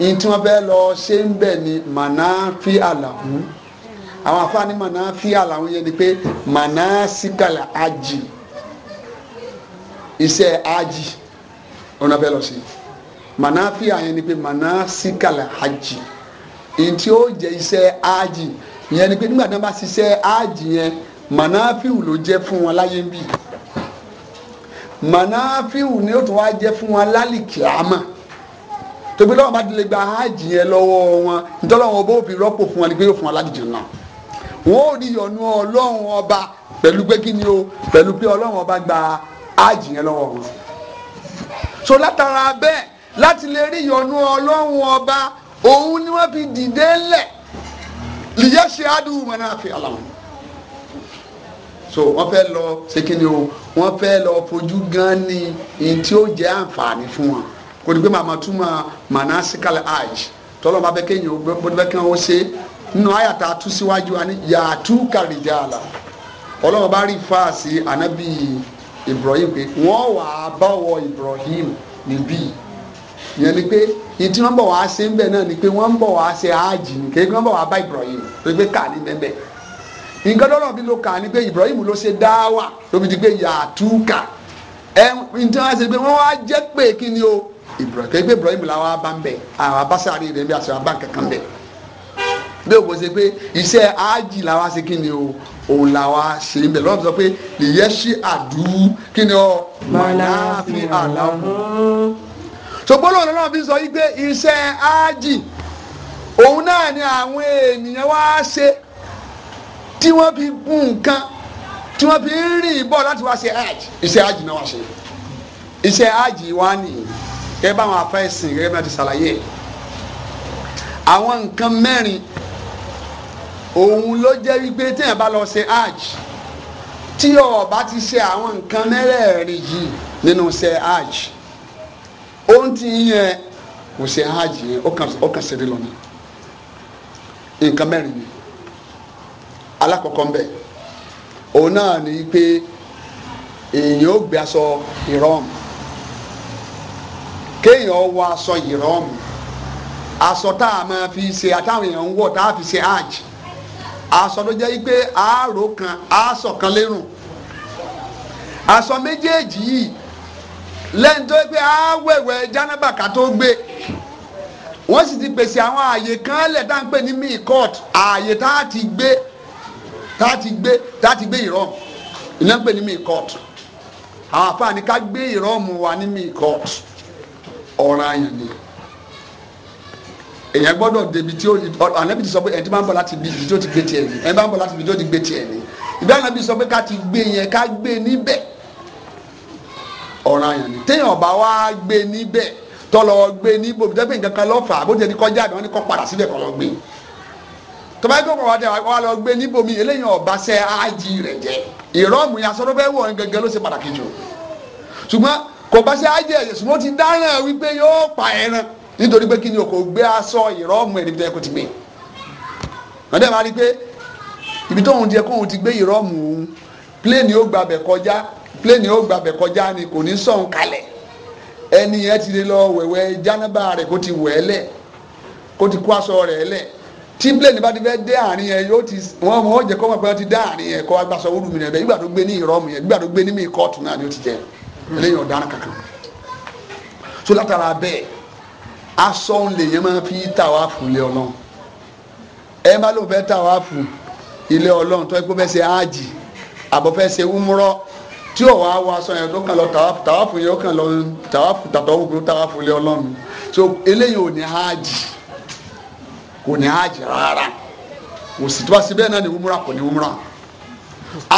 ní tí wọ́n fẹ́ lọ ṣe ń bẹ̀ ni màná fi àlàkùn àwọn afáàní màná fi àlàkùn yẹn ni pé màná síkàlà àjì iṣẹ́ àjì ọ̀nà fẹ́ lọ sí màná fi àyẹn ni pé màná síkàlà àjì ní tí ó jẹ́ iṣẹ́ àjì ìyẹn ni pé nígbà tí wọ́n bá ṣiṣẹ́ áàjì yẹn mànáfíù ló jẹ́ fún wọn láyé ń bì mànáfíù ni ó tún wá jẹ́ fún wọn lálìkì àmà tó gbé lọ́wọ́ bá ti lè gba áàjì yẹn lọ́wọ́ wọn nítorí wọn bó fi rọ́pò fún wọn ni pé yóò fún wọn lálìkì náà wọn ò ní yọ̀nù ọlọ́run ọba pẹ̀lú pé kí ni o pẹ̀lú pé ọlọ́run ọba gba áàjì yẹn lọ́wọ́ wọn so látara bẹ́ẹ̀ láti lè rí yọ̀nù ọlọ́run ọba òun ni wọ́n fi dìde lẹ̀ lìyẹ ṣe àdúgbò mọ náà fi àlàmù so wọ́n fẹ́ lọ sekini o wọ́n fẹ́ lọ fojú gan ni n tí ó jẹ́ àǹfààní fún wọn kò ní pé màmá túmọ̀ manasikal hajj tọ́lọ́ bá bẹ kéèyàn bó bẹ kéèyàn ó ṣe nínú àyàtà tú síwájú wa ní yàtú kàrìjà àlà ọlọ́run bá rí fáàsì ànábì Ibrahim pé wọ́n wàá bá Ibrahim níbí ìyẹn ni pé ìtí wọn bọ̀ wá ṣe ń bẹ̀ náà ni pé wọ́n ń bọ̀ wá ṣe áàjì ni kéèké wọ́n bọ̀ wá bá Ibrahim tó gbé kà ní bẹ́ẹ̀ nǹkan lọ́rọ̀ bí ló kà ní pé Ibrahim ló ṣe dáwà lóbi di pé yàtúkà ẹ ìtí wọn ṣe pé wọ́n wá jẹ́ pé kí ni o Ibrahim kéèké Ibrahim làwọn abá ń bẹ̀ àwọn abáṣárì rẹ̀ bí aṣọ abá kankan bẹ̀ bí o kò ṣe pé iṣẹ́ áàjì làwa ṣe kí ni o òun làwa ṣe ń bẹ̀ lọ́wọ́ sọ pé lè yẹ ṣí àdúrú kí ni ọ màláfi àlàmú sọgbọ́n ọ̀nà náà fi sọ yí pé iṣẹ́ ájì òun náà ni àwọn ènìyàn wá ṣe tí wọ́n fi gun nǹkan tí wọ́n fi ń rìn bọ̀ láti wá ṣe ájì iṣẹ́ ájì náà wá ṣe iṣẹ́ ájì wá nìyí gẹ́gẹ́ bá àwọn afẹ́sìn gẹ́gẹ́ bá ti ṣàlàyé àwọn nǹkan mẹ́rin òun ló jẹ́ wípé téèyàn bá lọ ṣe ájì tí ó ti ṣe àwọn nǹkan mẹ́rẹ̀ẹ̀rin yìí nínú ṣe ájì o n ti ihe e kwuse haji ne o ka siri loni ịkọmeriri alakọkọ mbẹ o naa na ikpe eyiogbe a so iromu keiyan owo a so iromu a so taa ma fi ise atawiyanwuo taa fi ise haji a so je ikpe aro kan a so kan lera a so mejeji yi lẹ́yìn tó yẹ pé awẹ́wẹ́ jánábà ká tó gbé wọ́n sì ti pèsè àwọn ààyè kan lẹ̀ tá à ń pè ní mi court ààyè tá a ti gbé tá a ti gbé tá a ti gbé ìrọ̀mù iná ń pè ní mi court àwọn àfáà ká gbé ìrọ̀mù wa ní mi court ọ̀ràn àyàn ni èyàn gbọ́dọ̀ débi tí ó ànábì ti sọ pé ẹni tí bá ń bọ̀ láti ibi tí ó ti gbé tiẹ̀ ni ẹni bá ń bọ̀ láti ibi tí ó ti gbé tiẹ̀ ni ìgbà ànábì sọ pé ká ti gbé yẹn ká gbé níbẹ̀ ọ̀ràn àyàn ni téèyàn bá wá gbé níbẹ̀ tọ́lọ gbé níbo bí dẹ́gbẹ́ nǹkan kan lọ́fà bó ti ẹni kọjá àbí wọ́n ní kọ́ padà síbẹ̀ kọ́ lọ gbé tọ́ba ẹgbẹ́ òkùnkùn wájú wa lọ gbé níbo mi eléyàn ọba sẹ́ ájì rẹ̀ jẹ́ ìrọ́mù yẹn aṣọ tó fẹ́ wọ̀ gẹ́gẹ́ ló ṣe pàtàkì jù ṣùgbọ́n kò bá sẹ́ ájì ẹ̀jẹ̀ ṣùgbọ́n ó ti dáràn wípé yóò pa ẹran nítorí pé kí ni o kò gbé aṣọ ìrọ́mù ẹ̀ níbi tó yẹ kó ti gbé wọ́n dẹ́ máa rí pé ibi tóun ti kóun ti gbé ìrọ́mù òun pléènì gbabẹ̀ kọjá pléènì ó gbàbẹ̀ kọjá ni kò ní sọ̀n kalẹ̀ ẹni yẹn ti lè lọ wẹ̀wẹ̀ jánábà rẹ̀ kó ti wẹ̀ ẹ́ lẹ̀ kó ti kó aṣọ rẹ̀ ẹ́ lẹ̀ tí pléènì bá ti fẹ́ dé àárín yẹn yóò ti wọ́n mọ̀ ọ́ jẹ́ kọ́ wọn pé wọ́n ti dá àárín yẹn kọ́ agbáṣọ wúlù mi rẹ̀ bẹ́ẹ̀ nígbà tó gbé ní ìrọ́mù yẹn nígbà tó gbé ní mi kóòtù náà ni ó ti jẹ́ eléyìí ọ̀daràn kankan so látara bẹ́ẹ̀ aṣọ lè yẹn máa fi tàwa fún ilé ọlọ́run ẹ má ló fẹ́ tàwa fún ilé ọlọ́run tó ẹ kó fẹ́ ṣe áàjì àbọ̀ fẹ́ ṣe úmúrọ́ tí ò wá wọ aṣọ yẹn tó kàn lọ tàwáfù yẹn ó kàn lọ tàwáfù tàtọ́wù kó tàwáfù lé ọlọ́run so eléyìí ò ní háàjì kò ní háàjì rárá kò sì tó bá sí bẹ́ẹ̀ náà ní wúmúra kò ní wúmúra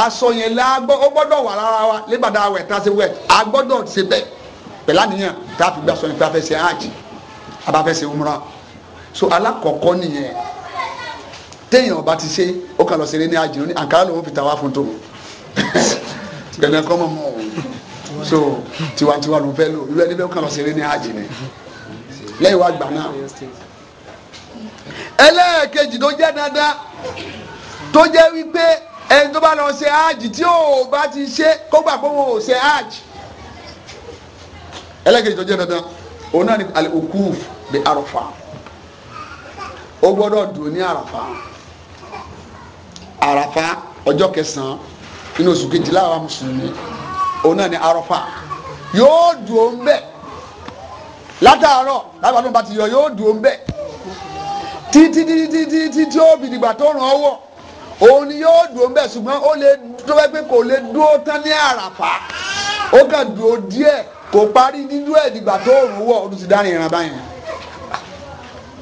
aṣọ yẹn lágbọ́ ó gbọ́dọ̀ wà lára wa nígbàdá wẹ̀ tá a ṣe wẹ̀ a gbọ́dọ̀ ṣe bẹ́ẹ̀ pẹ̀lú àníyàn tá a fi gbé aṣọ yẹn tá fẹ́ ṣe háàjì a bá fẹ́ ṣe wúmúra so alákọ̀ọ́kọ́ nìyẹn téèyàn bá ti ṣe ó kàn lọ ṣeré ní àjìnnú ní àǹkárá lòun fi tàwa fún tó dandan kọ́ mọ̀ mọ́ o so tiwantiwa ló fẹ́ lò irú ẹni bẹ́ẹ̀ kàn lọ sí eré ní hajj ni lẹ́yìn wá gbà náà ẹlẹ́ẹ̀kejì tó jẹ́ dandan tó jẹ́ wípé ẹni tó bá lọ ṣe hajj tí ò bá ti ṣe kó gbà pé wọn ò ṣe hajj ẹlẹ́kejì tó jẹ́ dandan òun náà ni al-ukuf bi arafa ó gbọ́dọ̀ dùn ní arafa arafa ọjọ́ kẹsàn-án inú oṣù kejìlá àwọn mùsùlùmí òun náà ni arọ́fà yóò dùn ó ń bẹ̀ látàárọ̀ lábàá tó bá ti yọ yóò dùn ó ń bẹ̀ títí títí títí tí ó bìdìgbà tó ràn ọ́ wọ̀ òun ni yóò dùn ó ń bẹ̀ ṣùgbọ́n ó lè tó bẹ́ pé kò lè dúró tán ní àràfà ó kàn dùn ó díẹ̀ kò parí dídú ẹ̀ tó ràn wọ̀ ó ti dárin ìran báyìí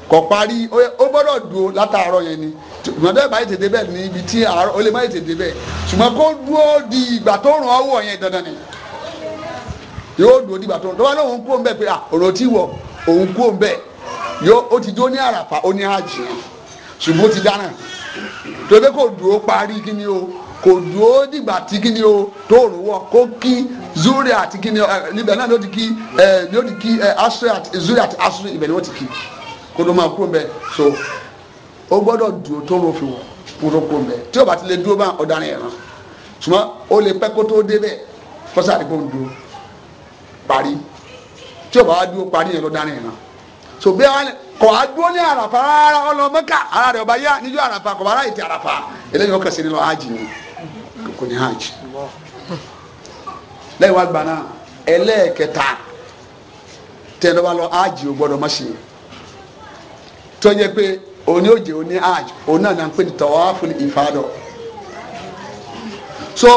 kò parí ó gbọ́dọ̀ dúró látàárọ̀ yẹn ni ìmọ̀tọ́ ìbáyé tètè bẹ́ẹ̀ ní ibi tí àárọ̀ ó lè má tètè bẹ́ẹ̀ ṣùgbọ́n kó dúró di ìgbà tó ràn ọ́ wọ̀ yẹn dandan ni yóò dúró di ìgbà tó ràn tó bá lóun kú òun bẹ́ẹ̀ pé ọ̀rọ̀ tí wọ̀ òun kú òun bẹ́ẹ̀ yóò ó ti dúró ní àràfà ó ní àjì ṣùgbọ́n ó ti dáná tó bẹ́ẹ̀ kò dúró parí kí ni o kò dúró dìgbà tí kí ni o tó rùn wọ kó kí zuri àti kí ni níbẹ̀ náà ló ti kí ló ti kí asuri àti zuri àti asuri ibẹ̀ ni wọ́n ti kí kó kúrò mbẹ so ó gbọ́dọ̀ dúró tó rò fi wọ̀ kó tó kúrò mbẹ tí o bá ti lè dúró bá ọ̀daràn yẹn rán ṣùgbọ́n ó lè pẹ́ kó dé bẹ́ẹ̀ fọ́sà àdìgbò ń dúró parí tí o bá wá dúró parí yẹn lọ́daràn yẹn so bí wọn kọ adúró ní àràfà rárá ọlọmọkà ara rẹ ọba yá níjọ àràfà kọ bàrà ètè àràfà eléyìí ọkọ sí ni lọ hajj ni kò ní hajj lẹ́yìn wá gbaná ẹlẹ́ẹ̀kẹta tẹ́ ẹ lọ́ba lọ hajj o gbọ́dọ̀ má ṣe yẹn tó yẹ pé òní òjè òní hajj òun náà náà ń pè ní tawaful ifadọ so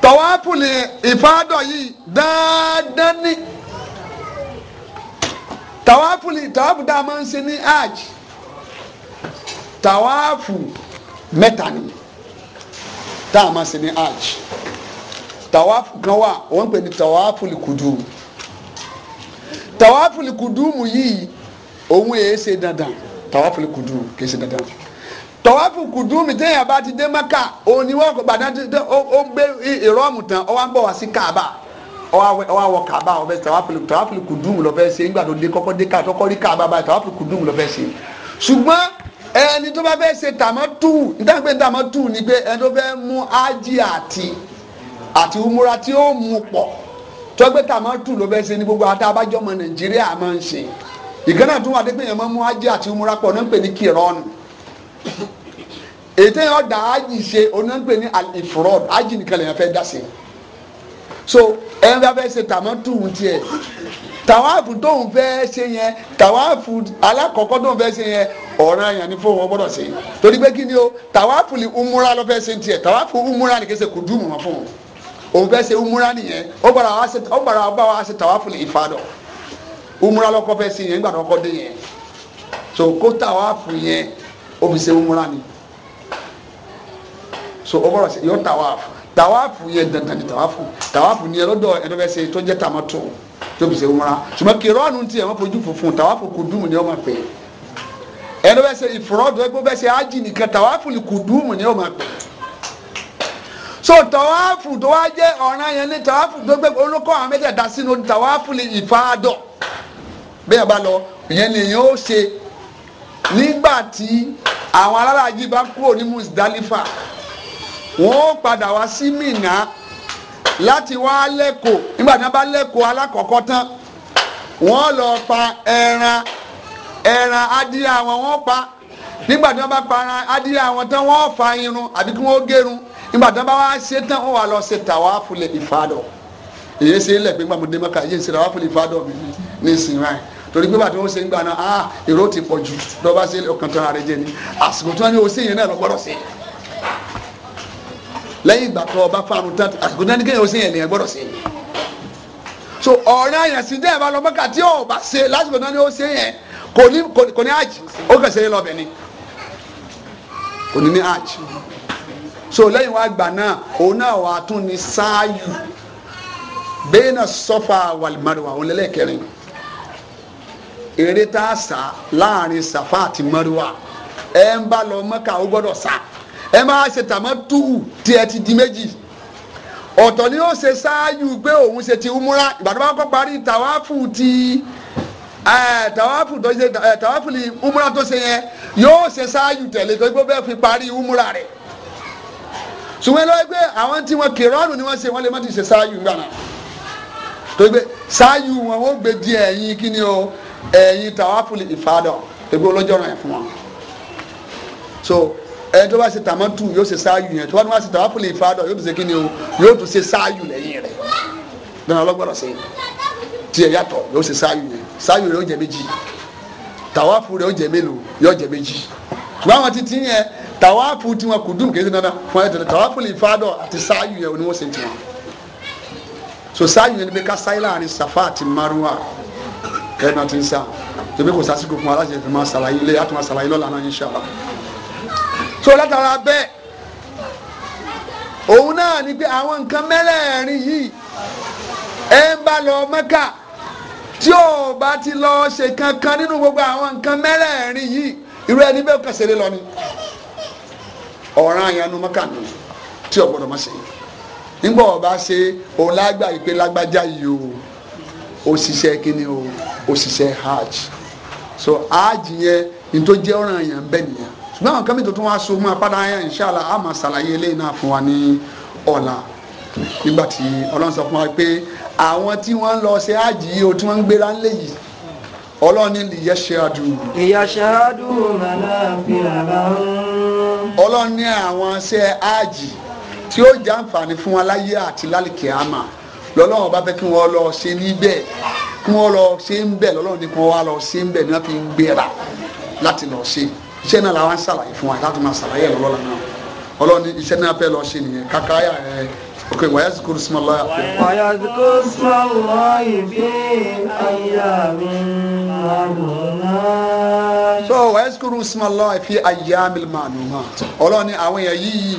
tawaful ifadọ yìí dáadáa ní tawaful tawafu dáa máa ń ṣe ní hajj tawaafu mẹ́ta ni tá a máa ṣe ní hajj tawaafu kan wà wọ́n pè ní tawaafu likudum tawaafu likudum yìí òun èé ṣe dandan tọ́wáfù kùdù kì í ṣe dandan tọ́wáfù kùdù mi téèyàn bá ti dé mẹ́kà òun ni wọ́n kò bàdá ó gbé ìrọ́ọ̀mù tán ó wá ń bọ̀ wá sí káàbà ó wá wọ káàbà ó fẹ́ tọ́wáfù kùdù lọ fẹ́ ṣe nígbà tó dé kọ́kọ́ dé káàbà kọ́kọ́ rí káàbà báyìí tọ́wáfù kùdù lọ fẹ́ ṣe ṣùgbọ́n ẹni tó bá fẹ́ ṣe tàmọ́tù nítorí tàmọ́tù ni pé ẹni tó fẹ́ mú ájì àti àti umura tí ó mú pọ̀ tọ́gbẹ́ tàmọ́tù ló fẹ́ ṣe ní gbogbo àtàbájọ́mọ Nàìjíríà máa ń ṣe ìgánná tó wà dé pé yẹn máa mú ajé àti umura pọ̀ náà ń pè ní kiron ètò yẹn ọ̀dà ájì ṣe oná ń pè ní al-ifrod ájì nìkan lè yẹn fẹ́ dá so ẹn bá fẹ́ ṣe tàmọ́tù ń tiẹ̀ tàwáàfù tóun fẹ́ ṣe yẹn tàwáàfù alákọ̀ọ́kọ́ tóun fẹ́ ṣe yẹn ọ̀ràn yẹn ni fóun ọgbọ́dọ̀ ṣe torí pé kí ni o tàwáàfù ni umura ló fẹ́ ṣe ń tiẹ̀ tàwáàfù umura ni kì í ṣe kùdùmù wọn fún un òun fẹ́ ṣe umura nìyẹn ó gbàrà wá ṣe tàwáàfù ní ìfadọ̀ umra lọ́kọ́ fẹ́ sí yẹn nígbà tó kọ́ dé yẹn so kó tàwáàfù yẹn ó fi ṣe umra ni so ó bọ̀rọ̀ sí yọ tàwáàfù tàwáàfù yẹn dandan ni tàwáàfù tàwáàfù ni ẹlọ́dọ̀ ẹni fẹ́ ṣe tó jẹ́ tàmátò tó fi ṣe umra ṣùgbọ́n kìrọ́ọ̀nù tí ẹ̀ wọ́n fojú funfun tàwáàfù kò dùn ni ó máa pè é ẹni fẹ́ ṣe ìfúrọ́dọ̀ ẹgbẹ́ fẹ́ ṣe ájì nìkan tàwáàfù ni kò dùn ni ó máa pè so tawaafu tó wá jẹ́ ọ̀ràn yẹn ní tawaafu tó gbé olóko àwọn mẹ́tẹ̀ẹ̀ta sínú tawaafu lè ìfáàdọ̀ bẹ́ẹ̀ bá lọ ìyẹn lèyìn ó ṣe nígbà tí àwọn alálàájì bá kúrò ní musdalifa wọ́n ó padà wá sí Mínà láti wá lẹ́kọ̀ọ́ nígbà tí wọ́n bá lẹ́kọ̀ọ́ alákọ̀ọ́kọ́ tán wọ́n lọ pa ẹran ẹran adìyẹ àwọn wọ́n pa nígbà tí wọ́n bá para adìyẹ àwọn tán wọ́n fa irun àbí kí wọ́n gérun nígbà tí wọ́n bá wá ṣe tán wọ́n wà lọ ṣe tàwáfù lè ìfàdọ̀ èyí ṣe lẹ̀ pé gbàmù dẹ́mọ́kà èyí ṣe tàwáfù lè ìfàdọ̀ mi ní ìsìn ráì torí pé bàtí wọ́n ṣe ń gbà náà ah èrò ti pọ̀ jù lọ́ba ṣe ọkàn tán ààrẹ jẹ ni àsìkò tí wọ́n ní oṣù yẹn náà lọ gbọ́dọ̀ ṣe lẹ́yìn ìgbà tó ọba fáwọn tán àsìkò tán ní so ọ̀rẹ́ àyàn sí dẹ́ ẹ̀ bá lọ mọ́kà tí ó bá ṣe lásìkò tán ní ó ṣe yẹn kò ní àjì ó kàn ṣe lọ́bẹ̀ ni òní ní hajj so lẹ́yìn wá gbà náà òun náà wàá tún ní sáàyù bẹ́ẹ̀ náà sọ́fà wàlìmọ́rùwà òun lẹ́lẹ́kẹrin eré tá a sá láàrin sàfà àti mọ́rùwà ẹ ń bá lọ mọ́kà ó gbọ́dọ̀ sá ẹ máa ṣe tàmọ́tù tí ẹ ti di méjì ọ̀tọ̀ ni ó ṣe sáàyù pé òun ṣe ti umura ìbàdàn bá kọ́ parí tàwáfù ti tawafu tó ṣe tawafu ni umura tó ṣe yẹn yóò ṣe ṣáájú tẹ̀lé tó gbọ́ fi parí umura rẹ̀ ṣùgbọ́n lọ́wọ́ pé àwọn tí wọ́n kìrọ́ọ̀nù ni wọ́n ṣe wọ́n lè má ti ṣe ṣáájú gbà náà tó gbé wọn ó gbé di ẹ̀yìn kí o ẹ̀yìn tawafu ni ìfadọ̀ gbogbo olójọ́ fún wọn so ẹni tó bá ṣe tàmọ́tù yóò ṣe ṣáájú yẹn tó bá ní wá ṣe tawafu ni yóò tún ṣe kí o yóò tún ṣe ṣáájú lẹ́yìn rẹ̀ dáná ọlọ́gbọ́dọ̀ ṣe tiẹ̀ yàtọ̀ yóò ṣe ṣáájú yẹn sáyò rẹ̀ ó jẹ méjì tàwáàfù rẹ̀ ó jẹ mélòó yọ jẹ méjì ṣùgbọ́n àwọn títí yẹn tàwáàfù tiwọn kò dùn kéde dandan fún ẹ tẹ̀lé tàwáàfù lè fàdọ̀ àti sáyò yẹn ni wọ́n ṣe tiwọn so sáyò yẹn ni bẹ́ẹ̀ ká sáyé láàrin Safa àti Marwa kẹ́rin náà ti ń sá tèmi kò sásìkò fún aláṣẹ fi máa ṣàlàyé ilé àti máa ṣàlàyé lọ́la náà insha Allah so látara bẹ́ẹ̀ òun náà ni pé àwọn nǹkan mẹ́rẹ̀ẹ̀rin yìí ẹ ń bá lọ Mẹ́kà tí ò bá ti lọ ṣe kankan nínú gbogbo àwọn nǹkan mẹ́rẹ̀ẹ̀rin yìí irú ẹni bẹ́ẹ̀ kàn ṣeré lọ ni ọ̀ràn àyànnu mọ́kànnù tí ò gbọ́dọ̀ má ṣe nígbà ọba ṣe òun lágbà yìí pé lágbájá yìí o òṣìṣẹ́ kínní o òṣìṣẹ́ hajj so hajj yẹn ní tó jẹ́ ọ̀ràn àyàn bẹ́ẹ̀ nìyẹn ṣùgbọ́n àwọn kan mi tuntun wá so mọ́ apádà yẹn inṣàlá àmọ́ ṣàlàyé eléyìí náà fún wa ní ọ̀la nígbà tí ọlọ́run sọ fún wa pé àwọn tí wọ́n ń lọ ṣe àjì yìí o tí wọ́n ń gbéra ńlẹ̀ yìí ọlọ́run ní lè yẹ ṣe àdù. ìyá ṣe àdù màlá fi àlá ń. ọlọ́run ní àwọn ṣe àjì tí ó jẹ́ àǹfààní fún wa láyé àti lálìkè àmà lọ́lọ́run bá fẹ́ kí wọ́n lọ ṣe níbẹ̀ kí wọ́n lọ ṣe ń bẹ̀ lọ́lọ́run ní kí wọ́n wá lọ ṣe ń bẹ̀ ni wọ́n fi ń gbéra láti lọ ṣe iṣẹ́ náà làwọn ń ṣàlàyé fún wa láti máa ṣàlàyé lọ́lọ́run náà ọlọ́run iṣẹ́ náà fẹ́ lọ ṣe nìyẹn kàkà Okay, ويذكر اسم الله ويذكر اسم الله في أيام معلومات so ويذكر اسم الله في أيام المعلومات ọlọ́ni àwọn èèyàn yìí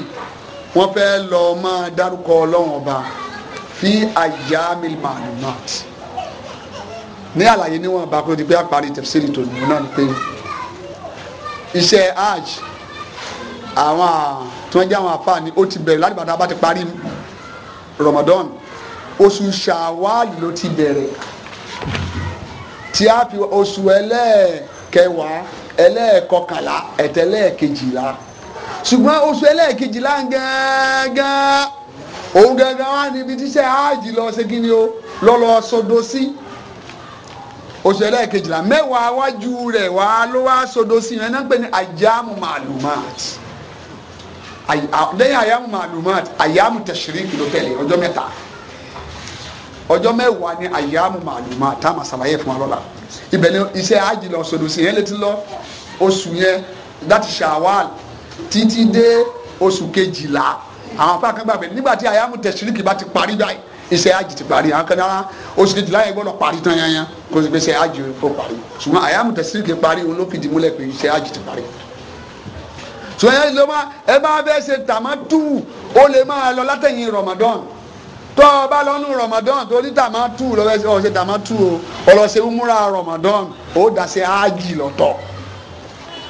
wọ́n fẹ́ lọ máa dárúkọ ọlọ́run ọba fi أيام المعلومات ní àlàyé níwọ̀n bá kó di pé àparí tẹ̀síìlì tó nù náà ni pé iṣẹ́ hajj àwọn tí wọ́n jẹ́ àwọn àfáà ni ó ti bẹ̀rẹ̀ láti bá ti parí Ramadan oṣù Shawwal ló ti bẹ̀rẹ̀ tí a fi oṣù ẹlẹ́ẹ̀kẹwàá ẹlẹ́ẹ̀kọkànlá ẹ̀tẹ́lẹ́ẹ̀kejìlá ṣùgbọ́n oṣù ẹlẹ́ẹ̀kejìlá gángan òun gángan wá níbi tíṣẹ́ áàjì lọ ṣe kí ni o lọ́lọ́ sọdọ sí oṣù ẹlẹ́ẹ̀kejìlá mẹ́wàá wájú rẹ̀ wá ló wá sọdọ sí yẹn náà ń pè ní ajáàmù màlúmáàtì lẹ́yìn àyàmù màlúmáàtì àyàmù tẹ̀sírìkì ló tẹ̀lé ọjọ́ mẹ́ta ọjọ́ mẹ́wàá ni àyàmù màlúmáàtì tá a máa ṣàlàyé fún wa lọ́la ibẹ̀ ni iṣẹ́ àjì lọ sọ̀dọ̀ sí yẹn létí lọ oṣù yẹn láti ṣàwàl títí dé oṣù kejìlá àwọn afẹ́ akẹ́gbà bẹ̀ nígbà tí àyàmù tẹ̀sírìkì bá ti parí báyìí iṣẹ́ àjì ti parí àwọn kan náà ah, oṣù kejìlá yẹn gbọ́dọ̀ parí tán yányán kó o sì gbé iṣẹ́ àjì ó parí ṣùgbọ́n àyàmù tẹ̀sírìkì parí òun ló fìdí múlẹ̀ pé iṣẹ́ àjì ti parí so ẹ lọ ma ẹ bá fẹ́ ṣe tàmátù ó lè máa lọ látẹ̀yìn Ramadan tọ́ ọ bá lọ́nu Ramadan torí tàmátù lọ́wọ́ ṣe ọ̀ṣẹ̀ tàmátù o ọlọ́ṣẹ́ umura Ramadan ó dàṣẹ áàjì lọ́tọ̀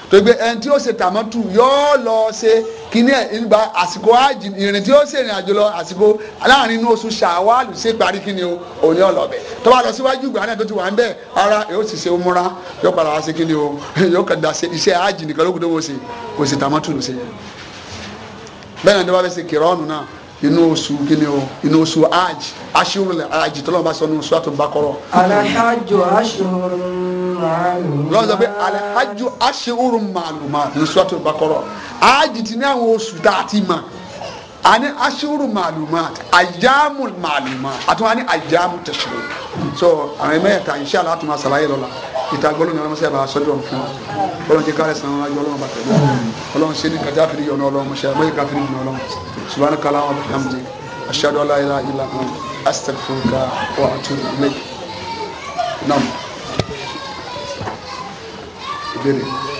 tó gbé ẹni tí ó ṣe tàmátù yóò lọ ṣe kíní ẹ̀ ìgbà àsìkò àjì ìrìn tí ó ṣe ìrìn àjò lọ àsìkò láàrin inú oṣù ṣàwálù ṣe parí kíni o òní ọlọ́bẹ̀ tó bá lọ síwájú ìgbà náà tó ti wà ń bẹ̀ ara yóò sì ṣe múra yóò padà wá sí kíni o yóò kàdà ṣe iṣẹ́ àjì nìkan lókùn tó wọ́n kò sì tàmọ́tù ṣe bẹ́ẹ̀ náà tó bá fẹ́ ṣe kìrọ́ọ̀nù náà inú oṣù gini o inú oṣù aj aṣírùlẹ̀ aj tọ́lọ́ bá sọ ní oṣù àtúntò bá kọ́rọ́. alahajju aṣírùn màlúmá. lọ́wọ́ sọ pé alahajju aṣírùn màlúmá ní oṣù àtúntò bá kọ́rọ́ aj ti ní àwọn oṣù tá a ti mọ̀ ani asuru maaluma ayamu maaluma àtúntò ani ayamu tẹsuru so àwọn ẹ̀mẹ́ yẹta iṣẹ́ àlá àtúntò àṣàlàyé lọ́la ìta gbọ́dọ̀ ní ọlọ́mọṣẹ́ bá aṣọ́jú ọ̀hún fún wa ọlọ́run ti kárẹ̀ sàn wájú ọlọ́run bàtẹ́ ọlọ́run ṣe ní kájáfìrí yọ̀nà ọlọ́run mọ̀ṣẹ́ mọ̀yì káfìrí yọ̀nà ọlọ́run subahana kala wa bihamdi ashadu ala ila ila an astaghfiruka wa atubu ilayk nam ìbéèrè.